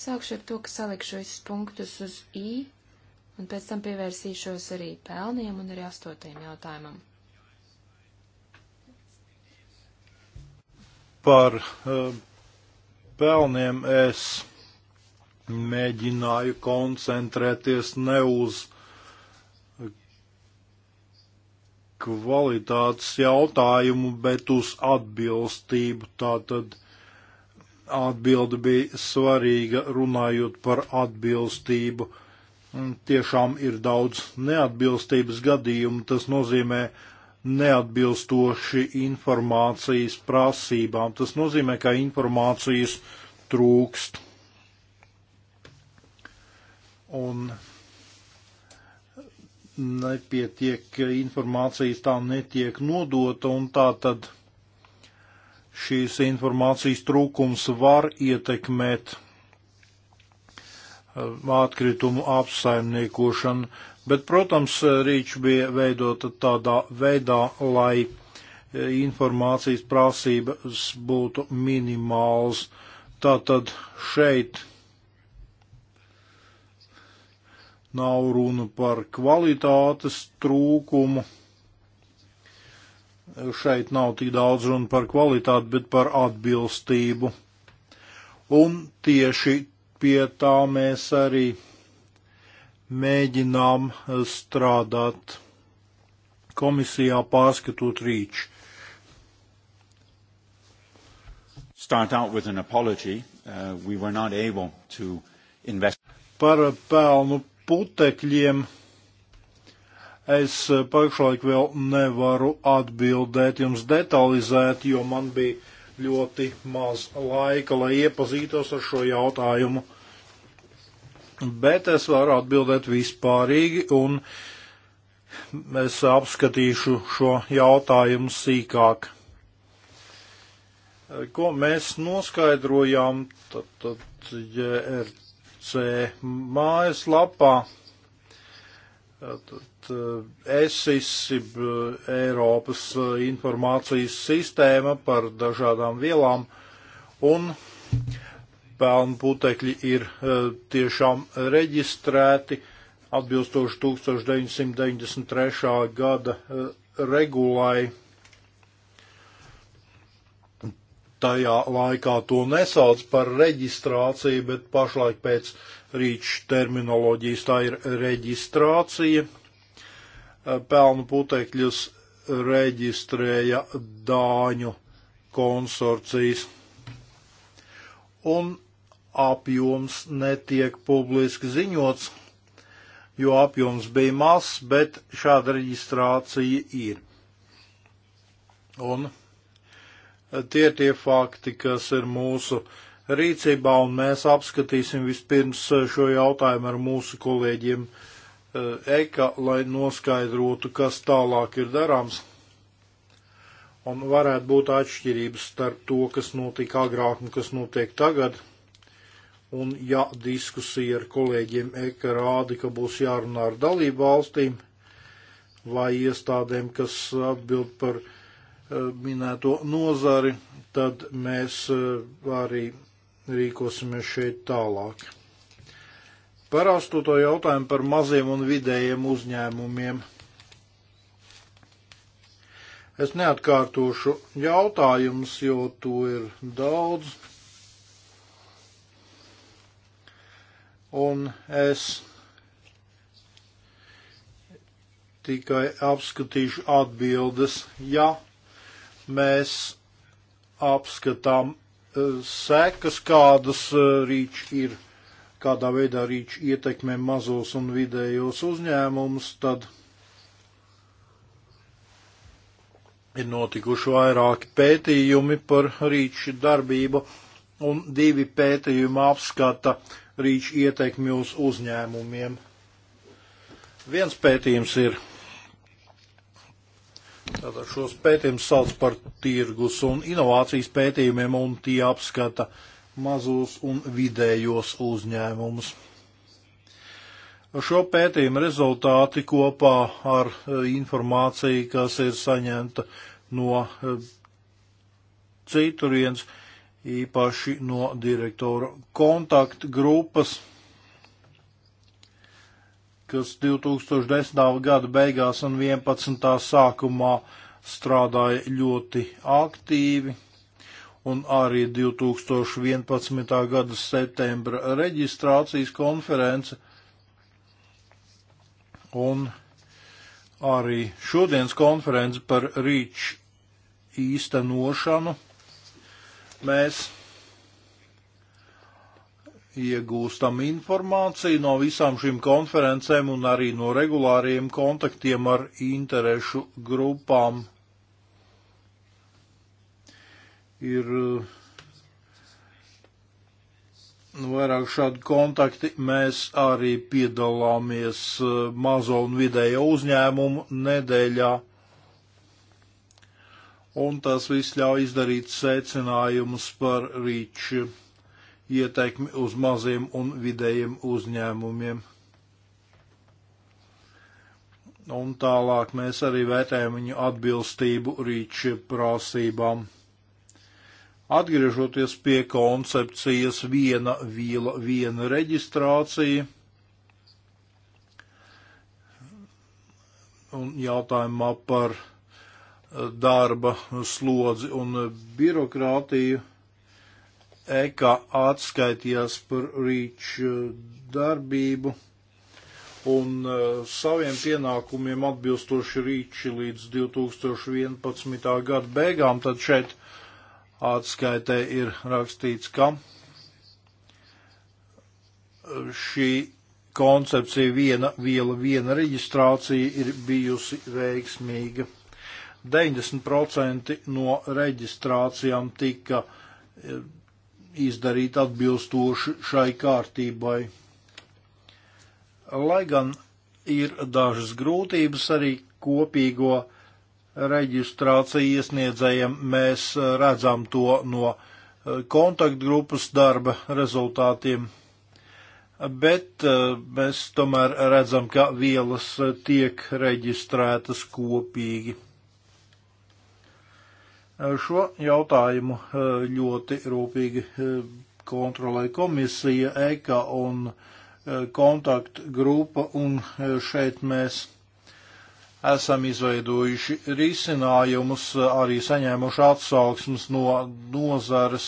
Sākšu ar to, ka salikšu visus punktus uz I, un pēc tam pievērsīšos arī pelniem un arī astotajam jautājumam. Par uh, pelniem es mēģināju koncentrēties ne uz kvalitātes jautājumu, bet uz atbilstību. Tātad uh, atbilde bija svarīga runājot par atbilstību. Tiešām ir daudz neatbilstības gadījumu, tas nozīmē neatbilstoši informācijas prasībām. Tas nozīmē, ka informācijas trūkst. Un nepietiek informācijas tā netiek nodota un tā tad šīs informācijas trūkums var ietekmēt eh, atkritumu apsaimniekošanu, bet, protams, rīč bija veidota tādā veidā, lai eh, informācijas prasības būtu minimāls. Tātad šeit nav runa par kvalitātes trūkumu šeit nav tik daudz runa par kvalitāti, bet par atbilstību. Un tieši pie tā mēs arī mēģinām strādāt komisijā pārskatot rīču. Start out with an apology. Uh, we were not able to invest. Par pelnu putekļiem Es eh, pašlaik vēl nevaru atbildēt jums detalizēti, jo man bija ļoti maz laika, lai iepazītos ar šo jautājumu. Bet es varu atbildēt vispārīgi un es apskatīšu šo jautājumu sīkāk. Eh, ko mēs noskaidrojām tad, tad JRC er mājaslapā? Eh, tad, Eh, ESIS, eh, Eiropas eh, informācijas sistēma par dažādām vielām, un pelnu putekļi ir tiešām reģistrēti atbilstoši 1993. gada regulai. Tajā laikā to nesauc par reģistrāciju, bet pašlaik pēc rīču terminoloģijas tā ir reģistrācija. Eh, pelnu putekļus reģistrēja Dāņu konsorcijas. Un apjoms netiek publiski ziņots, jo apjoms bija mazs, bet šāda reģistrācija ir. Un eh, tie tie fakti, kas ir mūsu rīcībā, un mēs apskatīsim vispirms eh, šo jautājumu ar mūsu kolēģiem uh, Eh, EKA, lai noskaidrotu, kas tālāk ir darāms. Un varētu būt atšķirības starp to, kas notika agrāk un kas notiek tagad. Un ja diskusija ar kolēģiem EKA rāda, ka būs jārunā ar dalību valstīm vai iestādēm, kas atbild par eh, minēto nozari, tad mēs eh, arī rīkosimies šeit tālāk. Par astoto jautājumu par maziem un vidējiem uzņēmumiem. Es neatkārtošu jautājumus, jo to ir daudz. Un es tikai apskatīšu atbildes. Ja mēs apskatām eh, sekas, kādas eh, rīč ir kādā veidā rīč ietekmē mazos un vidējos uzņēmumus, tad ir notikuši vairāki pētījumi par rīču darbību, un divi pētījumi apskata rīču ietekmi uz uzņēmumiem. Viens pētījums ir, tātad šos pētījumus sauc par tirgus un inovācijas pētījumiem, un tie apskata uh, mazos un vidējos uzņēmumus. Šo pētījumu rezultāti kopā ar e, informāciju, kas ir saņemta no e, citurienes, īpaši no direktora kontaktu grupas, kas 2010. gada beigās un 11. sākumā strādāja ļoti aktīvi un arī 2011. gada septembra reģistrācijas konference. Un arī šodienas konference par rīču īstenošanu mēs iegūstam informāciju no visām šīm konferencēm un arī no regulāriem kontaktiem ar interešu grupām ir nu, vairāk šādi kontakti. Mēs arī piedalāmies e, mazo un vidējo uzņēmumu nedēļā. Un tas viss ļauj izdarīt secinājumus par rīču ieteikmi uz maziem un vidējiem uzņēmumiem. Un tālāk mēs arī vērtējam viņu atbilstību rīču prasībām. Atgriežoties pie koncepcijas viena viela, viena reģistrācija un jautājumā par eh, darba slodzi un birokrātiju. EKA atskaitījās par rīču eh, darbību un eh, saviem pienākumiem atbilstoši rīči līdz 2011. gada beigām, tad šeit atskaitē ir rakstīts, ka šī koncepcija viena viela, viena reģistrācija ir bijusi veiksmīga. 90% no reģistrācijām tika eh, izdarīta atbilstoši šai kārtībai. Lai gan ir dažas grūtības arī kopīgo uh, reģistrāciju iesniedzējiem. Mēs eh, redzam to no eh, kontaktgrupas darba rezultātiem, bet eh, mēs tomēr redzam, ka vielas tiek reģistrētas kopīgi. Šo jautājumu ļoti rūpīgi kontrolē komisija, EKA un kontaktgrupa, un šeit mēs esam izveidojuši risinājumus, arī saņēmuši atsauksmes no nozares.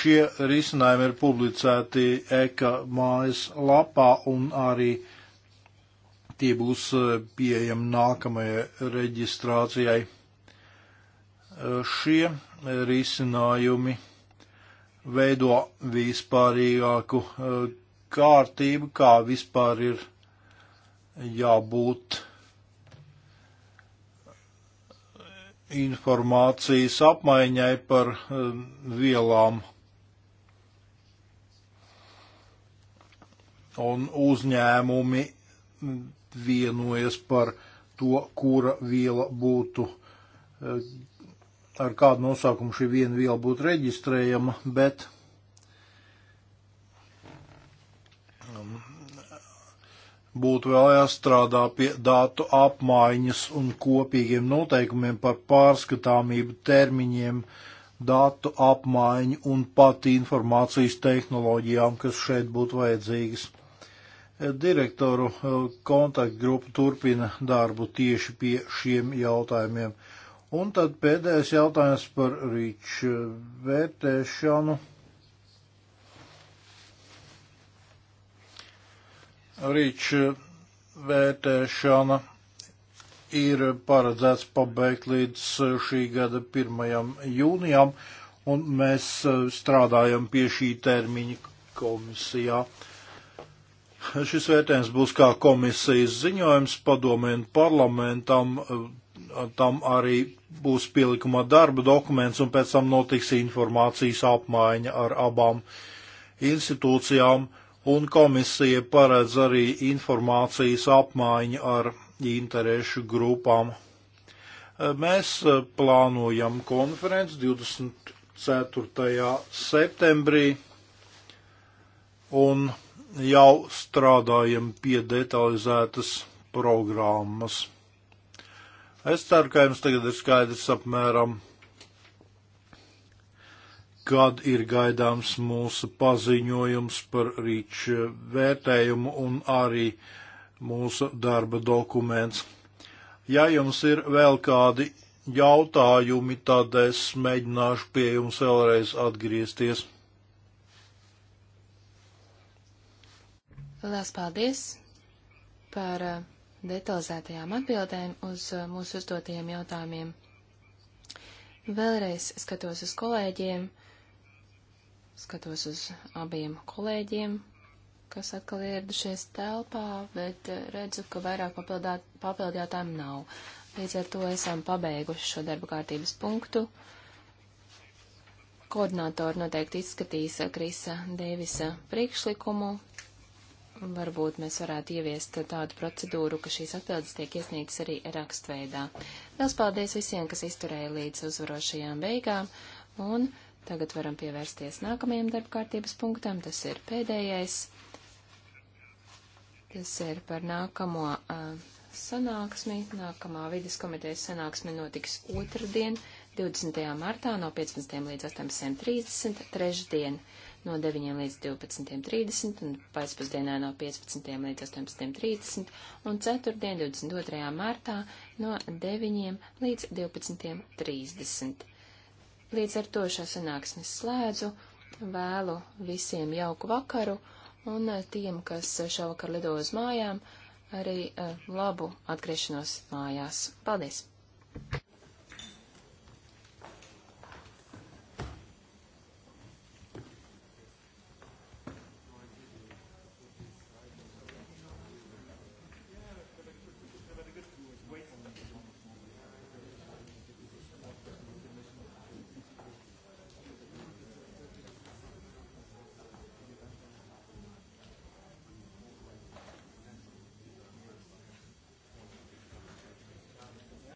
Šie risinājumi ir publicēti EKA mājas lapā un arī tie būs pieejami nākamajai reģistrācijai. Šie risinājumi veido vispārīgāku eh, kārtību, kā vispār ir jābūt informācijas apmaiņai par um, vielām un uzņēmumi mm, vienojas par to, kura viela būtu, eh, ar kādu nosaukumu šī viena viela būtu reģistrējama, bet um, būtu vēl jāstrādā pie datu apmaiņas un kopīgiem noteikumiem par pārskatāmību termiņiem, datu apmaiņu un pat informācijas tehnoloģijām, kas šeit būtu vajadzīgas. Direktoru eh, kontaktgrupa turpina darbu tieši pie šiem jautājumiem. Un tad pēdējais jautājums par rīču vērtēšanu Rīča vērtēšana ir paredzēts pabeigt līdz šī gada 1. jūnijam, un mēs strādājam pie šī termiņa komisijā. Šis vērtējums būs kā komisijas ziņojums padomēn parlamentam, tam arī būs pielikuma darba dokuments, un pēc tam notiks informācijas apmaiņa ar abām institūcijām un komisija paredz arī informācijas apmaiņu ar interešu grupām. E, mēs e, plānojam konferenci 24. septembrī un jau strādājam pie detalizētas programmas. Es ceru, ka jums tagad ir skaidrs apmēram kad ir gaidāms mūsu paziņojums par rīču vērtējumu un arī mūsu darba dokuments. Ja jums ir vēl kādi jautājumi, tad es mēģināšu pie jums vēlreiz atgriezties. Lielas paldies par uh, detalizētajām atbildēm uz uh, mūsu uzdotajiem jautājumiem. Vēlreiz skatos uz kolēģiem Skatos uz abiem kolēģiem, kas atkal ieradušies telpā, bet eh, redzu, ka vairāk papildinātājiem nav. Līdz ar to esam pabeiguši šo darba kārtības punktu. Koordinātori noteikti izskatīs eh, Krisa Dēvisa priekšlikumu. Varbūt mēs varētu ieviest tādu procedūru, ka šīs atbildes tiek iesniegtas arī rakstveidā. Liels paldies visiem, kas izturēja līdz uzvarošajām beigām, un Tagad varam pievērsties nākamajam darbkārtības punktam. Tas ir pēdējais. Tas ir par nākamo uh, sanāksmi. Nākamā vidas komitejas sanāksme notiks otrdien, 20. martā no 15. līdz 18.30, trešdien no 9 līdz 12.30 un pēcpusdienā no 15. līdz 18.30 un ceturtdien 22. martā no 9 līdz 12.30. Līdz ar to šo sanāksmes slēdzu, vēlu visiem jauku vakaru un eh, tiem, kas šovakar lido uz mājām, arī eh, labu atgriešanos mājās. Paldies!